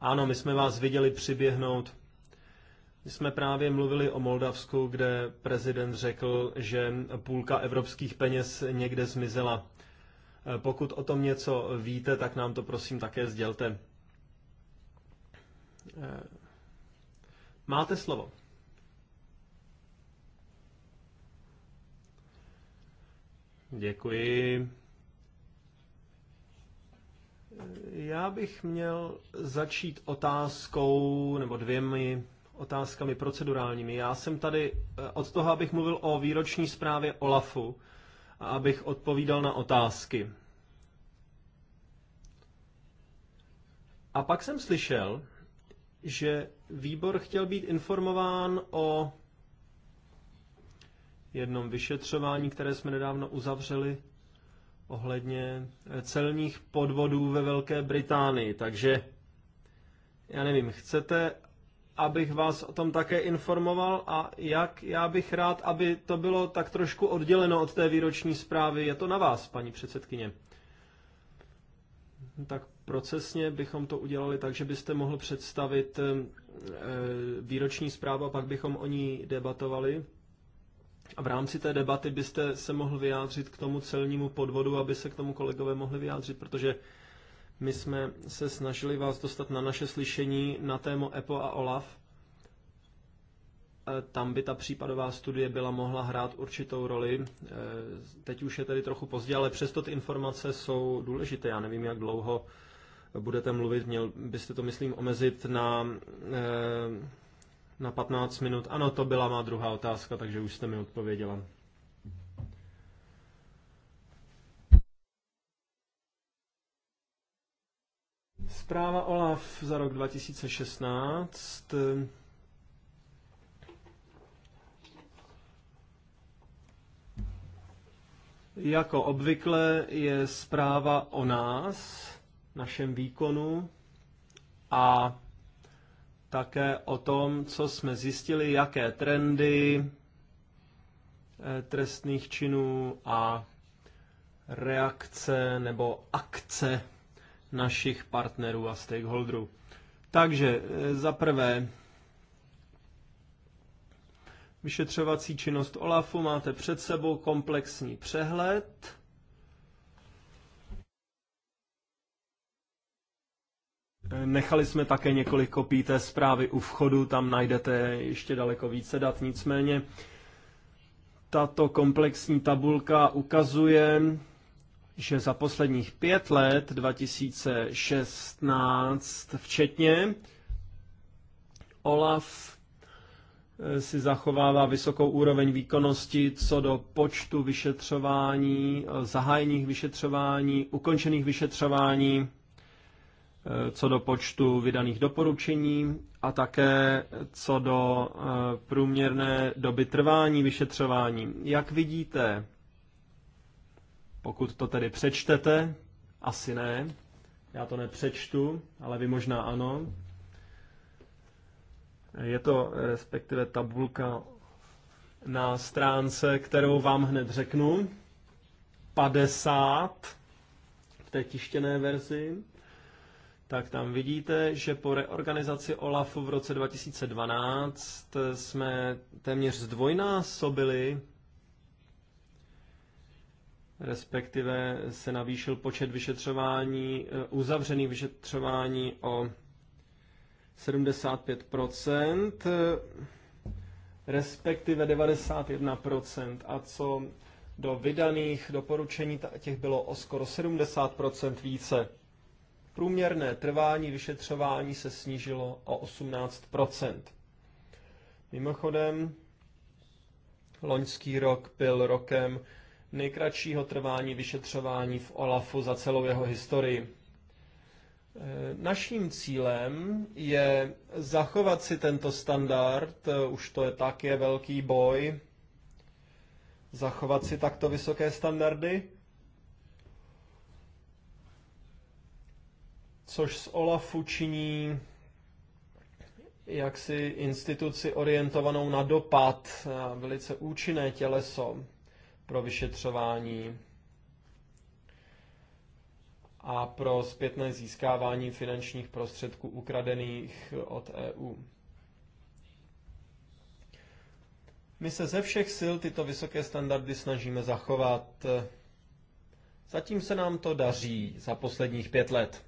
Ano, my jsme vás viděli přiběhnout. My jsme právě mluvili o Moldavsku, kde prezident řekl, že půlka evropských peněz někde zmizela. Pokud o tom něco víte, tak nám to prosím také sdělte. Eh, máte slovo. Děkuji. Já bych měl začít otázkou nebo dvěmi otázkami procedurálními. Já jsem tady eh, od toho, abych mluvil o výroční zprávě OLAFu a abych odpovídal na otázky. A pak jsem slyšel, že výbor chtěl být informován o jednom vyšetřování, které jsme nedávno uzavřeli ohledně eh, celních podvodů ve Velké Británii. Takže, já nevím, chcete, abych vás o tom také informoval a jak já bych rád, aby to bylo tak trošku odděleno od té výroční zprávy. Je to na vás, paní předsedkyně. Tak procesně bychom to udělali tak, že byste mohl představit eh, eh, výroční zprávu a pak bychom o ní debatovali a v rámci té debaty byste se mohl vyjádřit k tomu celnímu podvodu, aby se k tomu kolegové mohli vyjádřit, protože my jsme se snažili vás dostat na naše slyšení na tému EPO a OLAF. E, tam by ta případová studie byla mohla hrát určitou roli. E, teď už je tedy trochu pozdě, ale přesto ty informace jsou důležité. Já nevím, jak dlouho budete mluvit, měl byste to, myslím, omezit na e, na 15 minut. Ano, to byla má druhá otázka, takže už jste mi odpověděla. Zpráva OLAF za rok 2016. Jako obvykle je zpráva o nás, našem výkonu a také o tom, co jsme zjistili, jaké trendy eh, trestných činů a reakce nebo akce našich partnerů a stakeholderů. Takže eh, za prvé, vyšetřovací činnost OLAFu máte před sebou komplexní přehled Nechali jsme také několik kopií té zprávy u vchodu, tam najdete ještě daleko více dat, nicméně tato komplexní tabulka ukazuje, že za posledních pět let, 2016 včetně, OLAF eh, si zachovává vysokou úroveň výkonnosti co do počtu vyšetřování, eh, zahájených vyšetřování, ukončených vyšetřování Eh, co do počtu vydaných doporučení a také eh, co do eh, průměrné doby trvání vyšetřování. Jak vidíte, pokud to tedy přečtete, asi ne, já to nepřečtu, ale vy možná ano. Je to respektive tabulka na stránce, kterou vám hned řeknu. 50 v té tištěné verzi tak tam vidíte, že po reorganizaci OLAFu v roce 2012 jsme téměř zdvojnásobili, respektive se navýšil počet vyšetřování, eh, uzavřených vyšetřování o 75%, respektive 91%. A co do vydaných doporučení, těch bylo o skoro 70% více. Průměrné trvání vyšetřování se snížilo o 18 Mimochodem, loňský rok byl rokem nejkratšího trvání vyšetřování v OLAFu za celou jeho historii. E, naším cílem je zachovat si tento standard, e, už to je také velký boj, zachovat si takto vysoké standardy což z OLAFu činí jaksi instituci orientovanou na dopad, na eh, velice účinné těleso pro vyšetřování a pro zpětné získávání finančních prostředků ukradených od EU. My se ze všech sil tyto vysoké standardy snažíme zachovat. Zatím se nám to daří za posledních pět let.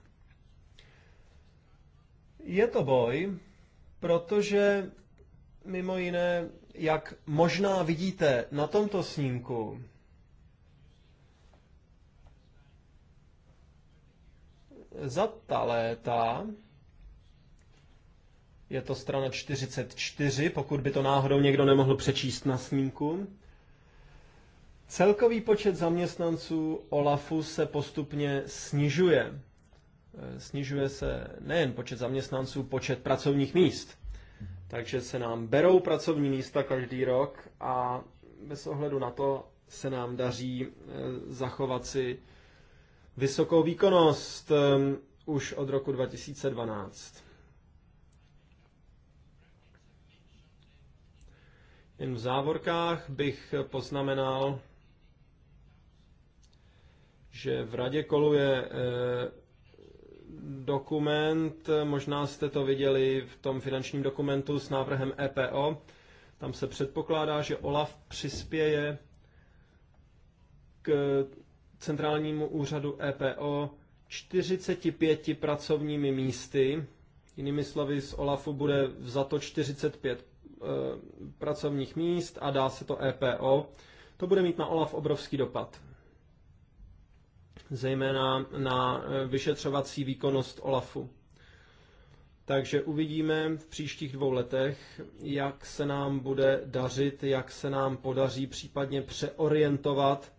Je to boj, protože mimo jiné, jak možná vidíte na tomto snímku, za ta léta, je to strana 44, pokud by to náhodou někdo nemohl přečíst na snímku, celkový počet zaměstnanců OLAFu se postupně snižuje. Eh, snižuje se nejen počet zaměstnanců, počet pracovních míst. Takže se nám berou pracovní místa každý rok a bez ohledu na to se nám daří eh, zachovat si vysokou výkonnost eh, už od roku 2012. Jen v závorkách bych poznamenal, že v radě koluje dokument, možná jste to viděli v tom finančním dokumentu s návrhem EPO. Tam se předpokládá, že OLAF přispěje k centrálnímu úřadu EPO 45 pracovními místy. Jinými slovy, z OLAFu bude vzato 45 e, pracovních míst a dá se to EPO. To bude mít na OLAF obrovský dopad zejména na eh, vyšetřovací výkonnost OLAFu. Takže uvidíme v příštích dvou letech, jak se nám bude dařit, jak se nám podaří případně přeorientovat,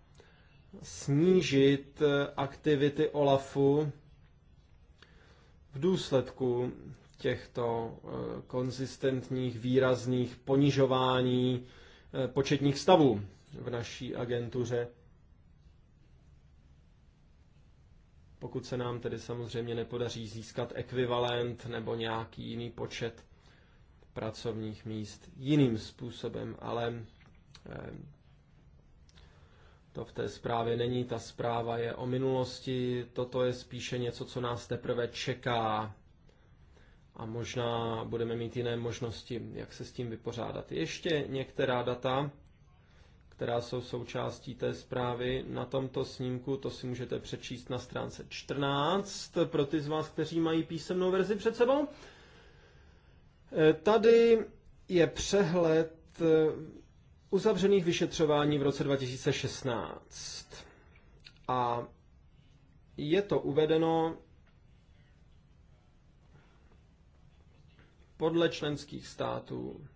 snížit eh, aktivity OLAFu v důsledku těchto eh, konzistentních, výrazných ponižování početních stavů v naší agentuře. Pokud se nám tedy samozřejmě nepodaří získat ekvivalent nebo nějaký jiný počet pracovních míst jiným způsobem, ale eh, to v té zprávě není. Ta zpráva je o minulosti, toto je spíše něco, co nás teprve čeká a možná budeme mít jiné možnosti, jak se s tím vypořádat. Ještě některá data která jsou součástí té zprávy. Na tomto snímku to si můžete přečíst na stránce 14 pro ty z vás, kteří mají písemnou verzi před sebou. E, tady je přehled e, uzavřených vyšetřování v roce 2016. A je to uvedeno podle členských států.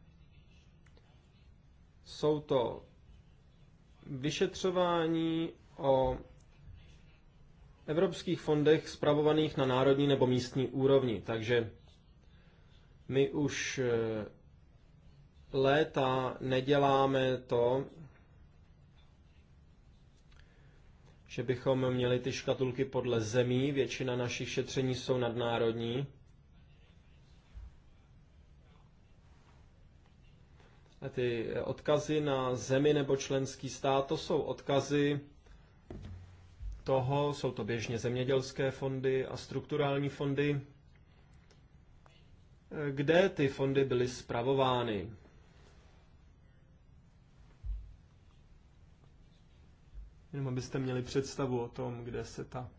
Jsou to vyšetřování o evropských fondech spravovaných na národní nebo místní úrovni. Takže my už eh, léta neděláme to, že bychom měli ty škatulky podle zemí. Většina našich šetření jsou nadnárodní. ty odkazy na zemi nebo členský stát, to jsou odkazy toho, jsou to běžně zemědělské fondy a strukturální fondy, kde ty fondy byly spravovány. Jenom abyste měli představu o tom, kde se ta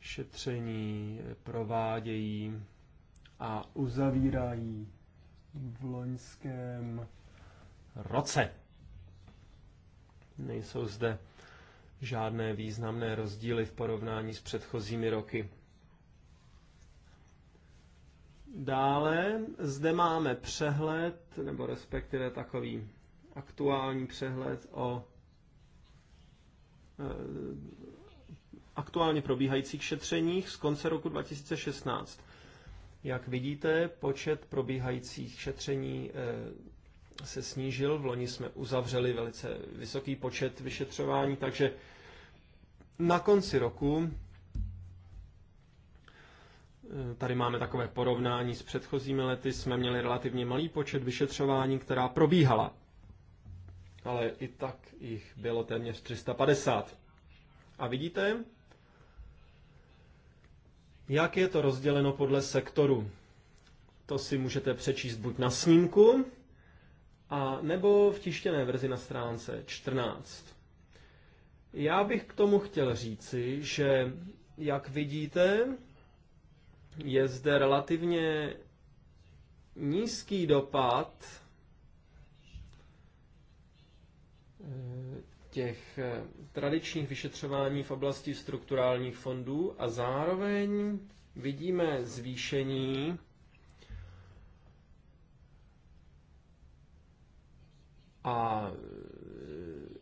šetření provádějí a uzavírají v loňském roce. Nejsou zde žádné významné rozdíly v porovnání s předchozími roky. Dále zde máme přehled, nebo respektive takový aktuální přehled o e, aktuálně probíhajících šetřeních z konce roku 2016. Jak vidíte, počet probíhajících šetření eh, se snížil. V loni jsme uzavřeli velice vysoký počet vyšetřování, takže na konci roku eh, Tady máme takové porovnání s předchozími lety. Jsme měli relativně malý počet vyšetřování, která probíhala. Ale i tak jich bylo téměř 350. A vidíte, jak je to rozděleno podle sektoru? To si můžete přečíst buď na snímku, a nebo v tištěné verzi na stránce 14. Já bych k tomu chtěl říci, že jak vidíte, je zde relativně nízký dopad těch eh, tradičních vyšetřování v oblasti strukturálních fondů a zároveň vidíme zvýšení a eh,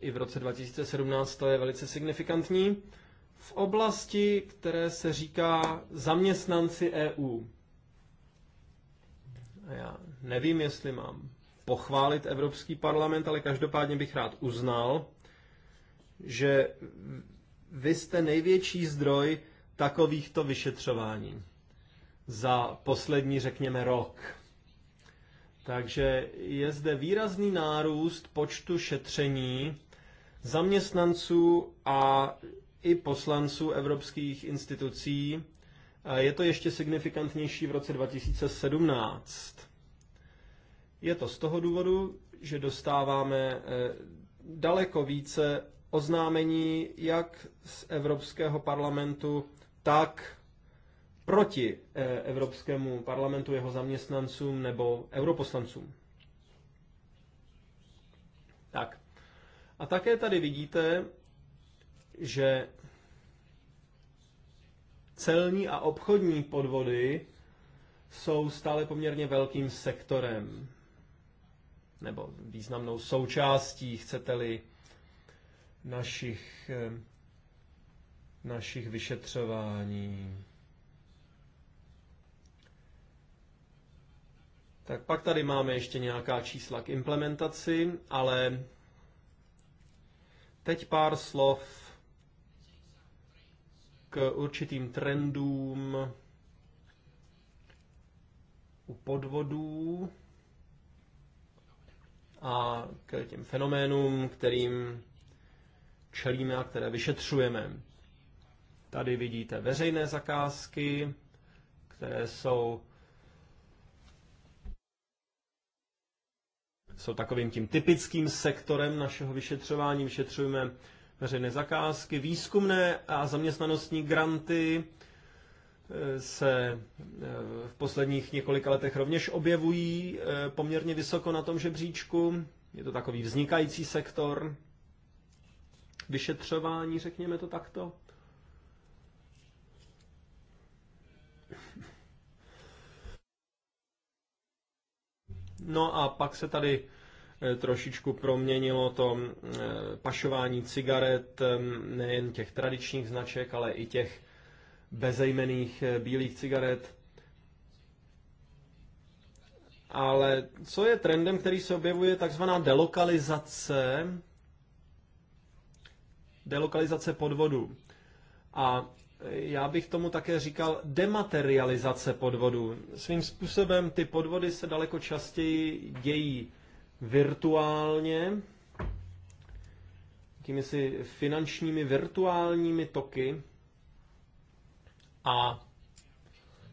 i v roce 2017 to je velice signifikantní, v oblasti, které se říká zaměstnanci EU. A já nevím, jestli mám pochválit Evropský parlament, ale každopádně bych rád uznal, že vy jste největší zdroj takovýchto vyšetřování za poslední, řekněme, rok. Takže je zde výrazný nárůst počtu šetření zaměstnanců a i poslanců evropských institucí. Je to ještě signifikantnější v roce 2017. Je to z toho důvodu, že dostáváme eh, daleko více oznámení jak z Evropského parlamentu, tak proti eh, Evropskému parlamentu, jeho zaměstnancům nebo europoslancům. Tak. A také tady vidíte, že celní a obchodní podvody jsou stále poměrně velkým sektorem, nebo významnou součástí, chcete-li, našich, eh, našich vyšetřování. Tak pak tady máme ještě nějaká čísla k implementaci, ale teď pár slov k určitým trendům u podvodů a k těm fenoménům, kterým čelíme a které vyšetřujeme. Tady vidíte veřejné zakázky, které jsou jsou takovým tím typickým sektorem našeho vyšetřování. Vyšetřujeme veřejné zakázky, výzkumné a zaměstnanostní granty e, se e, v posledních několika letech rovněž objevují e, poměrně vysoko na tom žebříčku. Je to takový vznikající sektor vyšetřování, řekněme to takto? No a pak se tady eh, trošičku proměnilo to eh, pašování cigaret, eh, nejen těch tradičních značek, ale i těch bezejmených bílých cigaret. Ale co je trendem, který se objevuje, takzvaná delokalizace delokalizace podvodu. A já bych tomu také říkal dematerializace podvodu. Svým způsobem ty podvody se daleko častěji dějí virtuálně, tím si finančními virtuálními toky a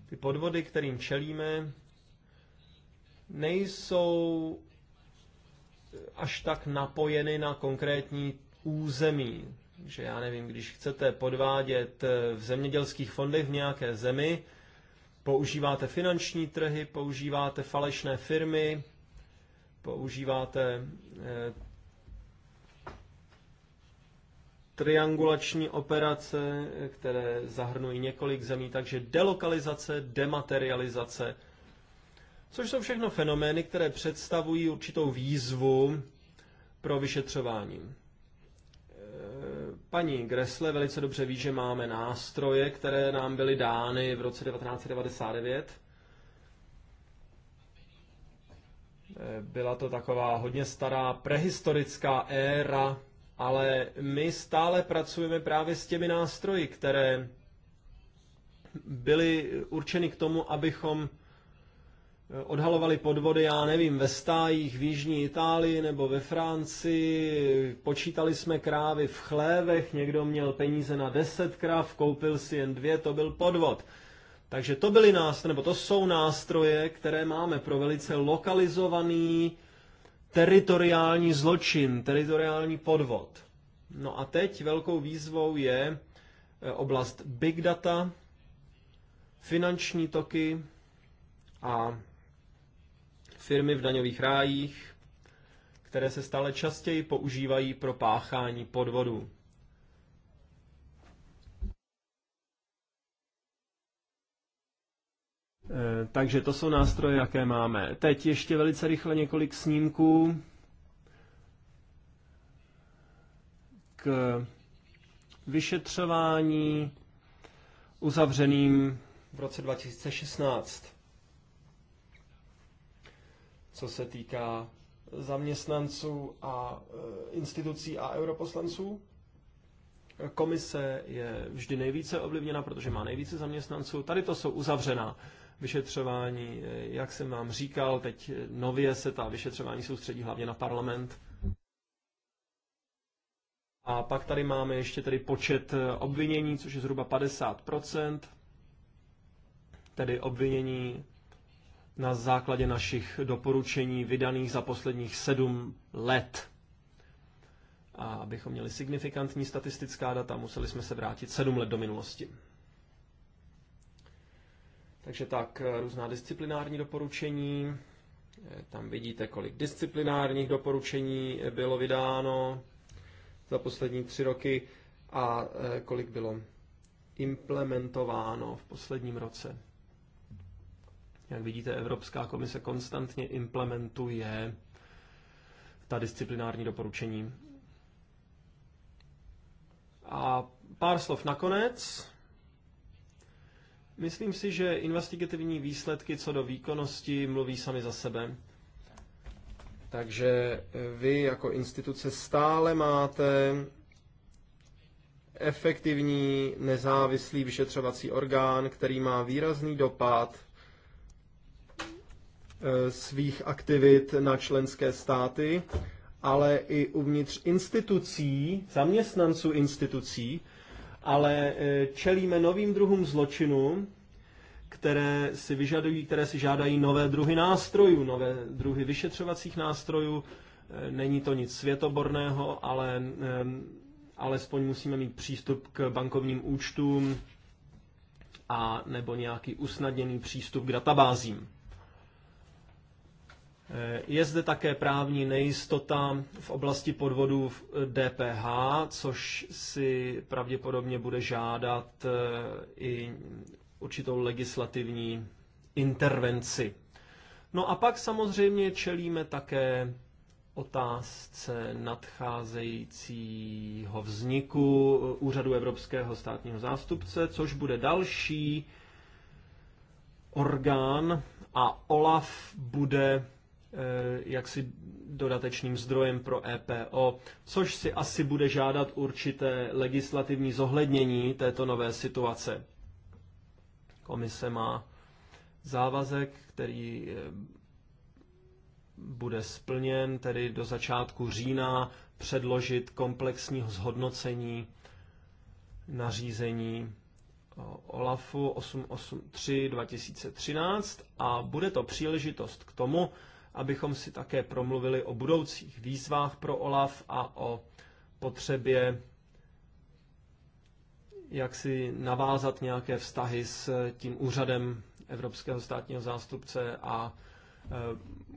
ty podvody, kterým čelíme, nejsou až tak napojeny na konkrétní území že já nevím, když chcete podvádět eh, v zemědělských fondech v nějaké zemi, používáte finanční trhy, používáte falešné firmy, používáte eh, triangulační operace, eh, které zahrnují několik zemí, takže delokalizace, dematerializace, což jsou všechno fenomény, které představují určitou výzvu pro vyšetřování. Paní Gresle velice dobře ví, že máme nástroje, které nám byly dány v roce 1999. Byla to taková hodně stará prehistorická éra, ale my stále pracujeme právě s těmi nástroji, které byly určeny k tomu, abychom Eh, odhalovali podvody, já nevím, ve stájích v Jižní Itálii nebo ve Francii, počítali jsme krávy v chlévech, někdo měl peníze na 10 kráv, koupil si jen dvě, to byl podvod. Takže to byly nástroje, nebo to jsou nástroje, které máme pro velice lokalizovaný teritoriální zločin, teritoriální podvod. No a teď velkou výzvou je eh, oblast big data, finanční toky a firmy v daňových rájích, které se stále častěji používají pro páchání podvodů. Eh, takže to jsou nástroje, jaké máme. Teď ještě velice rychle několik snímků k vyšetřování uzavřeným v roce 2016 co se týká zaměstnanců a e, institucí a europoslanců. Komise je vždy nejvíce ovlivněna, protože má nejvíce zaměstnanců. Tady to jsou uzavřená vyšetřování. E, jak jsem vám říkal, teď nově se ta vyšetřování soustředí hlavně na parlament. A pak tady máme ještě tedy počet e, obvinění, což je zhruba 50%, tedy obvinění na základě našich doporučení vydaných za posledních sedm let. A abychom měli signifikantní statistická data, museli jsme se vrátit sedm let do minulosti. Takže tak, různá disciplinární doporučení. Tam vidíte, kolik disciplinárních doporučení bylo vydáno za poslední tři roky a eh, kolik bylo implementováno v posledním roce. Jak vidíte, Evropská komise konstantně implementuje ta disciplinární doporučení. A pár slov nakonec. Myslím si, že investigativní výsledky co do výkonnosti mluví sami za sebe. Takže eh, vy jako instituce stále máte efektivní nezávislý vyšetřovací orgán, který má výrazný dopad Eh, svých aktivit na členské státy, ale i uvnitř institucí, zaměstnanců institucí, ale eh, čelíme novým druhům zločinu, které si vyžadují, které si žádají nové druhy nástrojů, nové druhy vyšetřovacích nástrojů. Eh, není to nic světoborného, ale alespoň musíme mít přístup k bankovním účtům a nebo nějaký usnadněný přístup k databázím. Je zde také právní nejistota v oblasti podvodů v DPH, což si pravděpodobně bude žádat eh, i určitou legislativní intervenci. No a pak samozřejmě čelíme také otázce nadcházejícího vzniku Úřadu Evropského státního zástupce, což bude další orgán a OLAF bude Eh, jaksi dodatečným zdrojem pro EPO, což si asi bude žádat určité legislativní zohlednění této nové situace. Komise má závazek, který eh, bude splněn, tedy do začátku října předložit komplexní zhodnocení nařízení OLAFu 883 2013 a bude to příležitost k tomu, abychom si také promluvili o budoucích výzvách pro OLAF a o potřebě jak si navázat nějaké vztahy s tím úřadem Evropského státního zástupce a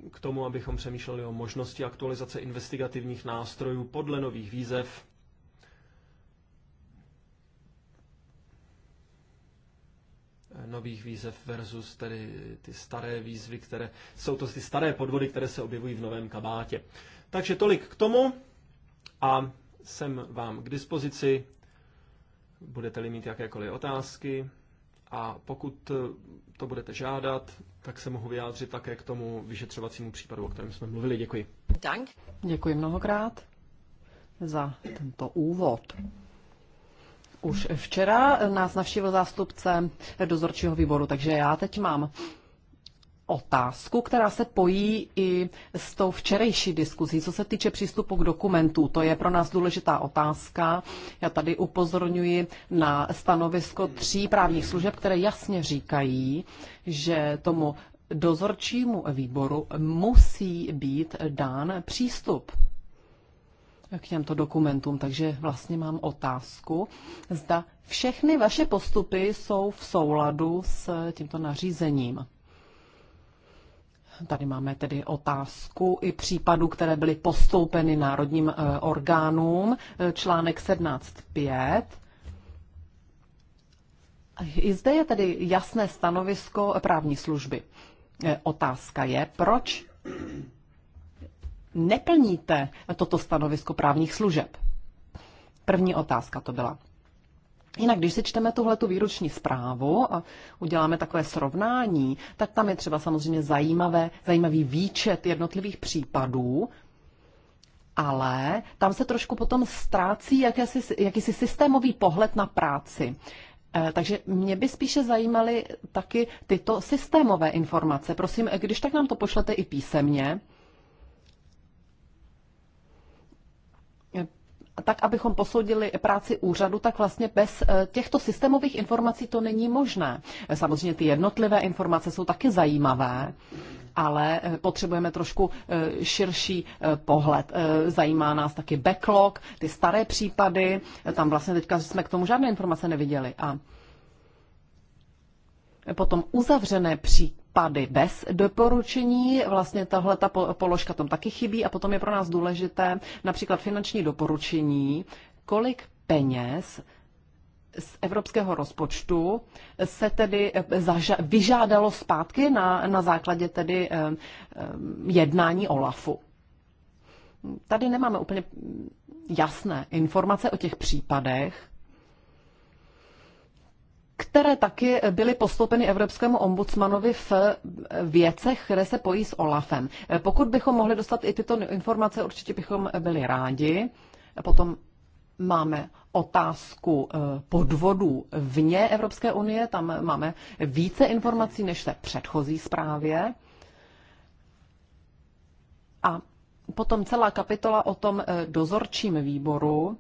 e, k tomu, abychom přemýšleli o možnosti aktualizace investigativních nástrojů podle nových výzev nových výzev versus tedy ty staré výzvy, které jsou to ty staré podvody, které se objevují v novém kabátě. Takže tolik k tomu a jsem vám k dispozici, budete-li mít jakékoliv otázky a pokud to budete žádat, tak se mohu vyjádřit také k tomu vyšetřovacímu případu, o kterém jsme mluvili. Děkuji. Dank. Děkuji mnohokrát za tento úvod. Už včera nás navštívil zástupce dozorčího výboru, takže já teď mám otázku, která se pojí i s tou včerejší diskuzí, co se týče přístupu k dokumentů. To je pro nás důležitá otázka. Já tady upozorňuji na stanovisko tří právních služeb, které jasně říkají, že tomu dozorčímu výboru musí být dán přístup k těmto dokumentům, takže vlastně mám otázku, zda všechny vaše postupy jsou v souladu s tímto nařízením. Tady máme tedy otázku i případů, které byly postoupeny národním eh, orgánům, eh, článek 17.5. I zde je tedy jasné stanovisko právní služby. Eh, otázka je, proč neplníte toto stanovisko právních služeb? První otázka to byla. Jinak, když si čteme tuhle tu výroční zprávu a uděláme takové srovnání, tak tam je třeba samozřejmě zajímavé, zajímavý výčet jednotlivých případů, ale tam se trošku potom ztrácí jakési, jakýsi systémový pohled na práci. Eh, takže mě by spíše zajímaly taky tyto systémové informace. Prosím, eh, když tak nám to pošlete i písemně, tak abychom posoudili práci úřadu, tak vlastně bez eh, těchto systémových informací to není možné. Samozřejmě ty jednotlivé informace jsou taky zajímavé, ale eh, potřebujeme trošku eh, širší pohled. Zajímá nás taky backlog, ty staré případy, tam vlastně teďka jsme k tomu žádné informace neviděli. A potom uzavřené pří, odpady bez doporučení. Vlastně tahle ta položka tam taky chybí a potom je pro nás důležité například finanční doporučení, kolik peněz z evropského rozpočtu se tedy eh, vyžádalo zpátky na, na základě tedy eh, eh, jednání OLAFu. Tady nemáme úplně jasné informace o těch případech, které taky byly postoupeny Evropskému ombudsmanovi v věcech, které se pojí s OLAFem. Pokud bychom mohli dostat i tyto informace, určitě bychom byli rádi. Potom máme otázku eh, podvodů vně Evropské unie, tam máme více informací než té předchozí zprávě. A potom celá kapitola o tom eh, dozorčím výboru,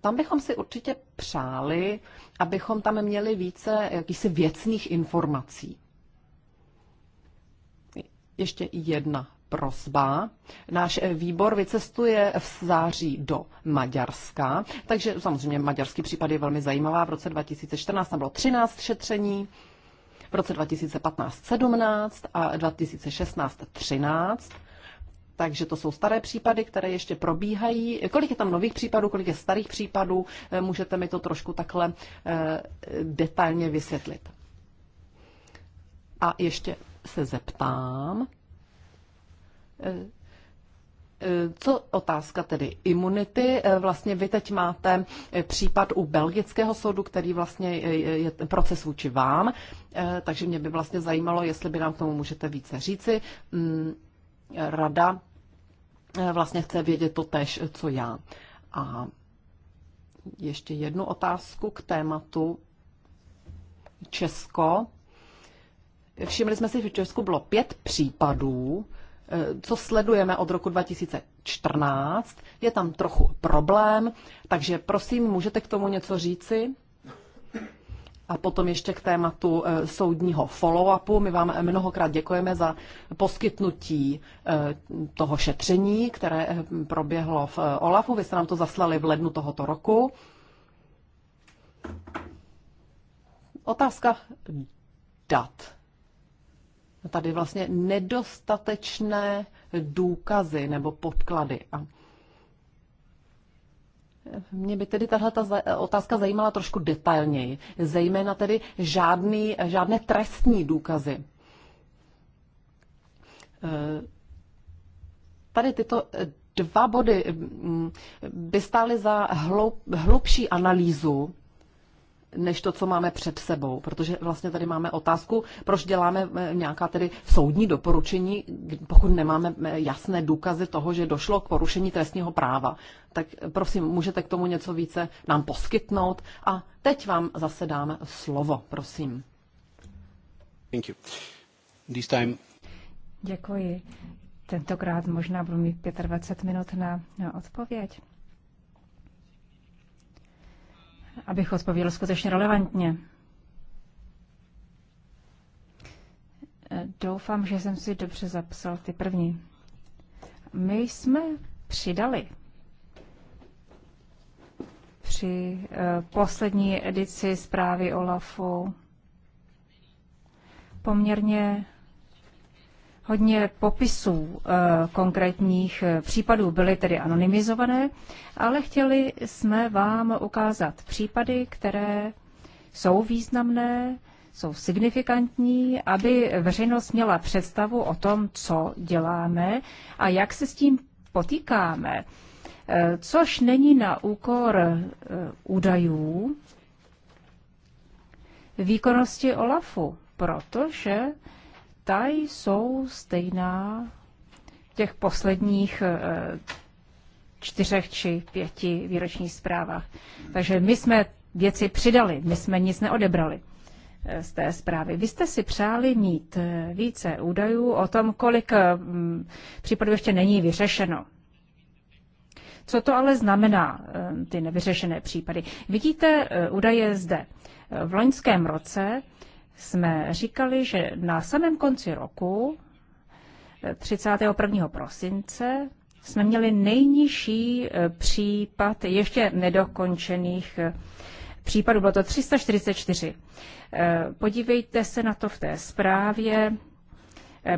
tam bychom si určitě přáli, abychom tam měli více jakýchsi věcných informací. Ještě jedna prosba. Náš výbor vycestuje v září do Maďarska, takže samozřejmě maďarský případ je velmi zajímavá. V roce 2014 tam bylo 13 šetření, v roce 2015 17 a 2016 13. Takže to jsou staré případy, které ještě probíhají. Kolik je tam nových případů, kolik je starých případů? Eh, můžete mi to trošku takhle eh, detailně vysvětlit. A ještě se zeptám, eh, co otázka tedy imunity? Vlastně vy teď máte případ u belgického soudu, který vlastně je proces vůči vám, takže mě by vlastně zajímalo, jestli by nám k tomu můžete více říci. Hmm, rada eh, vlastně chce vědět to tež, eh, co já. A ještě jednu otázku k tématu Česko. Všimli jsme si, že v Česku bylo pět případů, eh, co sledujeme od roku 2014. Je tam trochu problém, takže prosím, můžete k tomu něco říci? A potom ještě k tématu eh, soudního follow-upu. My vám mnohokrát děkujeme za poskytnutí eh, toho šetření, které eh, proběhlo v OLAFu. Vy jste nám to zaslali v lednu tohoto roku. Otázka dat. Tady vlastně nedostatečné důkazy nebo podklady. A mě by tedy tahle ta otázka zajímala trošku detailněji, zejména tedy žádný, žádné trestní důkazy. Eh, tady tyto dva body mm, by stály za hlub, hlubší analýzu než to, co máme před sebou, protože vlastně tady máme otázku, proč děláme eh, nějaká tedy soudní doporučení, pokud nemáme eh, jasné důkazy toho, že došlo k porušení trestního práva. Tak eh, prosím, můžete k tomu něco více nám poskytnout a teď vám zase dám slovo, prosím. Thank you. This time... Děkuji. Tentokrát možná budu mít 25 minut na, na odpověď abych odpověděl skutečně relevantně. Doufám, že jsem si dobře zapsal ty první. My jsme přidali při eh, poslední edici zprávy OLAFu poměrně hodně popisů eh, konkrétních eh, případů, byly tedy anonymizované, ale chtěli jsme vám ukázat případy, které jsou významné, jsou signifikantní, aby veřejnost měla představu o tom, co děláme a jak se s tím potýkáme, eh, což není na úkor údajů výkonnosti OLAFu, protože ta jsou stejná v těch posledních eh, čtyřech či pěti výročních zprávách. Takže my jsme věci přidali, my jsme nic neodebrali eh, z té zprávy. Vy jste si přáli mít eh, více údajů o tom, kolik mm, případů ještě není vyřešeno. Co to ale znamená, ty nevyřešené případy? Vidíte údaje zde. V loňském roce jsme říkali, že na samém konci roku, 31. Eh, prosince, jsme měli nejnižší eh, případ ještě nedokončených eh, případů. Bylo to 344. Podívejte se na to v té zprávě.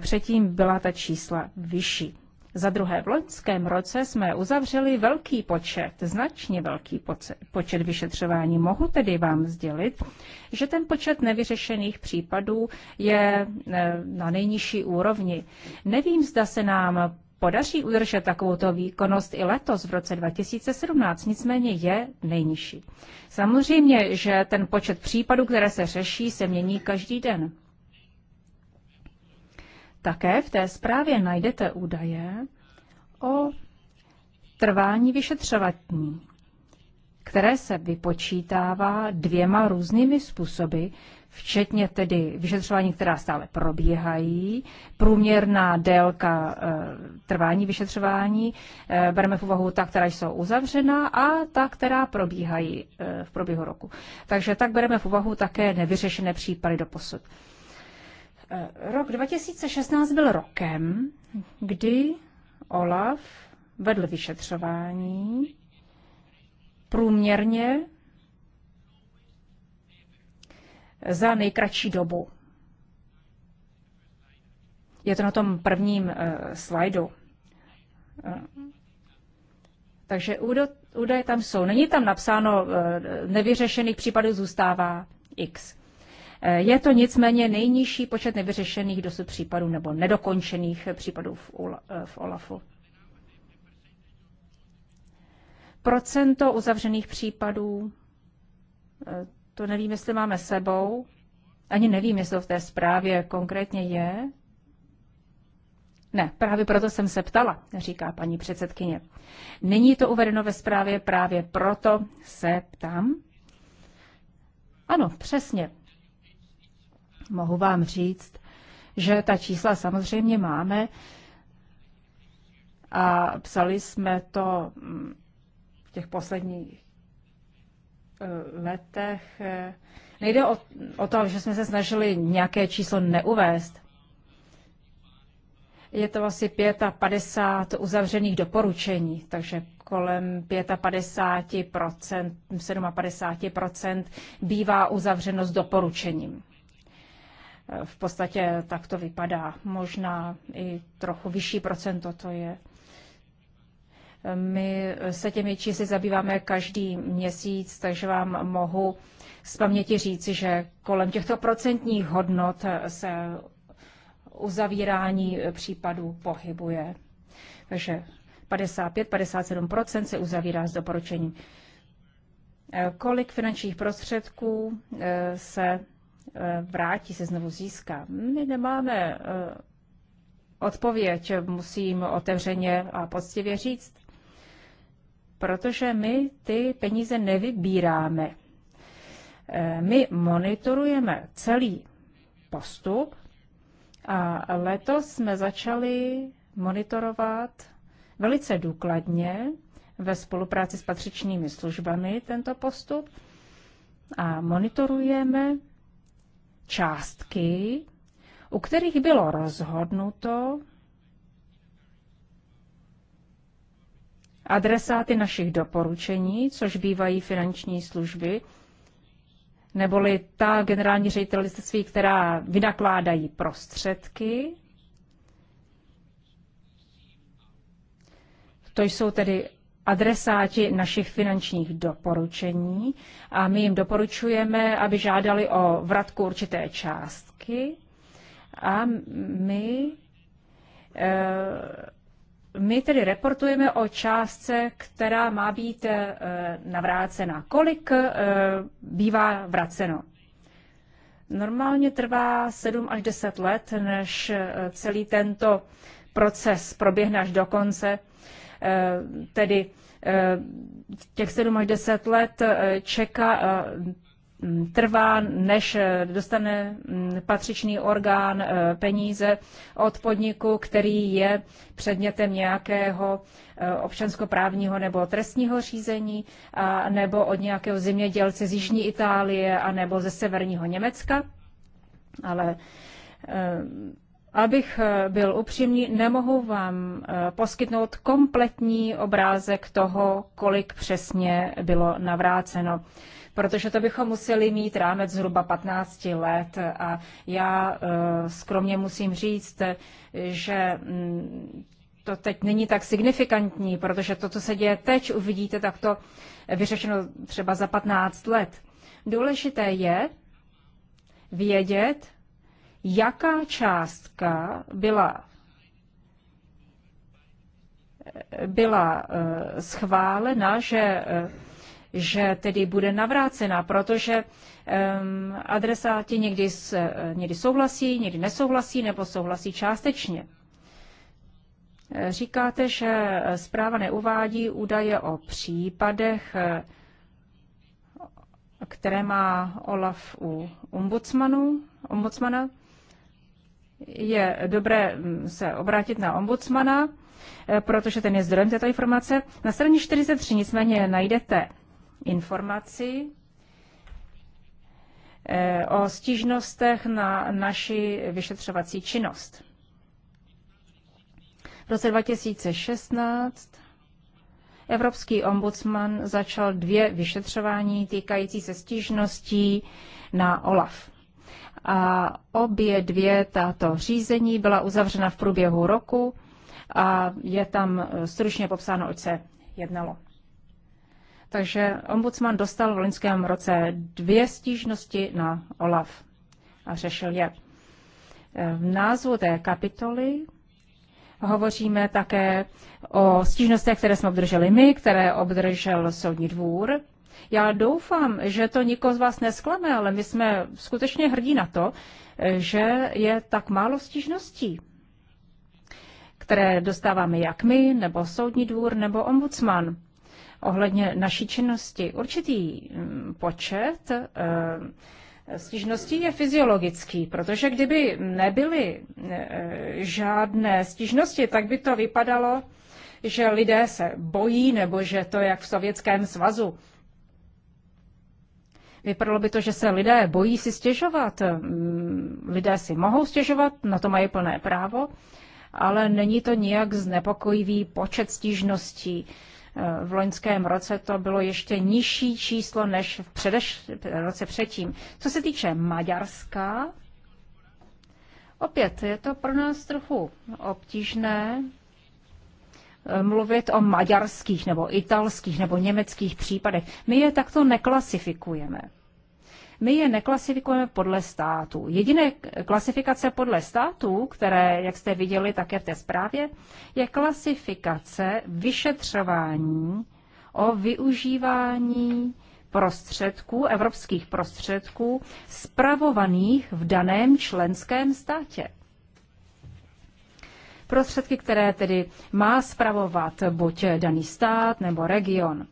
Předtím byla ta čísla vyšší. Za druhé, v loňském roce jsme uzavřeli velký počet, značně velký počet vyšetřování. Mohu tedy vám sdělit, že ten počet nevyřešených případů je eh, na nejnižší úrovni. Nevím, zda se nám podaří udržet takovouto výkonnost i letos v roce 2017, nicméně je nejnižší. Samozřejmě, že ten počet případů, které se řeší, se mění každý den. Také v té zprávě najdete údaje o trvání vyšetřovatní, které se vypočítává dvěma různými způsoby, včetně tedy vyšetřování, která stále probíhají, průměrná délka e, trvání vyšetřování, e, bereme v úvahu ta, která jsou uzavřena a ta, která probíhají e, v průběhu roku. Takže tak bereme v úvahu také nevyřešené případy do posud. Eh, rok 2016 byl rokem, kdy Olaf vedl vyšetřování průměrně za nejkratší dobu. Je to na tom prvním uh, slajdu. Uh, takže údaje tam jsou. Není tam napsáno, uh, nevyřešených případů zůstává X. Eh, je to nicméně nejnižší počet nevyřešených dosud případů nebo nedokončených případů v OLAFu. Eh, Procento uzavřených případů, eh, to nevím, jestli máme sebou, ani nevím, jestli to v té zprávě konkrétně je. Ne, právě proto jsem se ptala, říká paní předsedkyně. Není to uvedeno ve zprávě, právě proto se ptám. Ano, přesně. Mohu vám říct, že ta čísla samozřejmě máme a psali jsme to mm, v těch posledních eh, letech. Nejde o, o to, že jsme se snažili nějaké číslo neuvést. Je to asi 55 uzavřených doporučení, takže kolem 55 57 bývá uzavřeno s doporučením v podstatě tak to vypadá. Možná i trochu vyšší procento to je. My se těmi čísly zabýváme každý měsíc, takže vám mohu z paměti říci, že kolem těchto procentních hodnot se uzavírání případů pohybuje. Takže 55-57% se uzavírá s doporučením. Kolik finančních prostředků eh, se Eh, vrátí, se znovu získá. My nemáme eh, odpověď, musím otevřeně a poctivě říct, protože my ty peníze nevybíráme. Eh, my monitorujeme celý postup a letos jsme začali monitorovat velice důkladně ve spolupráci s patřičnými službami tento postup a monitorujeme částky, u kterých bylo rozhodnuto adresáty našich doporučení, což bývají finanční služby, neboli ta generální ředitelství, která vynakládají prostředky. To jsou tedy adresáti našich finančních doporučení a my jim doporučujeme, aby žádali o vratku určité částky a my, eh, my tedy reportujeme o částce, která má být eh, navrácena. Kolik eh, bývá vraceno? Normálně trvá 7 až 10 let, než celý tento proces proběhne až do konce Eh, tedy eh, těch 7 až 10 let eh, čeká, trvá, než dostane mm, patřičný orgán peníze od podniku, který je předmětem nějakého občanskoprávního nebo trestního řízení, a nebo od nějakého zemědělce z Jižní Itálie, a nebo ze severního Německa. Ale Abych eh, byl upřímný, nemohu vám eh, poskytnout kompletní obrázek toho, kolik přesně bylo navráceno, protože to bychom museli mít rámec zhruba 15 let a já eh, skromně musím říct, že mm, to teď není tak signifikantní, protože to, co se děje teď, uvidíte takto vyřešeno třeba za 15 let. Důležité je vědět, jaká částka byla byla eh, schválena, že, eh, že tedy bude navrácena, protože ehm, adresáti někdy, eh, někdy souhlasí, někdy nesouhlasí nebo souhlasí částečně. Říkáte, že zpráva neuvádí údaje o případech, které má Olaf u ombudsmanu, ombudsmana je dobré mm, se obrátit na ombudsmana, eh, protože ten je zdrojem této informace. Na straně 43 nicméně najdete informaci eh, o stížnostech na naši vyšetřovací činnost. V roce 2016 Evropský ombudsman začal dvě vyšetřování týkající se stížností na OLAF. A obě dvě tato řízení byla uzavřena v průběhu roku a je tam eh, stručně popsáno, oč se jednalo. Takže ombudsman dostal v loňském roce dvě stížnosti na OLAF a řešil je. Eh, v názvu té kapitoly hovoříme také o stížnostech, které jsme obdrželi my, které obdržel Soudní dvůr já doufám, že to nikoho z vás nesklame, ale my jsme skutečně hrdí na to, že je tak málo stížností, které dostáváme jak my, nebo soudní dvůr, nebo ombudsman ohledně naší činnosti. Určitý mm, počet eh, stížností je fyziologický, protože kdyby nebyly eh, žádné stížnosti, tak by to vypadalo, že lidé se bojí, nebo že to je jak v Sovětském svazu Vypadalo by to, že se lidé bojí si stěžovat. Mm, lidé si mohou stěžovat, na to mají plné právo, ale není to nijak znepokojivý počet stížností. Eh, v loňském roce to bylo ještě nižší číslo než v předeš, roce předtím. Co se týče Maďarska, opět je to pro nás trochu obtížné, Eh, mluvit o maďarských nebo italských nebo německých případech. My je takto neklasifikujeme. My je neklasifikujeme podle států. Jediné klasifikace podle států, které, jak jste viděli také v té zprávě, je klasifikace vyšetřování o využívání prostředků, evropských prostředků, spravovaných v daném členském státě prostředky, které tedy má spravovat buď daný stát nebo region.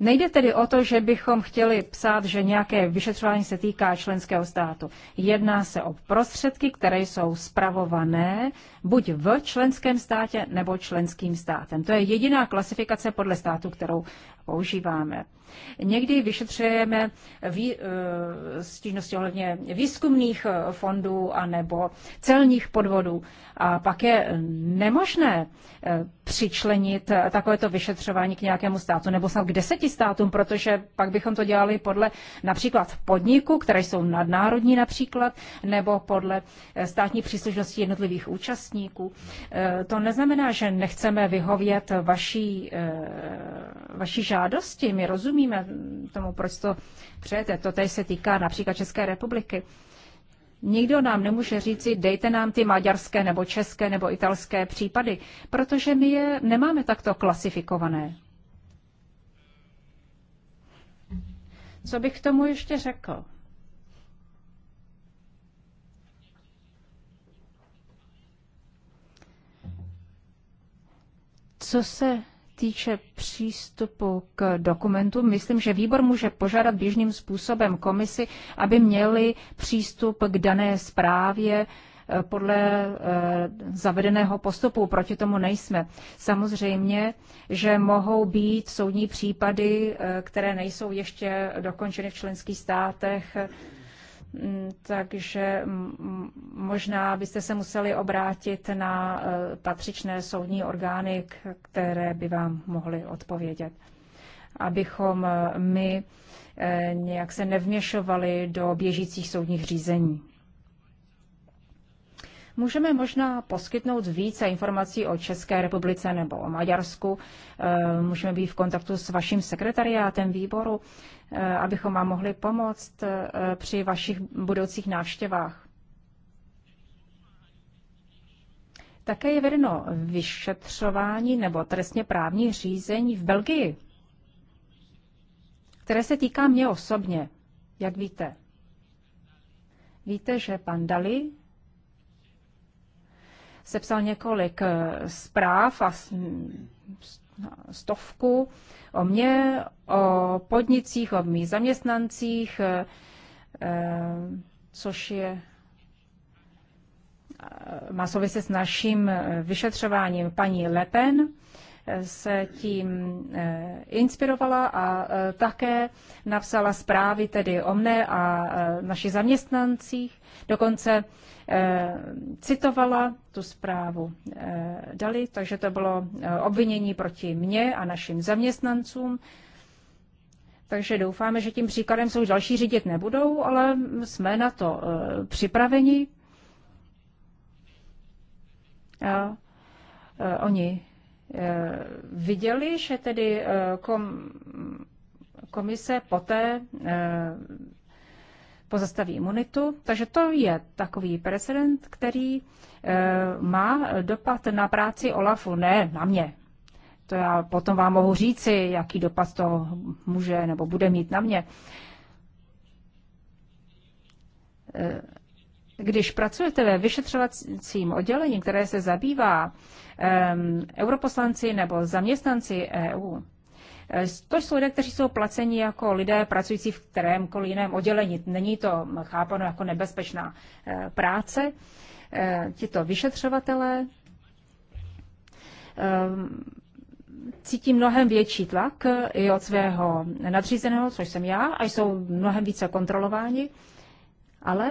Nejde tedy o to, že bychom chtěli psát, že nějaké vyšetřování se týká členského státu. Jedná se o prostředky, které jsou spravované buď v členském státě nebo členským státem. To je jediná klasifikace podle státu, kterou používáme. Někdy vyšetřujeme vý, e, stížnosti ohledně výzkumných e, fondů anebo celních podvodů. A pak je nemožné e, přičlenit takovéto vyšetřování k nějakému státu nebo snad k deseti státům, protože pak bychom to dělali podle například podniku, které jsou nadnárodní například, nebo podle státní příslušnosti jednotlivých účastníků. To neznamená, že nechceme vyhovět vaší, vaší žádosti, my rozumíme, rozumíme tomu, proč to přejete. To teď se týká například České republiky. Nikdo nám nemůže říci, dejte nám ty maďarské nebo české nebo italské případy, protože my je nemáme takto klasifikované. Co bych k tomu ještě řekl? Co se týče přístupu k dokumentu, myslím, že výbor může požádat běžným způsobem komisi, aby měli přístup k dané zprávě eh, podle eh, zavedeného postupu. Proti tomu nejsme. Samozřejmě, že mohou být soudní případy, eh, které nejsou ještě dokončeny v členských státech Mm, takže možná byste se museli obrátit na e, patřičné soudní orgány, které by vám mohly odpovědět. Abychom e, my e, nějak se nevměšovali do běžících soudních řízení. Můžeme možná poskytnout více informací o České republice nebo o Maďarsku. Můžeme být v kontaktu s vaším sekretariátem výboru. Eh, abychom vám mohli pomoct eh, při vašich budoucích návštěvách. Také je vedeno vyšetřování nebo trestně právní řízení v Belgii, které se týká mě osobně, jak víte. Víte, že pan Dali sepsal několik eh, zpráv a stovku o mě, o podnicích, o mých zaměstnancích, eh, eh, což je eh, má souvisí s naším vyšetřováním paní Lepen se tím eh, inspirovala a eh, také napsala zprávy tedy o mne a eh, našich zaměstnancích. Dokonce citovala tu zprávu Dali, takže to bylo obvinění proti mně a našim zaměstnancům. Takže doufáme, že tím příkladem se už další řídit nebudou, ale jsme na to připraveni. A, oni Eh, viděli, že tedy eh, kom, komise poté eh, pozastaví imunitu. Takže to je takový precedent, který má dopad na práci Olafu, ne na mě. To já potom vám mohu říci, jaký dopad to může nebo bude mít na mě když pracujete ve vyšetřovacím oddělení, které se zabývá um, europoslanci nebo zaměstnanci EU, to jsou lidé, kteří jsou placeni jako lidé pracující v kterémkoliv jiném oddělení. Není to chápano jako nebezpečná eh, práce. Eh, tito vyšetřovatelé cítí mnohem větší tlak eh, i od svého nadřízeného, což jsem já, a jsou mnohem více kontrolováni, ale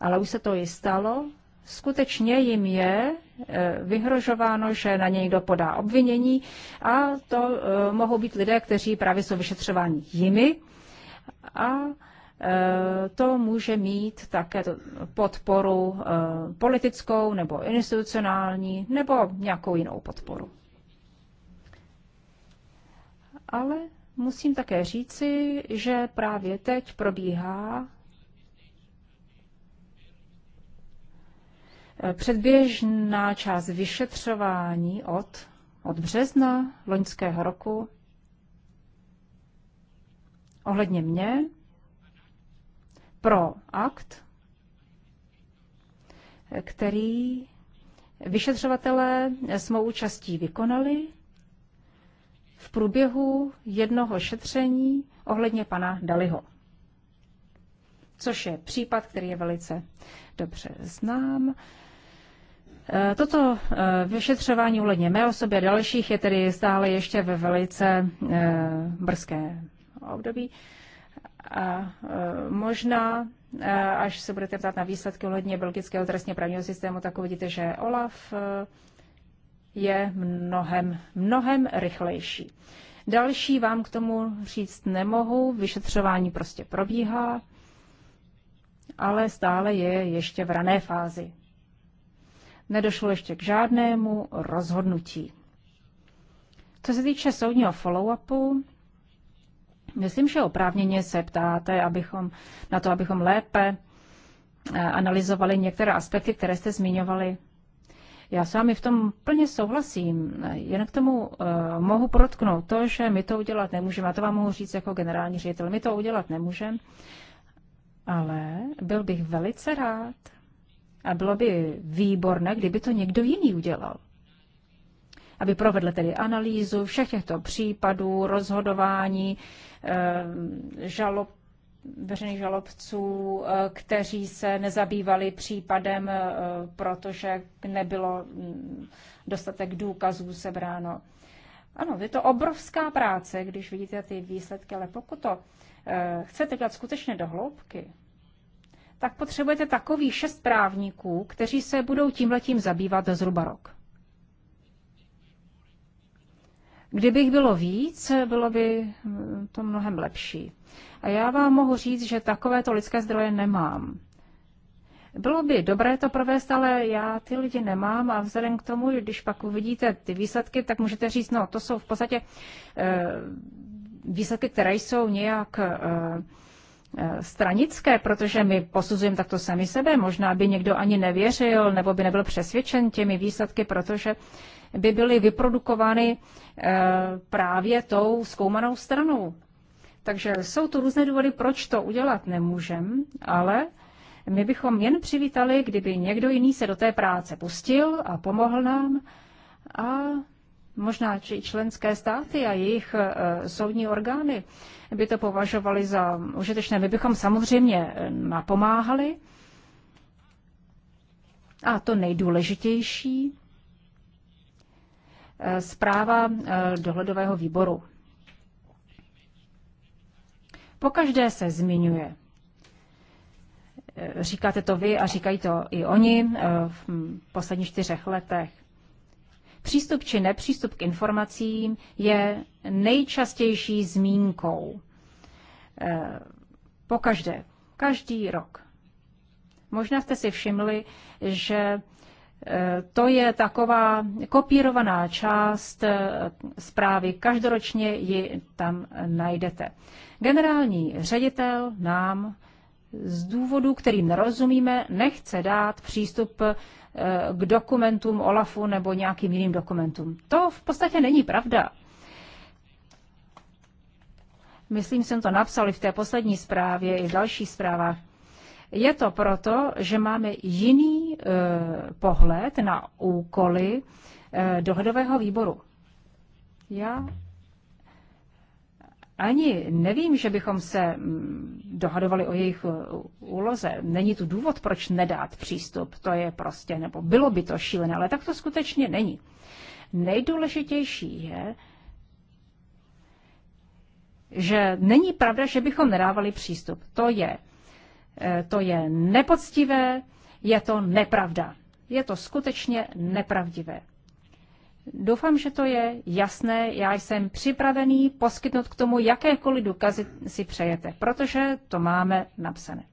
ale už se to i stalo. Skutečně jim je e, vyhrožováno, že na něj někdo podá obvinění a to e, mohou být lidé, kteří právě jsou vyšetřováni jimi a e, to může mít také podporu politickou nebo institucionální nebo nějakou jinou podporu. Ale musím také říci, že právě teď probíhá Eh, předběžná část vyšetřování od, od března loňského roku ohledně mě pro akt, eh, který vyšetřovatelé s mou účastí vykonali v průběhu jednoho šetření ohledně pana Daliho. Což je případ, který je velice dobře znám. Eh, toto eh, vyšetřování ohledně mé osoby a dalších je tedy stále ještě ve velice eh, brzké období. A možná, až se budete ptát na výsledky ohledně belgického trestně právního systému, tak uvidíte, že OLAF je mnohem, mnohem rychlejší. Další vám k tomu říct nemohu, vyšetřování prostě probíhá, ale stále je ještě v rané fázi nedošlo ještě k žádnému rozhodnutí. Co se týče soudního follow-upu, myslím, že oprávněně se ptáte abychom, na to, abychom lépe eh, analyzovali některé aspekty, které jste zmiňovali. Já s vámi v tom plně souhlasím, jen k tomu uh, mohu protknout to, že my to udělat nemůžeme. A to vám mohu říct jako generální ředitel. My to udělat nemůžeme, ale byl bych velice rád, a bylo by výborné, kdyby to někdo jiný udělal. Aby provedl tedy analýzu všech těchto případů, rozhodování, eh, žalob, veřejných žalobců, eh, kteří se nezabývali případem, eh, protože nebylo mm, dostatek důkazů sebráno. Ano, je to obrovská práce, když vidíte ty výsledky, ale pokud to chcete dělat skutečně do hloubky, tak potřebujete takový šest právníků, kteří se budou tímhletím zabývat zhruba rok. Kdybych bylo víc, bylo by hm, to mnohem lepší. A já vám mohu říct, že takovéto lidské zdroje nemám. Bylo by dobré to provést, ale já ty lidi nemám a vzhledem k tomu, že když pak uvidíte ty výsledky, tak můžete říct, no to jsou v podstatě e, výsledky, které jsou nějak e, Eh, stranické, protože my posuzujeme takto sami sebe. Možná by někdo ani nevěřil nebo by nebyl přesvědčen těmi výsledky, protože by byly vyprodukovány eh, právě tou zkoumanou stranou. Takže jsou to různé důvody, proč to udělat nemůžem, ale my bychom jen přivítali, kdyby někdo jiný se do té práce pustil a pomohl nám a Možná členské státy a jejich e, soudní orgány by to považovali za užitečné. My bychom samozřejmě e, napomáhali. A to nejdůležitější, e, zpráva dohledového výboru. Pokaždé se zmiňuje. Říkáte to vy a říkají to i oni v posledních čtyřech letech. Přístup či nepřístup k informacím je nejčastější zmínkou. Eh, po každé, každý rok. Možná jste si všimli, že eh, to je taková kopírovaná část eh, zprávy. Každoročně ji tam najdete. Generální ředitel nám z důvodu, kterým nerozumíme, nechce dát přístup k dokumentům OLAFu nebo nějakým jiným dokumentům. To v podstatě není pravda. Myslím, jsem to napsal i v té poslední zprávě, i v dalších zprávách. Je to proto, že máme jiný e, pohled na úkoly e, dohodového výboru. Já ani nevím, že bychom se mm, dohadovali o jejich e, úloze. Není tu důvod, proč nedát přístup. To je prostě, nebo bylo by to šílené, ale tak to skutečně není. Nejdůležitější je, že není pravda, že bychom nedávali přístup. To je, e, to je nepoctivé, je to nepravda. Je to skutečně nepravdivé. Doufám, že to je jasné. Já jsem připravený poskytnout k tomu jakékoliv důkazy si přejete, protože to máme napsané.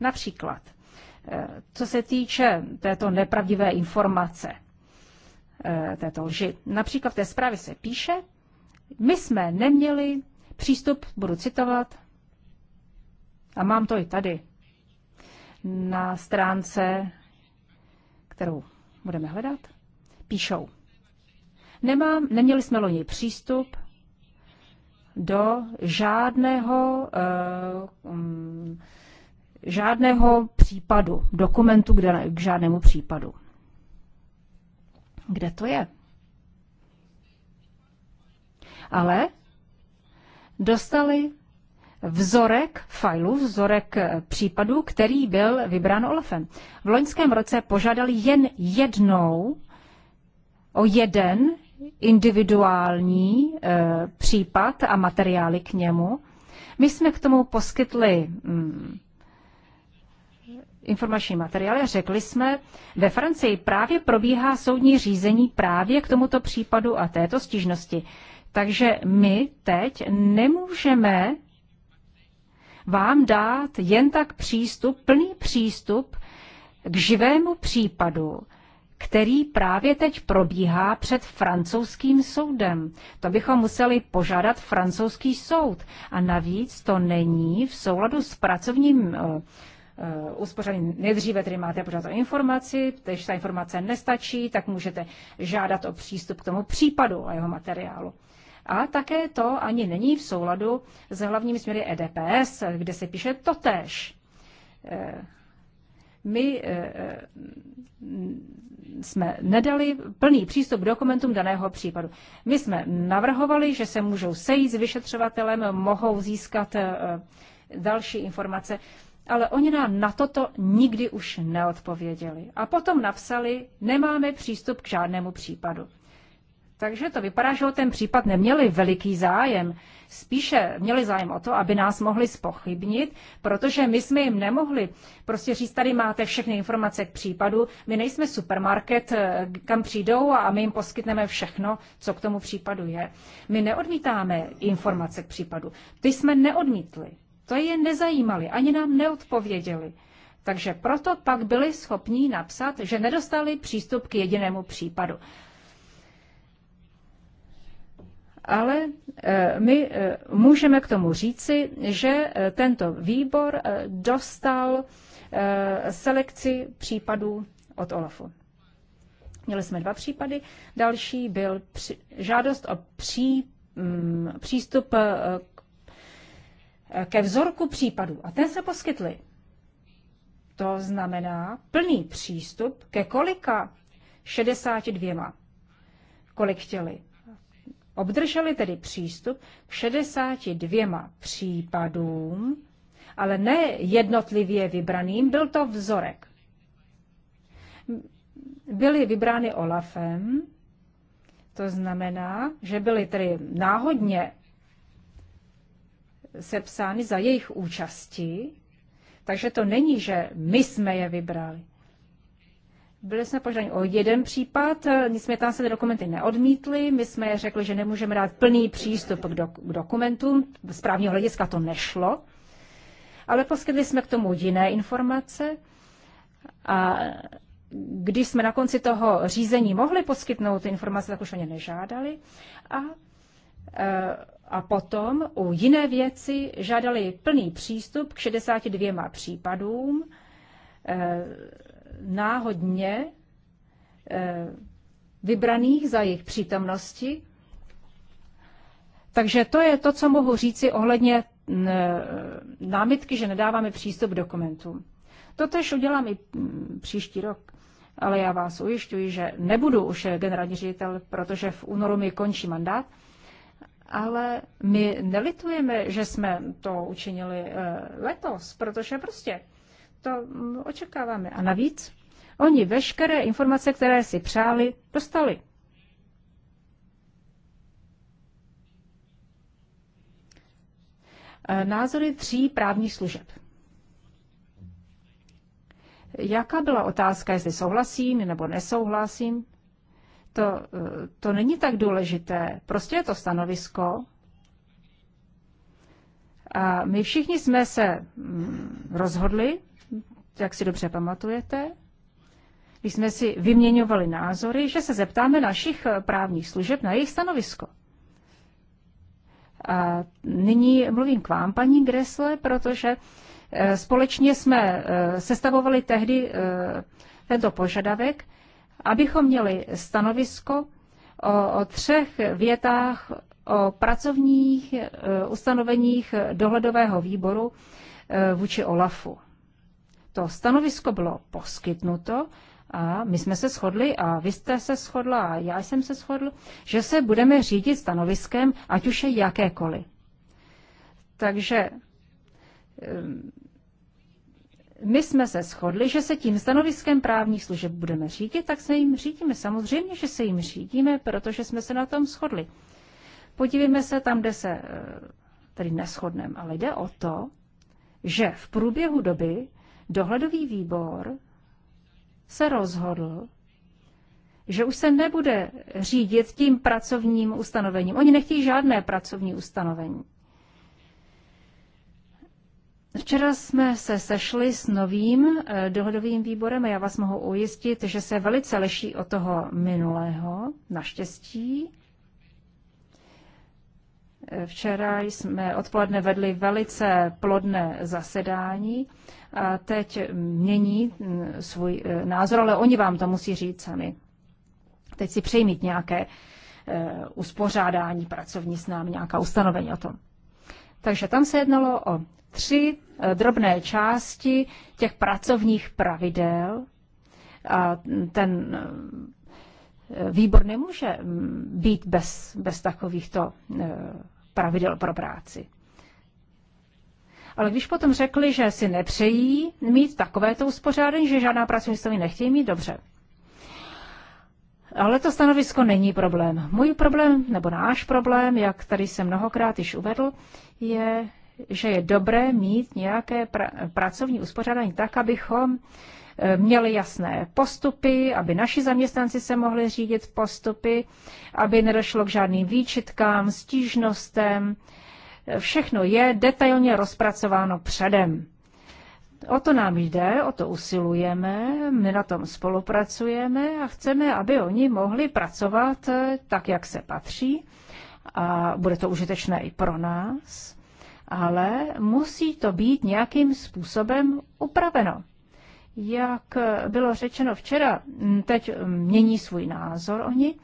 Například, eh, co se týče této nepravdivé informace, eh, této lži. Například v té zprávě se píše, my jsme neměli přístup, budu citovat, a mám to i tady, na stránce, kterou budeme hledat, píšou. Nemám, neměli jsme loni přístup do žádného, uh, um, žádného případu, dokumentu kde, k žádnému případu. Kde to je? Ale dostali vzorek fajlu, vzorek eh, případů, který byl vybrán Olafem. V loňském roce požádali jen jednou o jeden individuální eh, případ a materiály k němu. My jsme k tomu poskytli mm, informační materiály a řekli jsme, ve Francii právě probíhá soudní řízení právě k tomuto případu a této stížnosti. Takže my teď nemůžeme vám dát jen tak přístup, plný přístup k živému případu, který právě teď probíhá před francouzským soudem. To bychom museli požádat francouzský soud. A navíc to není v souladu s pracovním uh, eh, eh, uspořádání. Nejdříve tedy máte požádat o informaci, když ta informace nestačí, tak můžete žádat o přístup k tomu případu a jeho materiálu. A také to ani není v souladu s hlavními směry EDPS, kde se píše totéž. Uh, my eh, eh, jsme nedali plný přístup k dokumentům daného případu. My jsme navrhovali, že se můžou sejít s vyšetřovatelem, mohou získat eh, další informace, ale oni nám na toto nikdy už neodpověděli. A potom napsali, nemáme přístup k žádnému případu. Takže to vypadá, že o ten případ neměli veliký zájem spíše měli zájem o to, aby nás mohli spochybnit, protože my jsme jim nemohli prostě říct, tady máte všechny informace k případu, my nejsme supermarket, eh, kam přijdou a my jim poskytneme všechno, co k tomu případu je. My neodmítáme informace k případu. Ty jsme neodmítli. To je nezajímali, ani nám neodpověděli. Takže proto pak byli schopní napsat, že nedostali přístup k jedinému případu ale eh, my eh, můžeme k tomu říci, že eh, tento výbor dostal selekci případů od OLAFu. Měli jsme dva případy. Další byl při, žádost o pří, m, mm, přístup ke vzorku případů. A ten se poskytli. To znamená plný přístup ke kolika 62. Kolik chtěli. Obdrželi tedy přístup k 62 případům, ale ne jednotlivě vybraným, byl to vzorek. Byly vybrány Olafem, to znamená, že byly tedy náhodně sepsány za jejich účasti, takže to není, že my jsme je vybrali. Byli jsme požádáni o jeden případ, nicméně tam se ty dokumenty neodmítly. My jsme řekli, že nemůžeme dát plný přístup k, dok- k dokumentům. Z právního hlediska to nešlo. Ale poskytli jsme k tomu jiné informace. A když jsme na konci toho řízení mohli poskytnout ty informace, tak už o ně nežádali. A, eh, a potom u jiné věci žádali plný přístup k 62 případům eh, náhodně eh, vybraných za jejich přítomnosti. Takže to je to, co mohu říci ohledně mm, eh, námitky, že nedáváme přístup k dokumentům. Totež udělám i mm, příští rok, ale já vás ujišťuji, že nebudu už generální ředitel, protože v únoru mi končí mandát, ale my nelitujeme, že jsme to učinili eh, letos, protože prostě to očekáváme. A navíc oni veškeré informace, které si přáli, dostali. E, názory tří právních služeb. Jaká byla otázka, jestli souhlasím nebo nesouhlasím? To, e, to není tak důležité. Prostě je to stanovisko. A my všichni jsme se mm, rozhodli, jak si dobře pamatujete, když jsme si vyměňovali názory, že se zeptáme našich eh, právních služeb na jejich stanovisko. A nyní mluvím k vám, paní Gresle, protože eh, společně jsme eh, sestavovali tehdy tento požadavek, abychom měli stanovisko o, o třech větách o pracovních ustanoveních dohledového výboru vůči OLAFu to stanovisko bylo poskytnuto a my jsme se shodli a vy jste se shodla a já jsem se shodl, že se budeme řídit stanoviskem, ať už je jakékoliv. Takže ehm, my jsme se shodli, že se tím stanoviskem právních služeb budeme řídit, tak se jim řídíme. Samozřejmě, že se jim řídíme, protože jsme se na tom shodli. Podívejme se tam, kde se eh, tedy neschodneme, ale jde o to, že v průběhu doby Dohledový výbor se rozhodl, že už se nebude řídit tím pracovním ustanovením. Oni nechtějí žádné pracovní ustanovení. Včera jsme se sešli s novým eh, dohodovým výborem a já vás mohu ujistit, že se velice leší od toho minulého, naštěstí. Včera jsme odpoledne vedli velice plodné zasedání a teď mění mm, svůj e, názor, ale oni vám to musí říct sami. Teď si přejmít nějaké e, uspořádání pracovní s námi, nějaká ustanovení o tom. Takže tam se jednalo o tři e, drobné části těch pracovních pravidel. A ten výbor nemůže mm, být bez, bez takovýchto pravidel pro práci. Ale když potom řekli, že si nepřejí mít takovéto uspořádání, že žádná pracovní stavy nechtějí mít, dobře. Ale to stanovisko není problém. Můj problém, nebo náš problém, jak tady jsem mnohokrát již uvedl, je, že je dobré mít nějaké pra- pracovní uspořádání tak, abychom Eh, měli jasné postupy, aby naši zaměstnanci se mohli řídit postupy, aby nedošlo k žádným výčitkám, stížnostem. Všechno je detailně rozpracováno předem. O to nám jde, o to usilujeme, my na tom spolupracujeme a chceme, aby oni mohli pracovat eh, tak, jak se patří. A bude to užitečné i pro nás, ale musí to být nějakým způsobem upraveno jak bylo řečeno včera, teď mění svůj názor oni.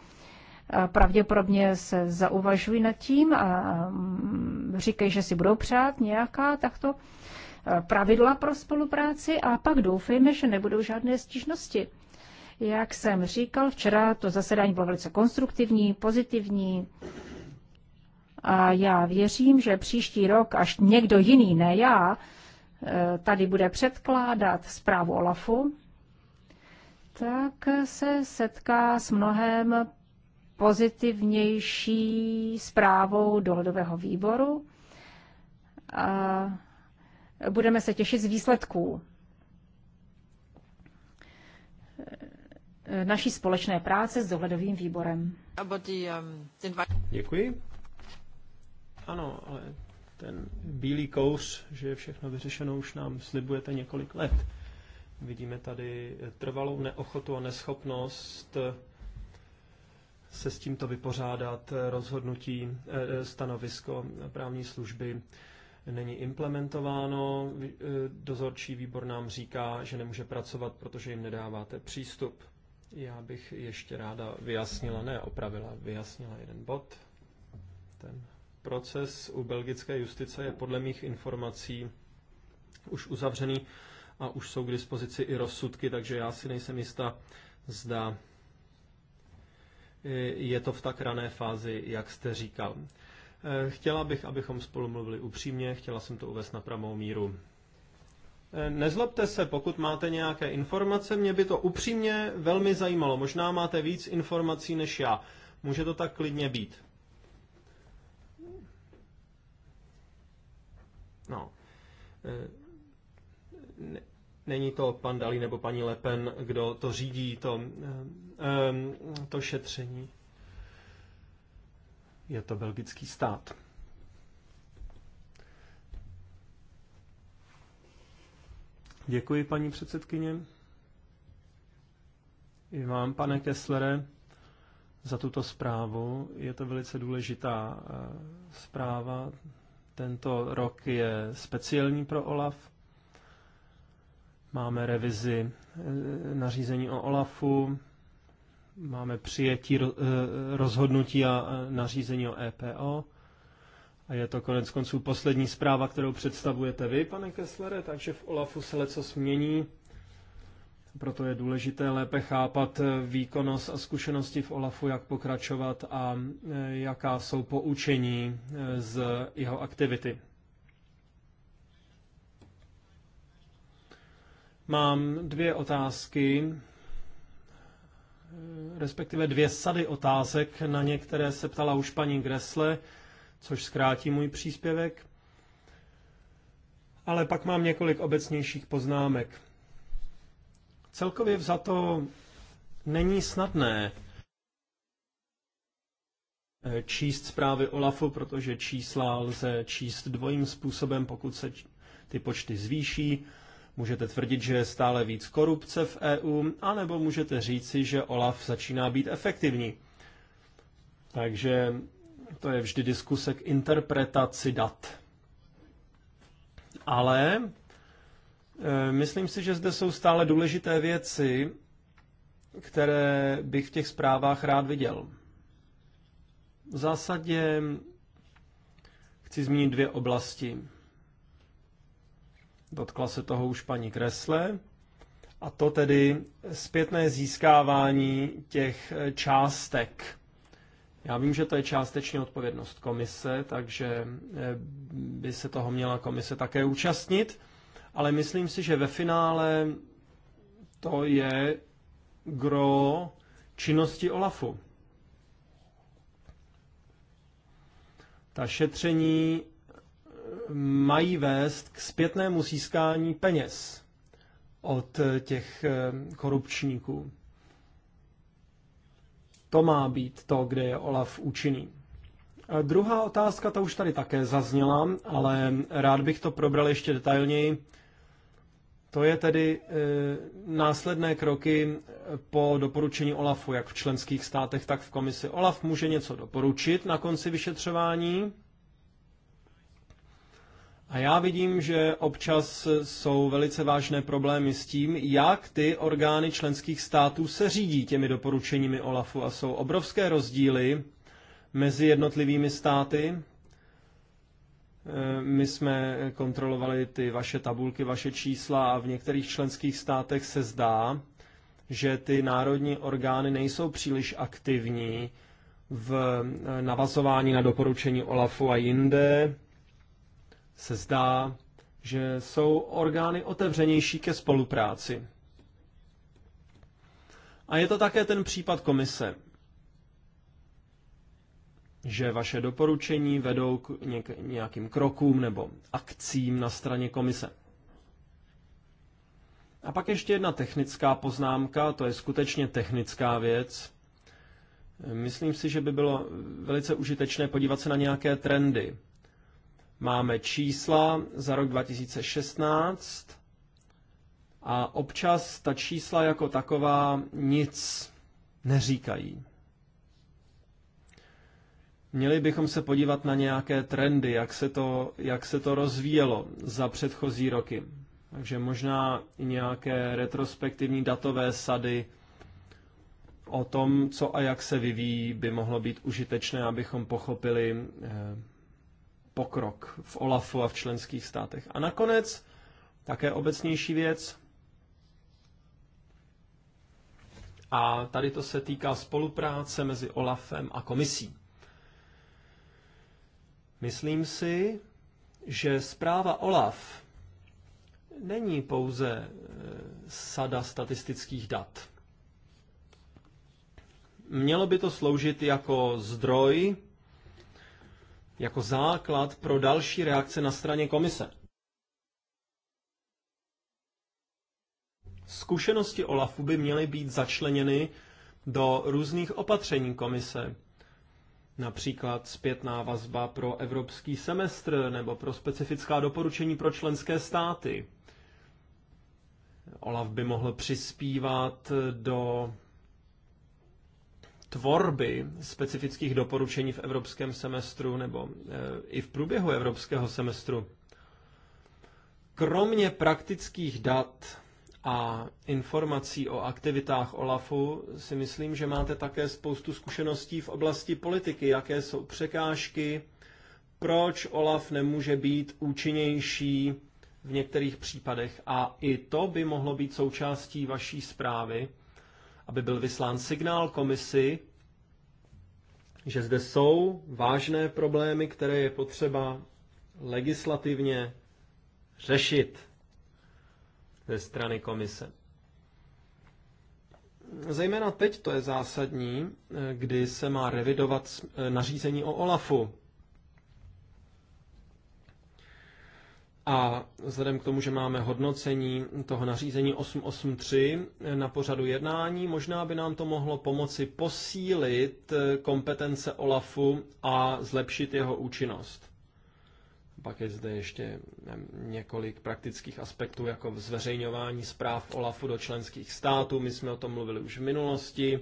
Pravděpodobně se zauvažují nad tím a říkají, že si budou přát nějaká takto e, pravidla pro spolupráci a pak doufejme, že nebudou žádné stížnosti. Jak jsem říkal, včera to zasedání bylo velice konstruktivní, pozitivní. A já věřím, že příští rok, až někdo jiný, ne já, tady bude předkládat zprávu OLAFu, tak se setká s mnohem pozitivnější zprávou dohledového výboru. A budeme se těšit z výsledků naší společné práce s dohledovým výborem. Um, Děkuji. Ano, ale ten bílý kous, že je všechno vyřešeno, už nám slibujete několik let. Vidíme tady trvalou neochotu a neschopnost se s tímto vypořádat rozhodnutí, eh, stanovisko právní služby není implementováno. Eh, dozorčí výbor nám říká, že nemůže pracovat, protože jim nedáváte přístup. Já bych ještě ráda vyjasnila, ne opravila, vyjasnila jeden bod. Ten Proces u belgické justice je podle mých informací už uzavřený a už jsou k dispozici i rozsudky, takže já si nejsem jistá, zda eh, je to v tak rané fázi, jak jste říkal. Eh, chtěla bych, abychom spolu mluvili upřímně, chtěla jsem to uvést na pravou míru. Eh, nezlobte se, pokud máte nějaké informace, mě by to upřímně velmi zajímalo. Možná máte víc informací než já. Může to tak klidně být. No. E, není to pan Dalí nebo paní Lepen, kdo to řídí, to, e, to šetření. Je to belgický stát. Děkuji, paní předsedkyně. I vám, pane Kesslere, za tuto zprávu. Je to velice důležitá e, zpráva. Tento rok je speciální pro OLAF. Máme revizi eh, nařízení o OLAFu, máme přijetí eh, rozhodnutí a eh, nařízení o EPO. A je to konec konců poslední zpráva, kterou představujete vy, pane Kesslere, takže v OLAFu se leco smění. Proto je důležité lépe chápat eh, výkonnost a zkušenosti v OLAFu, jak pokračovat a eh, jaká jsou poučení eh, z jeho aktivity. Mám dvě otázky, respektive dvě sady otázek. Na některé se ptala už paní Gresle, což zkrátí můj příspěvek. Ale pak mám několik obecnějších poznámek. Celkově vzato není snadné eh, číst zprávy OLAFu, protože čísla lze číst dvojím způsobem, pokud se ty počty zvýší. Můžete tvrdit, že je stále víc korupce v EU, anebo můžete říci, že OLAF začíná být efektivní. Takže to je vždy diskuse k interpretaci dat. Ale Eh, myslím si, že zde jsou stále důležité věci, které bych v těch zprávách rád viděl. V zásadě chci zmínit dvě oblasti. Dotkla se toho už paní Kresle, a to tedy zpětné získávání těch eh, částek. Já vím, že to je částečně odpovědnost komise, takže eh, by se toho měla komise také účastnit ale myslím si, že ve finále to je gro činnosti OLAFu. Ta šetření eh, mají vést k zpětnému získání peněz od eh, těch eh, korupčníků. To má být to, kde je OLAF účinný. A druhá otázka, ta už tady také zazněla, ale rád bych to probral ještě detailněji. To je tedy e, následné kroky eh, po doporučení OLAFu, jak v členských státech, tak v komisi. OLAF může něco doporučit na konci vyšetřování. A já vidím, že občas jsou velice vážné problémy s tím, jak ty orgány členských států se řídí těmi doporučeními OLAFu. A jsou obrovské rozdíly mezi jednotlivými státy Eh, my jsme kontrolovali ty vaše tabulky, vaše čísla a v některých členských státech se zdá, že ty národní orgány nejsou příliš aktivní v eh, navazování na doporučení OLAFu a jinde. Se zdá, že jsou orgány otevřenější ke spolupráci. A je to také ten případ komise že vaše doporučení vedou k nějakým krokům nebo akcím na straně komise. A pak ještě jedna technická poznámka, to je skutečně technická věc. Myslím si, že by bylo velice užitečné podívat se na nějaké trendy. Máme čísla za rok 2016 a občas ta čísla jako taková nic neříkají. Měli bychom se podívat na nějaké trendy, jak se to, jak se to rozvíjelo za předchozí roky. Takže možná i nějaké retrospektivní datové sady o tom, co a jak se vyvíjí, by mohlo být užitečné, abychom pochopili eh, pokrok v OLAFu a v členských státech. A nakonec také obecnější věc. A tady to se týká spolupráce mezi OLAFem a komisí. Myslím si, že zpráva OLAF není pouze e, sada statistických dat. Mělo by to sloužit jako zdroj, jako základ pro další reakce na straně komise. Zkušenosti OLAFu by měly být začleněny do různých opatření komise, například zpětná vazba pro evropský semestr nebo pro specifická doporučení pro členské státy. Olaf by mohl přispívat do tvorby specifických doporučení v evropském semestru nebo eh, i v průběhu evropského semestru. Kromě praktických dat a informací o aktivitách OLAFu si myslím, že máte také spoustu zkušeností v oblasti politiky, jaké jsou překážky, proč OLAF nemůže být účinnější v některých případech. A i to by mohlo být součástí vaší zprávy, aby byl vyslán signál komisi, že zde jsou vážné problémy, které je potřeba legislativně řešit ze strany komise. Zejména teď to je zásadní, eh, kdy se má revidovat eh, nařízení o OLAFu. A vzhledem k tomu, že máme hodnocení toho nařízení 883 eh, na pořadu jednání, možná by nám to mohlo pomoci posílit kompetence OLAFu a zlepšit jeho účinnost. Pak je zde ještě několik praktických aspektů, jako zveřejňování zpráv OLAFu do členských států. My jsme o tom mluvili už v minulosti.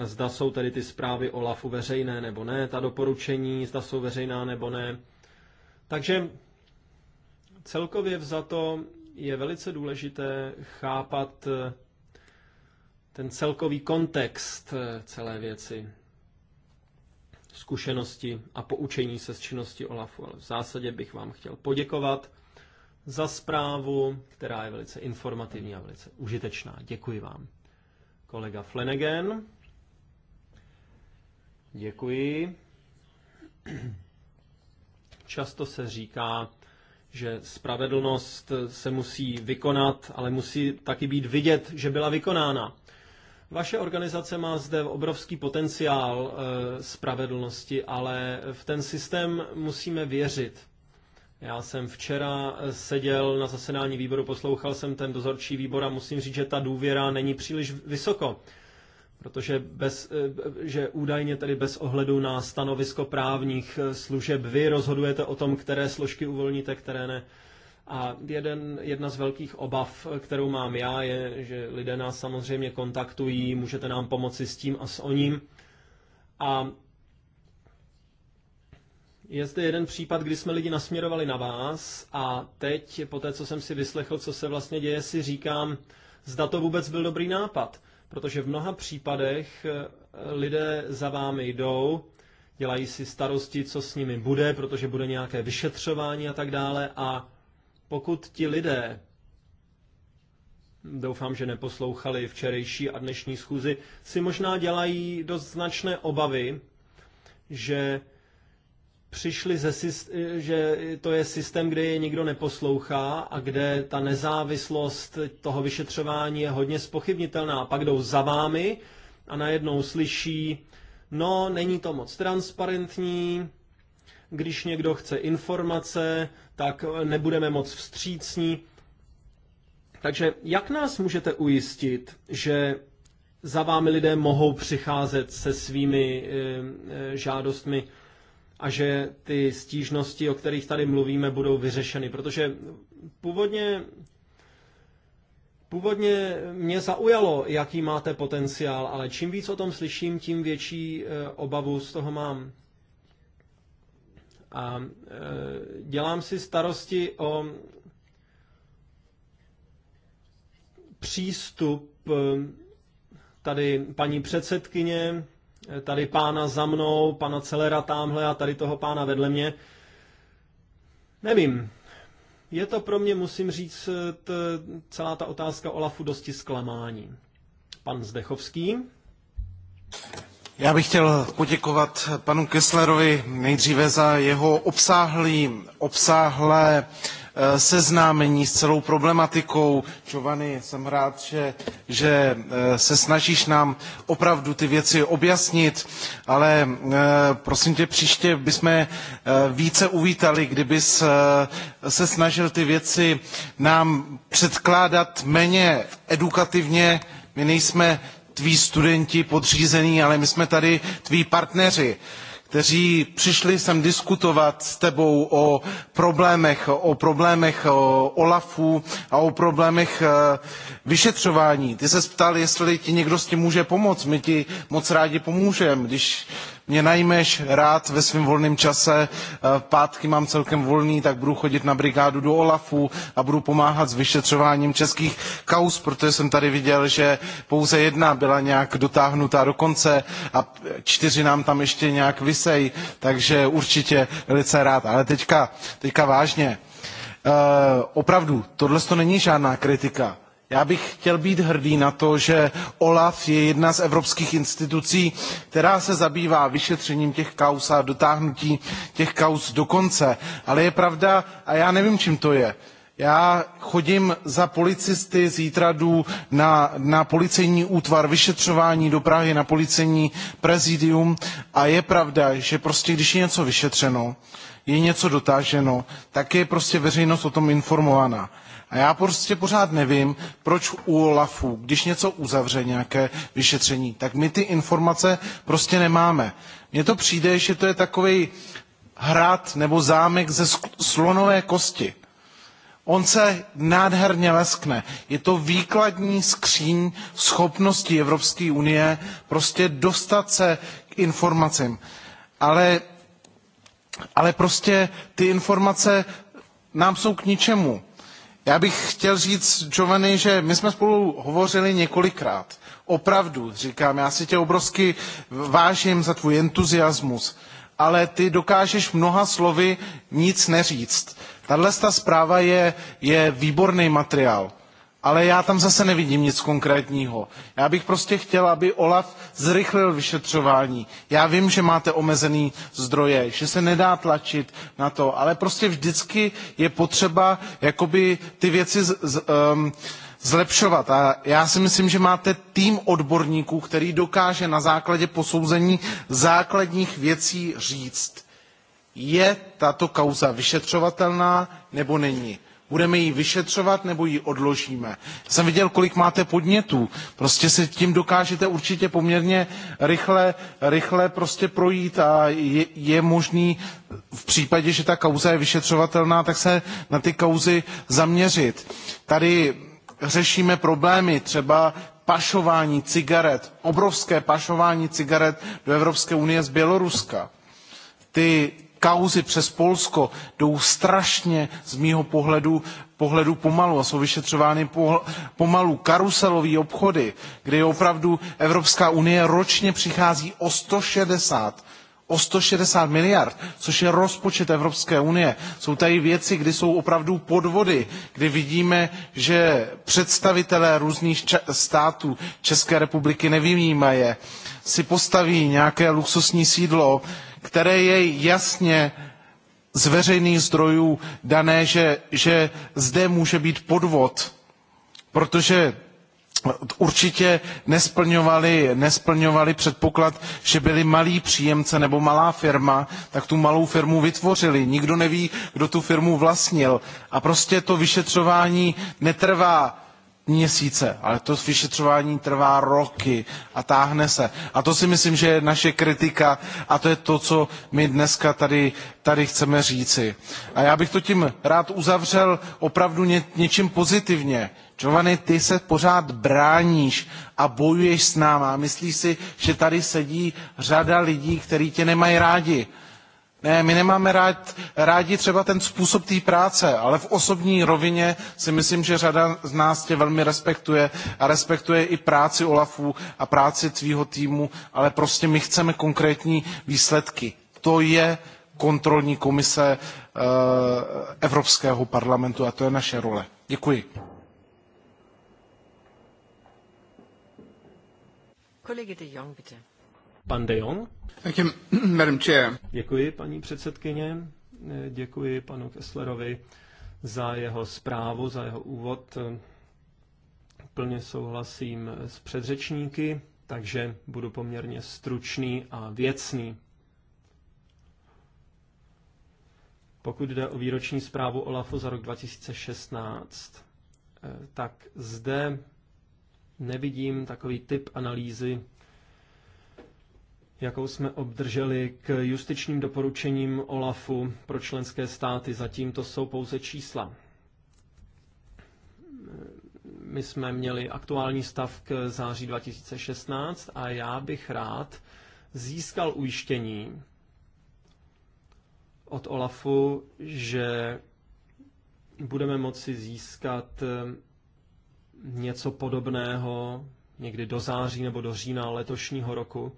Eh, zda jsou tedy ty zprávy OLAFu veřejné nebo ne, ta doporučení, zda jsou veřejná nebo ne. Takže celkově vzato je velice důležité chápat eh, ten celkový kontext eh, celé věci zkušenosti a poučení se z činnosti OLAFu. Ale v zásadě bych vám chtěl poděkovat za zprávu, která je velice informativní a velice užitečná. Děkuji vám. Kolega Flanagan. Děkuji. Často se říká, že spravedlnost se musí vykonat, ale musí taky být vidět, že byla vykonána. Vaše organizace má zde obrovský potenciál eh, spravedlnosti, ale v ten systém musíme věřit. Já jsem včera eh, seděl na zasedání výboru, poslouchal jsem ten dozorčí výbor a musím říct, že ta důvěra není příliš vysoko, protože bez, eh, že údajně tedy bez ohledu na stanovisko právních služeb vy rozhodujete o tom, které složky uvolníte, které ne. A jeden, jedna z velkých obav, kterou mám já, je, že lidé nás samozřejmě kontaktují, můžete nám pomoci s tím a s oním. A je zde jeden případ, kdy jsme lidi nasměrovali na vás a teď, po té, co jsem si vyslechl, co se vlastně děje, si říkám, zda to vůbec byl dobrý nápad. Protože v mnoha případech eh, lidé za vámi jdou, dělají si starosti, co s nimi bude, protože bude nějaké vyšetřování a tak dále a pokud ti lidé, doufám, že neposlouchali včerejší a dnešní schůzi, si možná dělají dost značné obavy, že přišli ze že to je systém, kde je nikdo neposlouchá a kde ta nezávislost toho vyšetřování je hodně spochybnitelná. A pak jdou za vámi a najednou slyší, no, není to moc transparentní, když někdo chce informace, tak nebudeme moc vstřícní. Takže jak nás můžete ujistit, že za vámi lidé mohou přicházet se svými eh, eh, žádostmi a že ty stížnosti, o kterých tady mluvíme, budou vyřešeny? Protože původně Původně mě zaujalo, jaký máte potenciál, ale čím víc o tom slyším, tím větší eh, obavu z toho mám. A e, dělám si starosti o přístup e, tady paní předsedkyně, e, tady pána za mnou, pana Celera tamhle a tady toho pána vedle mě. Nevím. Je to pro mě, musím říct, t, celá ta otázka Olafu dosti zklamání. Pan Zdechovský. Já bych chtěl poděkovat panu Kesslerovi nejdříve za jeho obsáhlý, obsáhlé eh, seznámení s celou problematikou. Giovanni, jsem rád, že, že eh, se snažíš nám opravdu ty věci objasnit, ale eh, prosím tě, příště bychom více uvítali, kdybys se snažil ty věci nám předkládat méně edukativně. My nejsme tví studenti podřízení, ale my jsme tady tví partneři kteří přišli sem diskutovat s tebou o problémech, o problémech o OLAFu a o problémech eh, vyšetřování. Ty se ptal, jestli ti někdo s tím může pomoct. My ti moc rádi pomůžeme. Když mě najmeš rád ve svém volném čase, v eh, pátky mám celkem volný, tak budu chodit na brigádu do OLAFu a budu pomáhat s vyšetřováním českých kauz, protože jsem tady viděl, že pouze jedna byla nějak dotáhnutá do konce a čtyři nám tam ještě nějak visejí, takže určitě velice rád. Ale teďka, teďka vážně. Eh, opravdu, tohle to není žádná kritika. Já bych chtěl být hrdý na to, že OLAF je jedna z evropských institucí, která se zabývá vyšetřením těch kauz a dotáhnutí těch kauz do konce. Ale je pravda, a já nevím, čím to je, já chodím za policisty zítra jdu na, na policejní útvar vyšetřování do Prahy, na policejní prezidium a je pravda, že prostě když je něco vyšetřeno, je něco dotáženo, tak je prostě veřejnost o tom informovaná. A já prostě pořád nevím, proč u OLAFu, když něco uzavře nějaké vyšetření, tak my ty informace prostě nemáme. Mně to přijde, že to je takový hrad nebo zámek ze slonové kosti. On se nádherně leskne. Je to výkladní skříň schopností Evropské unie prostě dostat se k informacím. Ale, ale prostě ty informace nám jsou k ničemu. Já bych chtěl říct, Giovanni, že my jsme spolu hovořili několikrát. Opravdu, říkám, já si tě obrovsky vážím za tvůj entuziasmus, ale ty dokážeš mnoha slovy nic neříct. Tahle zpráva je, je výborný materiál ale já tam zase nevidím nic konkrétního. Já bych prostě chtěl, aby OLAF zrychlil vyšetřování. Já vím, že máte omezený zdroje, že se nedá tlačit na to, ale prostě vždycky je potřeba jakoby ty věci z, z, um, zlepšovat. A já si myslím, že máte tým odborníků, který dokáže na základě posouzení základních věcí říct, je tato kauza vyšetřovatelná nebo není Budeme ji vyšetřovat nebo ji odložíme? Jsem viděl, kolik máte podnětů. Prostě se tím dokážete určitě poměrně rychle, rychle prostě projít a je, je možný v případě, že ta kauza je vyšetřovatelná, tak se na ty kauzy zaměřit. Tady řešíme problémy třeba pašování cigaret, obrovské pašování cigaret do Evropské unie z Běloruska. Ty kauzy přes Polsko jdou strašně z mýho pohledu, pohledu pomalu a jsou vyšetřovány pomalu karuselové obchody, kde opravdu Evropská unie ročně přichází o 160 o 160 miliard, což je rozpočet Evropské unie. Jsou tady věci, kdy jsou opravdu podvody, kdy vidíme, že představitelé různých států České republiky nevyjímaje si postaví nějaké luxusní sídlo, které je jasně z veřejných zdrojů dané, že, že zde může být podvod, protože určitě nesplňovali, nesplňovali předpoklad, že byli malý příjemce nebo malá firma, tak tu malou firmu vytvořili. Nikdo neví, kdo tu firmu vlastnil. A prostě to vyšetřování netrvá měsíce, ale to vyšetřování trvá roky a táhne se. A to si myslím, že je naše kritika a to je to, co my dneska tady, tady chceme říci. A já bych to tím rád uzavřel opravdu ně, něčím pozitivně. Giovanni, ty se pořád bráníš a bojuješ s náma. Myslíš si, že tady sedí řada lidí, kteří tě nemají rádi. Ne, my nemáme rád, rádi třeba ten způsob té práce, ale v osobní rovině si myslím, že řada z nás tě velmi respektuje a respektuje i práci Olafu a práci tvýho týmu, ale prostě my chceme konkrétní výsledky. To je kontrolní komise eh, Evropského parlamentu a to je naše role. Děkuji. Kolega de Jong, bitte. Pan de Jong? Děkuji, paní předsedkyně. Děkuji panu Kesslerovi za jeho zprávu, za jeho úvod. Plně souhlasím s předřečníky, takže budu poměrně stručný a věcný. Pokud jde o výroční zprávu OLAFu za rok 2016, eh, tak zde nevidím takový typ analýzy, jakou jsme obdrželi k justičním doporučením OLAFu pro členské státy. Zatím to jsou pouze čísla. My jsme měli aktuální stav k září 2016 a já bych rád získal ujištění od OLAFu, že budeme moci získat eh, něco podobného někdy do září nebo do října letošního roku,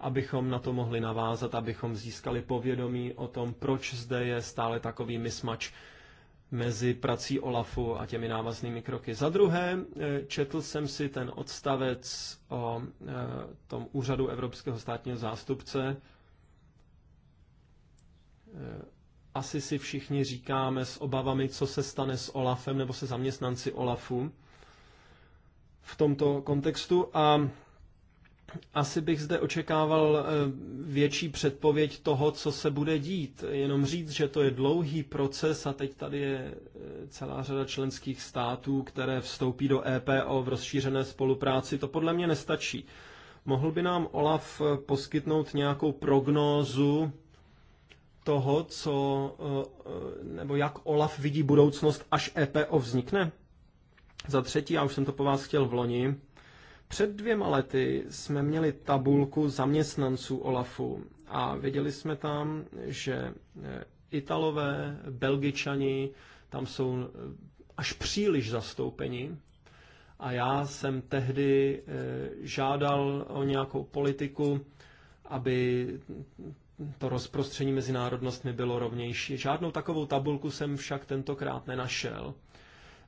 abychom na to mohli navázat, abychom získali povědomí o tom, proč zde je stále takový mismač mezi prací Olafu a těmi návaznými kroky. Za druhé, eh, četl jsem si ten odstavec o eh, tom úřadu Evropského státního zástupce. Eh, asi si všichni říkáme s obavami, co se stane s Olafem nebo se zaměstnanci Olafu v tomto kontextu a asi bych zde očekával eh, větší předpověď toho, co se bude dít. Jenom říct, že to je dlouhý proces a teď tady je eh, celá řada členských států, které vstoupí do EPO v rozšířené spolupráci, to podle mě nestačí. Mohl by nám Olaf eh, poskytnout nějakou prognózu toho, co, nebo jak Olaf vidí budoucnost, až EPO vznikne? Za třetí, já už jsem to po vás chtěl v loni, před dvěma lety jsme měli tabulku zaměstnanců OLAFu a viděli jsme tam, že e, Italové, Belgičani tam jsou e, až příliš zastoupeni. A já jsem tehdy e, žádal o nějakou politiku, aby to rozprostření mezi národnostmi bylo rovnější. Žádnou takovou tabulku jsem však tentokrát nenašel,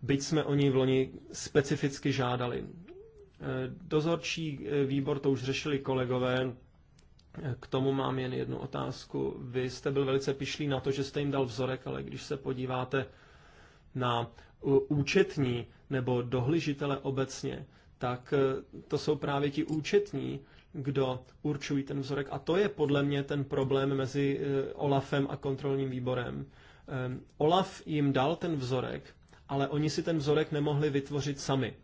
byť jsme o ní v loni specificky žádali. Dozorčí eh, výbor to už řešili kolegové. K tomu mám jen jednu otázku. Vy jste byl velice pišlý na to, že jste jim dal vzorek, ale když se podíváte na účetní nebo dohlížitele obecně, tak eh, to jsou právě ti účetní, kdo určují ten vzorek. A to je podle mě ten problém mezi eh, Olafem a kontrolním výborem. Ehm, Olaf jim dal ten vzorek, ale oni si ten vzorek nemohli vytvořit sami.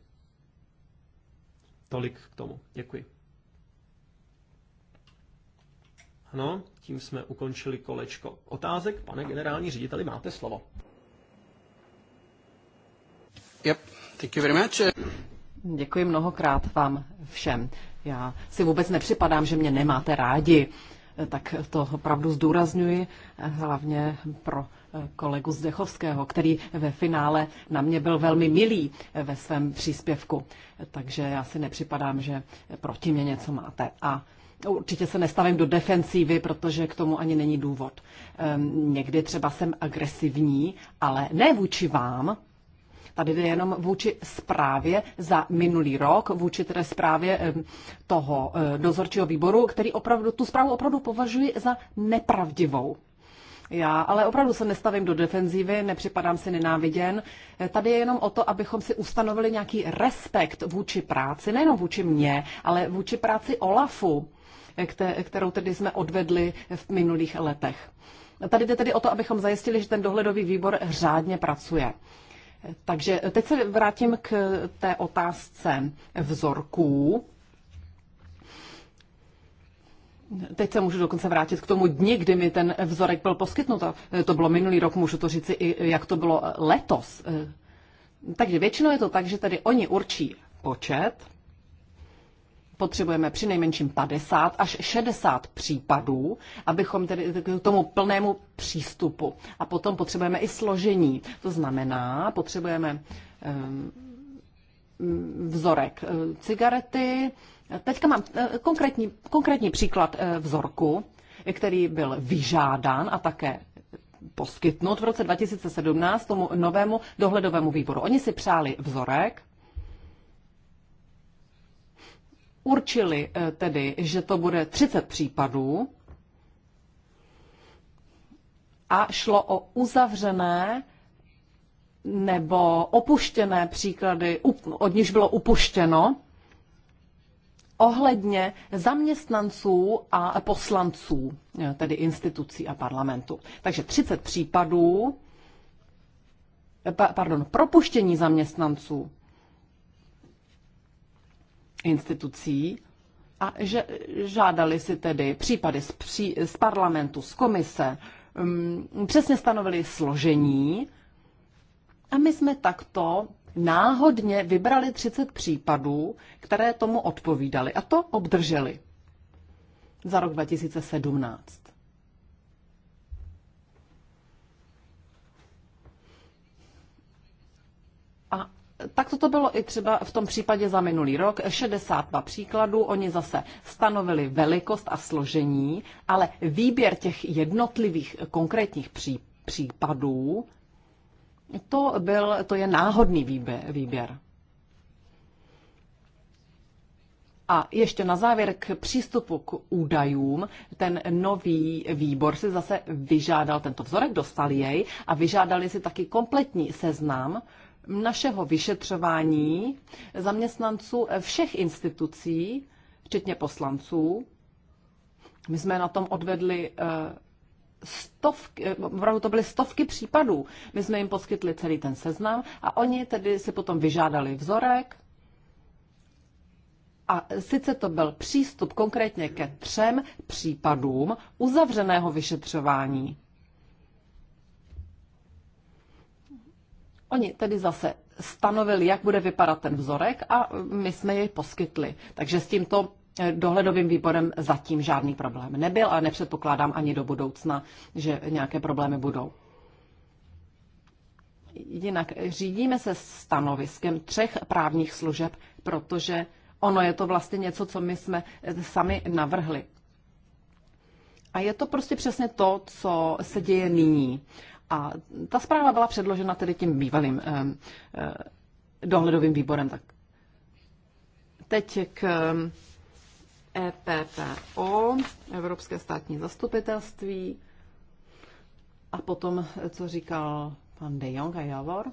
Tolik k tomu. Děkuji. Ano, tím jsme ukončili kolečko otázek. Pane generální řediteli, máte slovo. Yep, thank you very much. Děkuji mnohokrát vám všem. Já si vůbec nepřipadám, že mě nemáte rádi, tak to opravdu zdůrazňuji, hlavně pro kolegu Zdechovského, který ve finále na mě byl velmi milý ve svém příspěvku. Takže já si nepřipadám, že proti mě něco máte. A Určitě se nestavím do defensívy, protože k tomu ani není důvod. Ehm, někdy třeba jsem agresivní, ale ne vůči vám. Tady jde jenom vůči zprávě za minulý rok, vůči tedy zprávě ehm, toho eh, dozorčího výboru, který opravdu tu zprávu opravdu považuji za nepravdivou. Já ale opravdu se nestavím do defenzívy, nepřipadám si nenáviděn. Tady je jenom o to, abychom si ustanovili nějaký respekt vůči práci, nejenom vůči mně, ale vůči práci OLAFu, kterou tedy jsme odvedli v minulých letech. Tady jde tedy o to, abychom zajistili, že ten dohledový výbor řádně pracuje. Takže teď se vrátím k té otázce vzorků. Teď se můžu dokonce vrátit k tomu dni, kdy mi ten vzorek byl poskytnut. E, to bylo minulý rok, můžu to říci i e, jak to bylo e, letos. Takže většinou je to tak, že tady oni určí počet, potřebujeme při nejmenším 50 až 60 případů, abychom tedy k tomu plnému přístupu. A potom potřebujeme i složení. To znamená, potřebujeme ehm, vzorek cigarety, Teďka mám eh, konkrétní, konkrétní příklad eh, vzorku, který byl vyžádán a také poskytnut v roce 2017 tomu novému dohledovému výboru. Oni si přáli vzorek, určili eh, tedy, že to bude 30 případů a šlo o uzavřené nebo opuštěné příklady, od nichž bylo upuštěno ohledně zaměstnanců a poslanců, eh, tedy institucí a parlamentu. Takže 30 případů, eh, pardon, propuštění zaměstnanců institucí a že žádali si tedy případy z, pří, z parlamentu, z komise, um, přesně stanovili složení a my jsme takto náhodně vybrali 30 případů, které tomu odpovídaly a to obdrželi za rok 2017. A tak to bylo i třeba v tom případě za minulý rok. 62 příkladů, oni zase stanovili velikost a složení, ale výběr těch jednotlivých konkrétních pří, případů to, byl, to je náhodný výběr. výběr. A ještě na závěr k přístupu k údajům. Ten nový výbor si zase vyžádal tento vzorek, dostal jej a vyžádali si taky kompletní seznam našeho vyšetřování zaměstnanců všech institucí, včetně poslanců. My jsme na tom odvedli eh, stovky, opravdu to byly stovky případů. My jsme jim poskytli celý ten seznam a oni tedy si potom vyžádali vzorek, a sice to byl přístup konkrétně ke třem případům uzavřeného vyšetřování. Oni tedy zase stanovili, jak bude vypadat ten vzorek a my jsme jej poskytli. Takže s tímto dohledovým výborem zatím žádný problém nebyl a nepředpokládám ani do budoucna, že nějaké problémy budou. Jinak řídíme se stanoviskem třech právních služeb, protože ono je to vlastně něco, co my jsme sami navrhli. A je to prostě přesně to, co se děje nyní. A ta zpráva byla předložena tedy tím bývalým eh, eh, dohledovým výborem. Tak teď k eh, EPPO, Evropské státní zastupitelství, a potom, co říkal pan De Jong a Javor.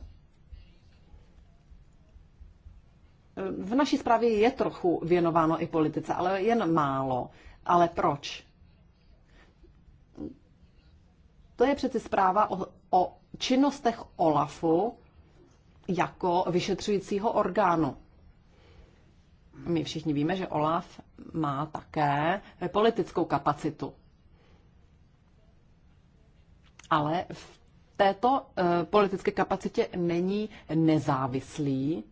V naší zprávě je trochu věnováno i politice, ale jen málo. Ale proč? To je přeci zpráva o, o činnostech OLAFu jako vyšetřujícího orgánu my všichni víme, že OLAF má také politickou kapacitu. Ale v této eh, politické kapacitě není nezávislý.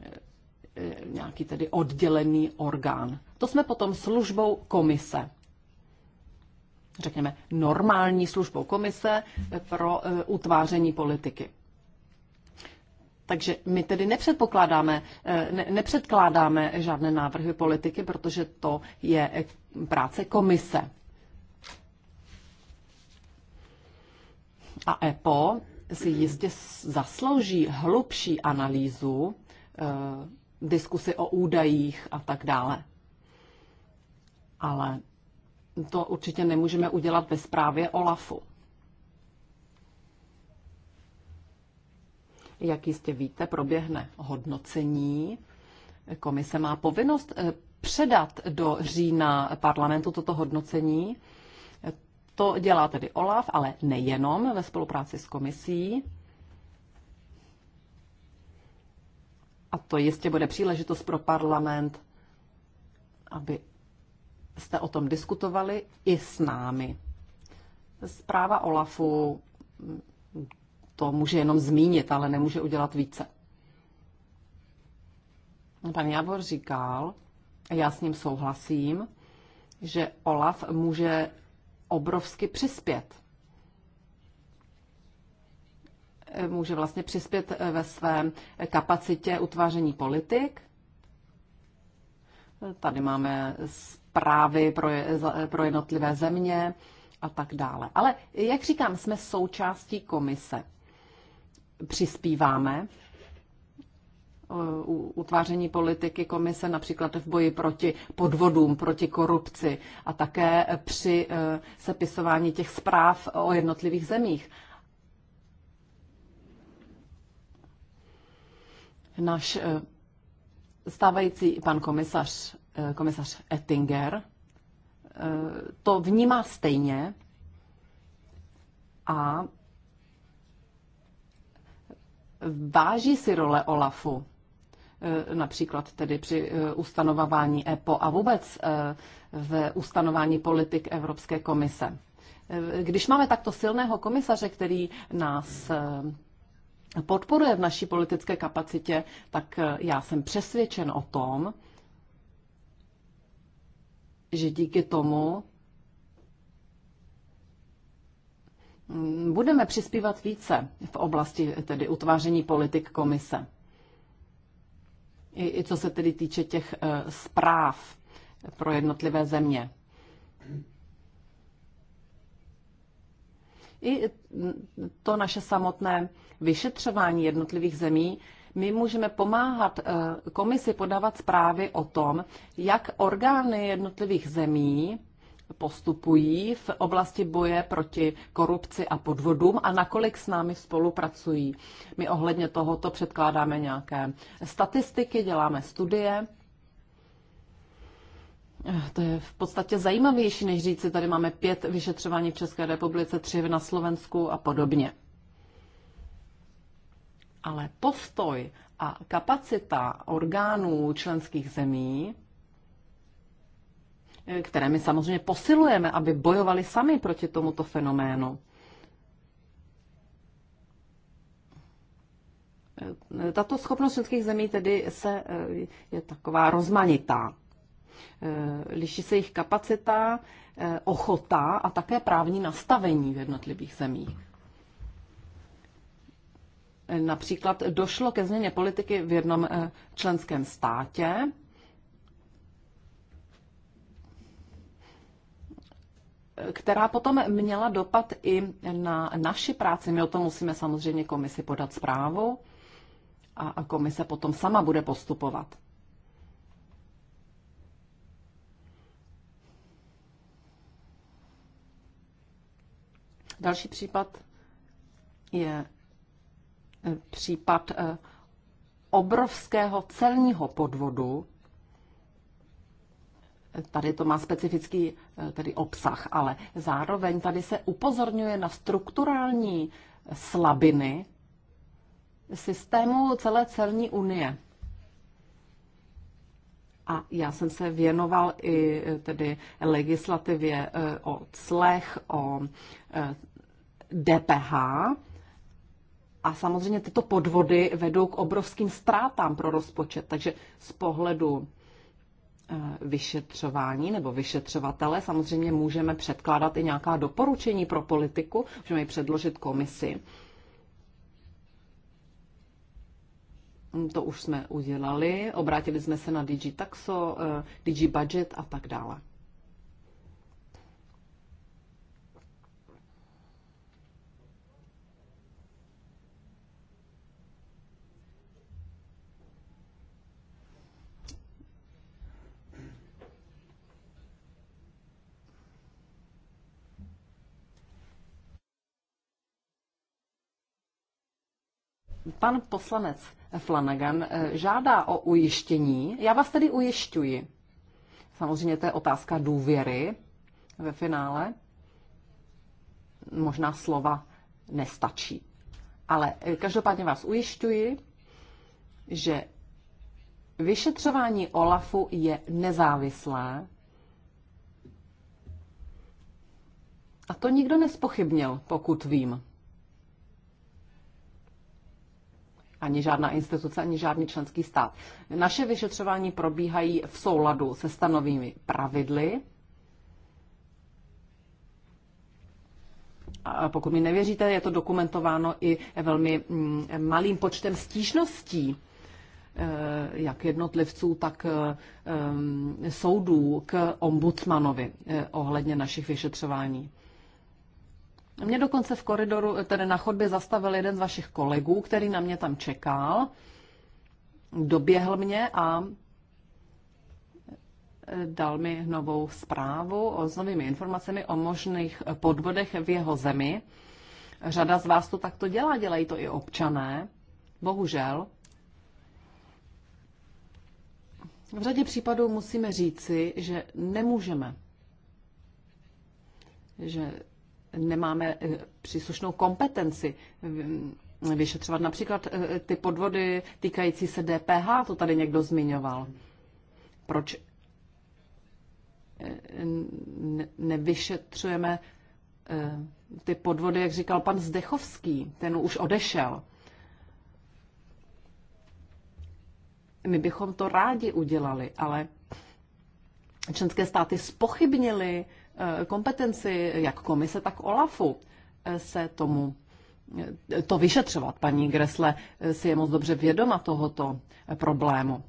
Eh, nějaký tedy oddělený orgán. To jsme potom službou komise řekněme, normální službou komise pro eh, utváření politiky. Takže my tedy nepředpokládáme, eh, ne, nepředkládáme žádné návrhy politiky, protože to je eh, práce komise. A EPO si jistě zaslouží hlubší analýzu, eh, diskusy o údajích a tak dále. Ale to určitě nemůžeme udělat ve zprávě OLAFu. Jak jistě víte, proběhne hodnocení. Komise má povinnost eh, předat do října parlamentu toto hodnocení. To dělá tedy OLAF, ale nejenom ve spolupráci s komisí. A to jistě bude příležitost pro parlament, aby jste o tom diskutovali i s námi. Zpráva OLAFu to může jenom zmínit, ale nemůže udělat více. Pan Javor říkal, a já s ním souhlasím, že Olaf může obrovsky přispět. Může vlastně přispět ve své kapacitě utváření politik. Tady máme zprávy pro, pro jednotlivé země a tak dále. Ale jak říkám, jsme součástí komise přispíváme u utváření politiky komise například v boji proti podvodům, proti korupci a také při eh, sepisování těch zpráv o jednotlivých zemích. Náš eh, stávající pan komisař, eh, komisař Ettinger, to vnímá stejně a váží si role OLAFu, e, například tedy při e, ustanovování EPO a vůbec e, v ustanování politik Evropské komise. Když máme takto silného komisaře, který nás podporuje v naší politické kapacitě, tak já jsem přesvědčen o tom, že díky tomu budeme přispívat více v oblasti tedy utváření politik komise. I, i co se tedy týče těch eh, zpráv pro jednotlivé země. I to naše samotné vyšetřování jednotlivých zemí my můžeme pomáhat eh, komisi podávat zprávy o tom, jak orgány jednotlivých zemí postupují v oblasti boje proti korupci a podvodům a nakolik s námi spolupracují. My ohledně tohoto předkládáme nějaké statistiky, děláme studie. To je v podstatě zajímavější, než si, tady máme pět vyšetřování v České republice, tři na Slovensku a podobně. Ale postoj a kapacita orgánů členských zemí které my samozřejmě posilujeme, aby bojovali sami proti tomuto fenoménu. E, tato schopnost českých zemí tedy se, e, je taková rozmanitá. E, liší se jejich kapacita, ochota a také právní nastavení v jednotlivých zemích. Například došlo ke změně politiky v jednom členském státě, která potom měla dopad i na naši práci. My o tom musíme samozřejmě komisi podat zprávu a komise potom sama bude postupovat. Další případ je eh, případ eh, obrovského celního podvodu Tady to má specifický eh, tedy obsah, ale zároveň tady se upozorňuje na strukturální slabiny systému celé celní unie. A já jsem se věnoval i eh, tedy legislativě eh, o clech, o DPH. A samozřejmě tyto podvody vedou k obrovským ztrátám pro rozpočet. Takže z pohledu Eh, vyšetřování nebo vyšetřovatele. Samozřejmě můžeme předkládat i nějaká doporučení pro politiku, můžeme ji předložit komisi. To už jsme udělali, obrátili jsme se na DG Taxo, eh, DG Budget a tak dále. Pan poslanec Flanagan eh, žádá o ujištění. Já vás tedy ujišťuji. Samozřejmě to je otázka důvěry ve finále. Možná slova nestačí. Ale eh, každopádně vás ujišťuji, že vyšetřování OLAFu je nezávislé a to nikdo nespochybnil, pokud vím. ani žádná instituce, ani žádný členský stát. Naše vyšetřování probíhají v souladu se stanovými pravidly. A pokud mi nevěříte, je to dokumentováno i velmi mm, malým počtem stížností eh, jak jednotlivců, tak eh, mm, soudů k ombudsmanovi eh, ohledně našich vyšetřování. Mě dokonce v koridoru, tedy na chodbě zastavil jeden z vašich kolegů, který na mě tam čekal. Doběhl mě a e, dal mi novou zprávu o, s novými informacemi o možných podvodech v jeho zemi. Řada z vás to takto dělá, dělají to i občané, bohužel. V řadě případů musíme říci, že nemůžeme, že nemáme eh, příslušnou kompetenci eh, vyšetřovat například eh, ty podvody týkající se DPH, to tady někdo zmiňoval. Proč nevyšetřujeme ty podvody, jak říkal pan Zdechovský, ten už odešel. My bychom to rádi udělali, ale členské státy spochybnili Eh, kompetenci jak komise, tak OLAFu eh, se tomu eh, to vyšetřovat. Paní Gresle si je moc dobře vědoma tohoto problému.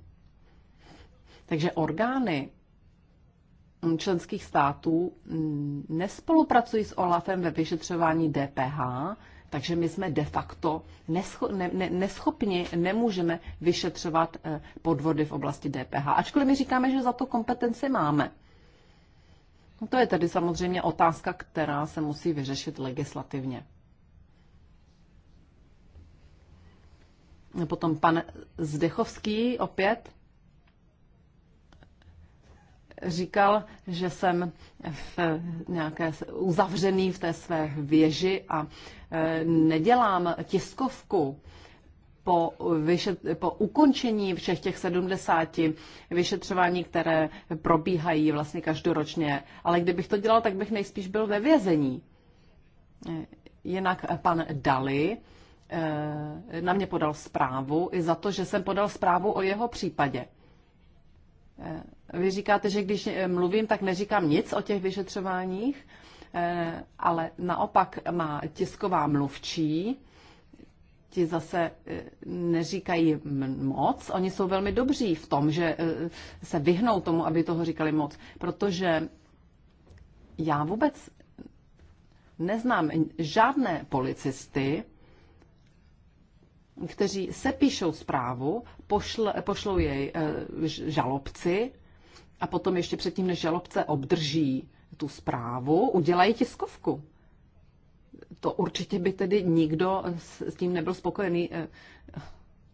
Takže orgány mm, členských států mm, nespolupracují s OLAFem ve vyšetřování DPH, takže my jsme de facto nescho- ne- ne- neschopni, nemůžeme vyšetřovat podvody v oblasti DPH. Ačkoliv my říkáme, že za to kompetence máme. No to je tedy samozřejmě otázka, která se musí vyřešit legislativně. Potom pan Zdechovský opět říkal, že jsem v nějaké uzavřený v té své věži a e, nedělám tiskovku po, vyšet, po ukončení všech těch 70 vyšetřování, které probíhají vlastně každoročně. Ale kdybych to dělal, tak bych nejspíš byl ve vězení. Jinak pan Dali eh, na mě podal zprávu i za to, že jsem podal zprávu o jeho případě. Eh, vy říkáte, že když eh, mluvím, tak neříkám nic o těch vyšetřováních, ale naopak má tisková mluvčí ti zase eh, neříkají moc, oni jsou velmi dobří v tom, že eh, se vyhnou tomu, aby toho říkali moc, protože já vůbec neznám žádné policisty, kteří sepíšou zprávu, pošle, pošlou jej eh, žalobci a potom ještě předtím, než žalobce obdrží tu zprávu, udělají tiskovku to určitě by tedy nikdo s tím nebyl spokojený, eh,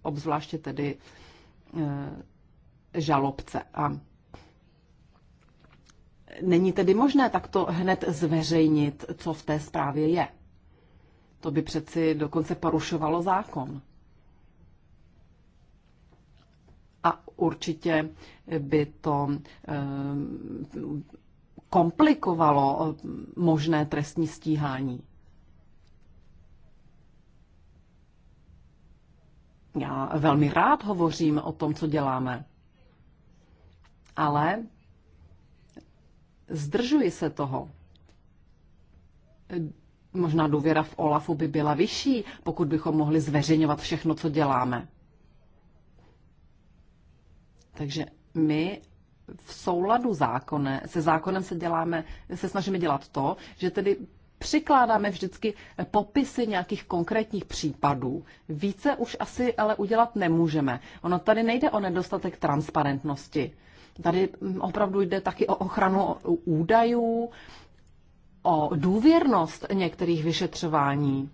obzvláště tedy eh, žalobce. A není tedy možné takto hned zveřejnit, co v té zprávě je. To by přeci dokonce porušovalo zákon. A určitě by to eh, komplikovalo možné trestní stíhání. Já velmi rád hovořím o tom, co děláme, ale zdržuji se toho. Možná důvěra v Olafu by byla vyšší, pokud bychom mohli zveřejňovat všechno, co děláme. Takže my v souladu zákone, se zákonem se, děláme, se snažíme dělat to, že tedy přikládáme vždycky popisy nějakých konkrétních případů. Více už asi ale udělat nemůžeme. Ono tady nejde o nedostatek transparentnosti. Tady mm, opravdu jde taky o ochranu údajů, o důvěrnost některých vyšetřování.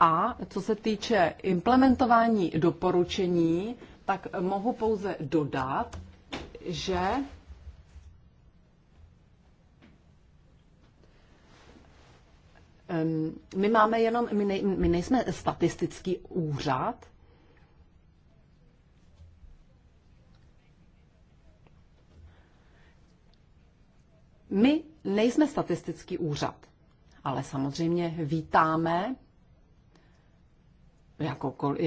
A co se týče implementování doporučení, tak mohu pouze dodat, že my máme jenom, my, nej, my nejsme statistický úřad, My nejsme statistický úřad, ale samozřejmě vítáme jakoukoliv,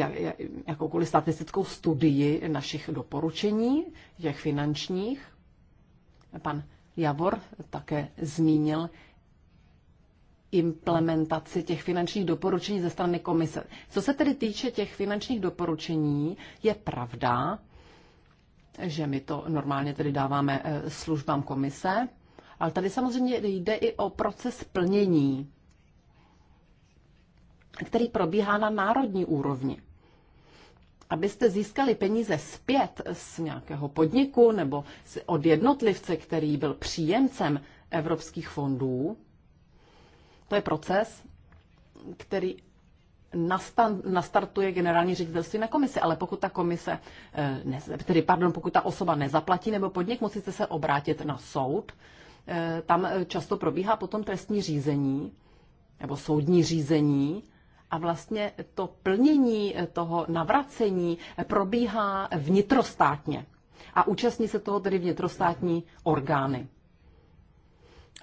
jakoukoliv statistickou studii našich doporučení, těch finančních. Pan Javor také zmínil implementaci těch finančních doporučení ze strany komise. Co se tedy týče těch finančních doporučení, je pravda, že my to normálně tedy dáváme eh, službám komise, ale tady samozřejmě jde i o proces plnění, který probíhá na národní úrovni. Abyste získali peníze zpět z nějakého podniku nebo od jednotlivce, který byl příjemcem evropských fondů, to je proces, který nastan, nastartuje generální ředitelství na komisi, ale pokud ta komise, eh, ne, tedy pardon, pokud ta osoba nezaplatí nebo podnik, musíte se obrátit na soud. Eh, tam eh, často probíhá potom trestní řízení nebo soudní řízení a vlastně to plnění toho navracení probíhá vnitrostátně. A účastní se toho tedy vnitrostátní orgány.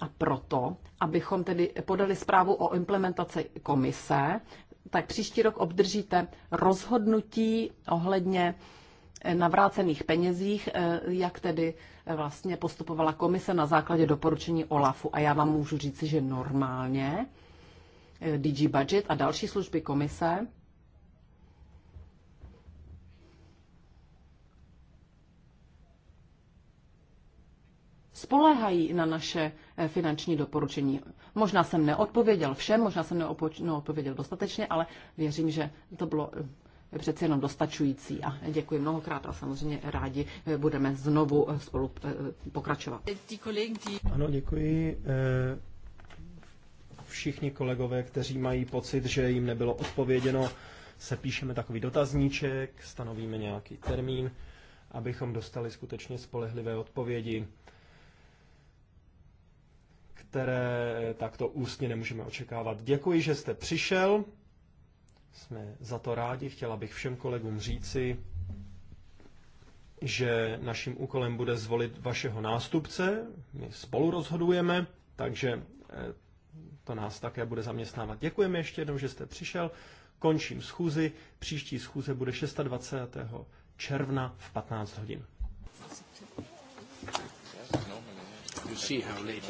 A proto, abychom tedy podali zprávu o implementaci komise, tak příští rok obdržíte rozhodnutí ohledně eh, navrácených penězích, eh, jak tedy eh, vlastně postupovala komise na základě doporučení OLAFu. A já vám můžu říct, že normálně DG Budget a další služby komise spoléhají na naše eh, finanční doporučení. Možná jsem neodpověděl všem, možná jsem neodpověděl dostatečně, ale věřím, že to bylo eh, přeci jenom dostačující. A děkuji mnohokrát a samozřejmě rádi eh, budeme znovu spolu pokračovat. Ano, děkuji. Všichni kolegové, kteří mají pocit, že jim nebylo odpověděno, se píšeme takový dotazníček, stanovíme nějaký termín, abychom dostali skutečně spolehlivé odpovědi které eh, takto ústně nemůžeme očekávat. Děkuji, že jste přišel. Jsme za to rádi. Chtěla bych všem kolegům říci, že naším úkolem bude zvolit vašeho nástupce. My spolu rozhodujeme, takže eh, to nás také bude zaměstnávat. Děkujeme ještě jednou, že jste přišel. Končím schůzi. Příští schůze bude 26. června v 15 hodin. You see how late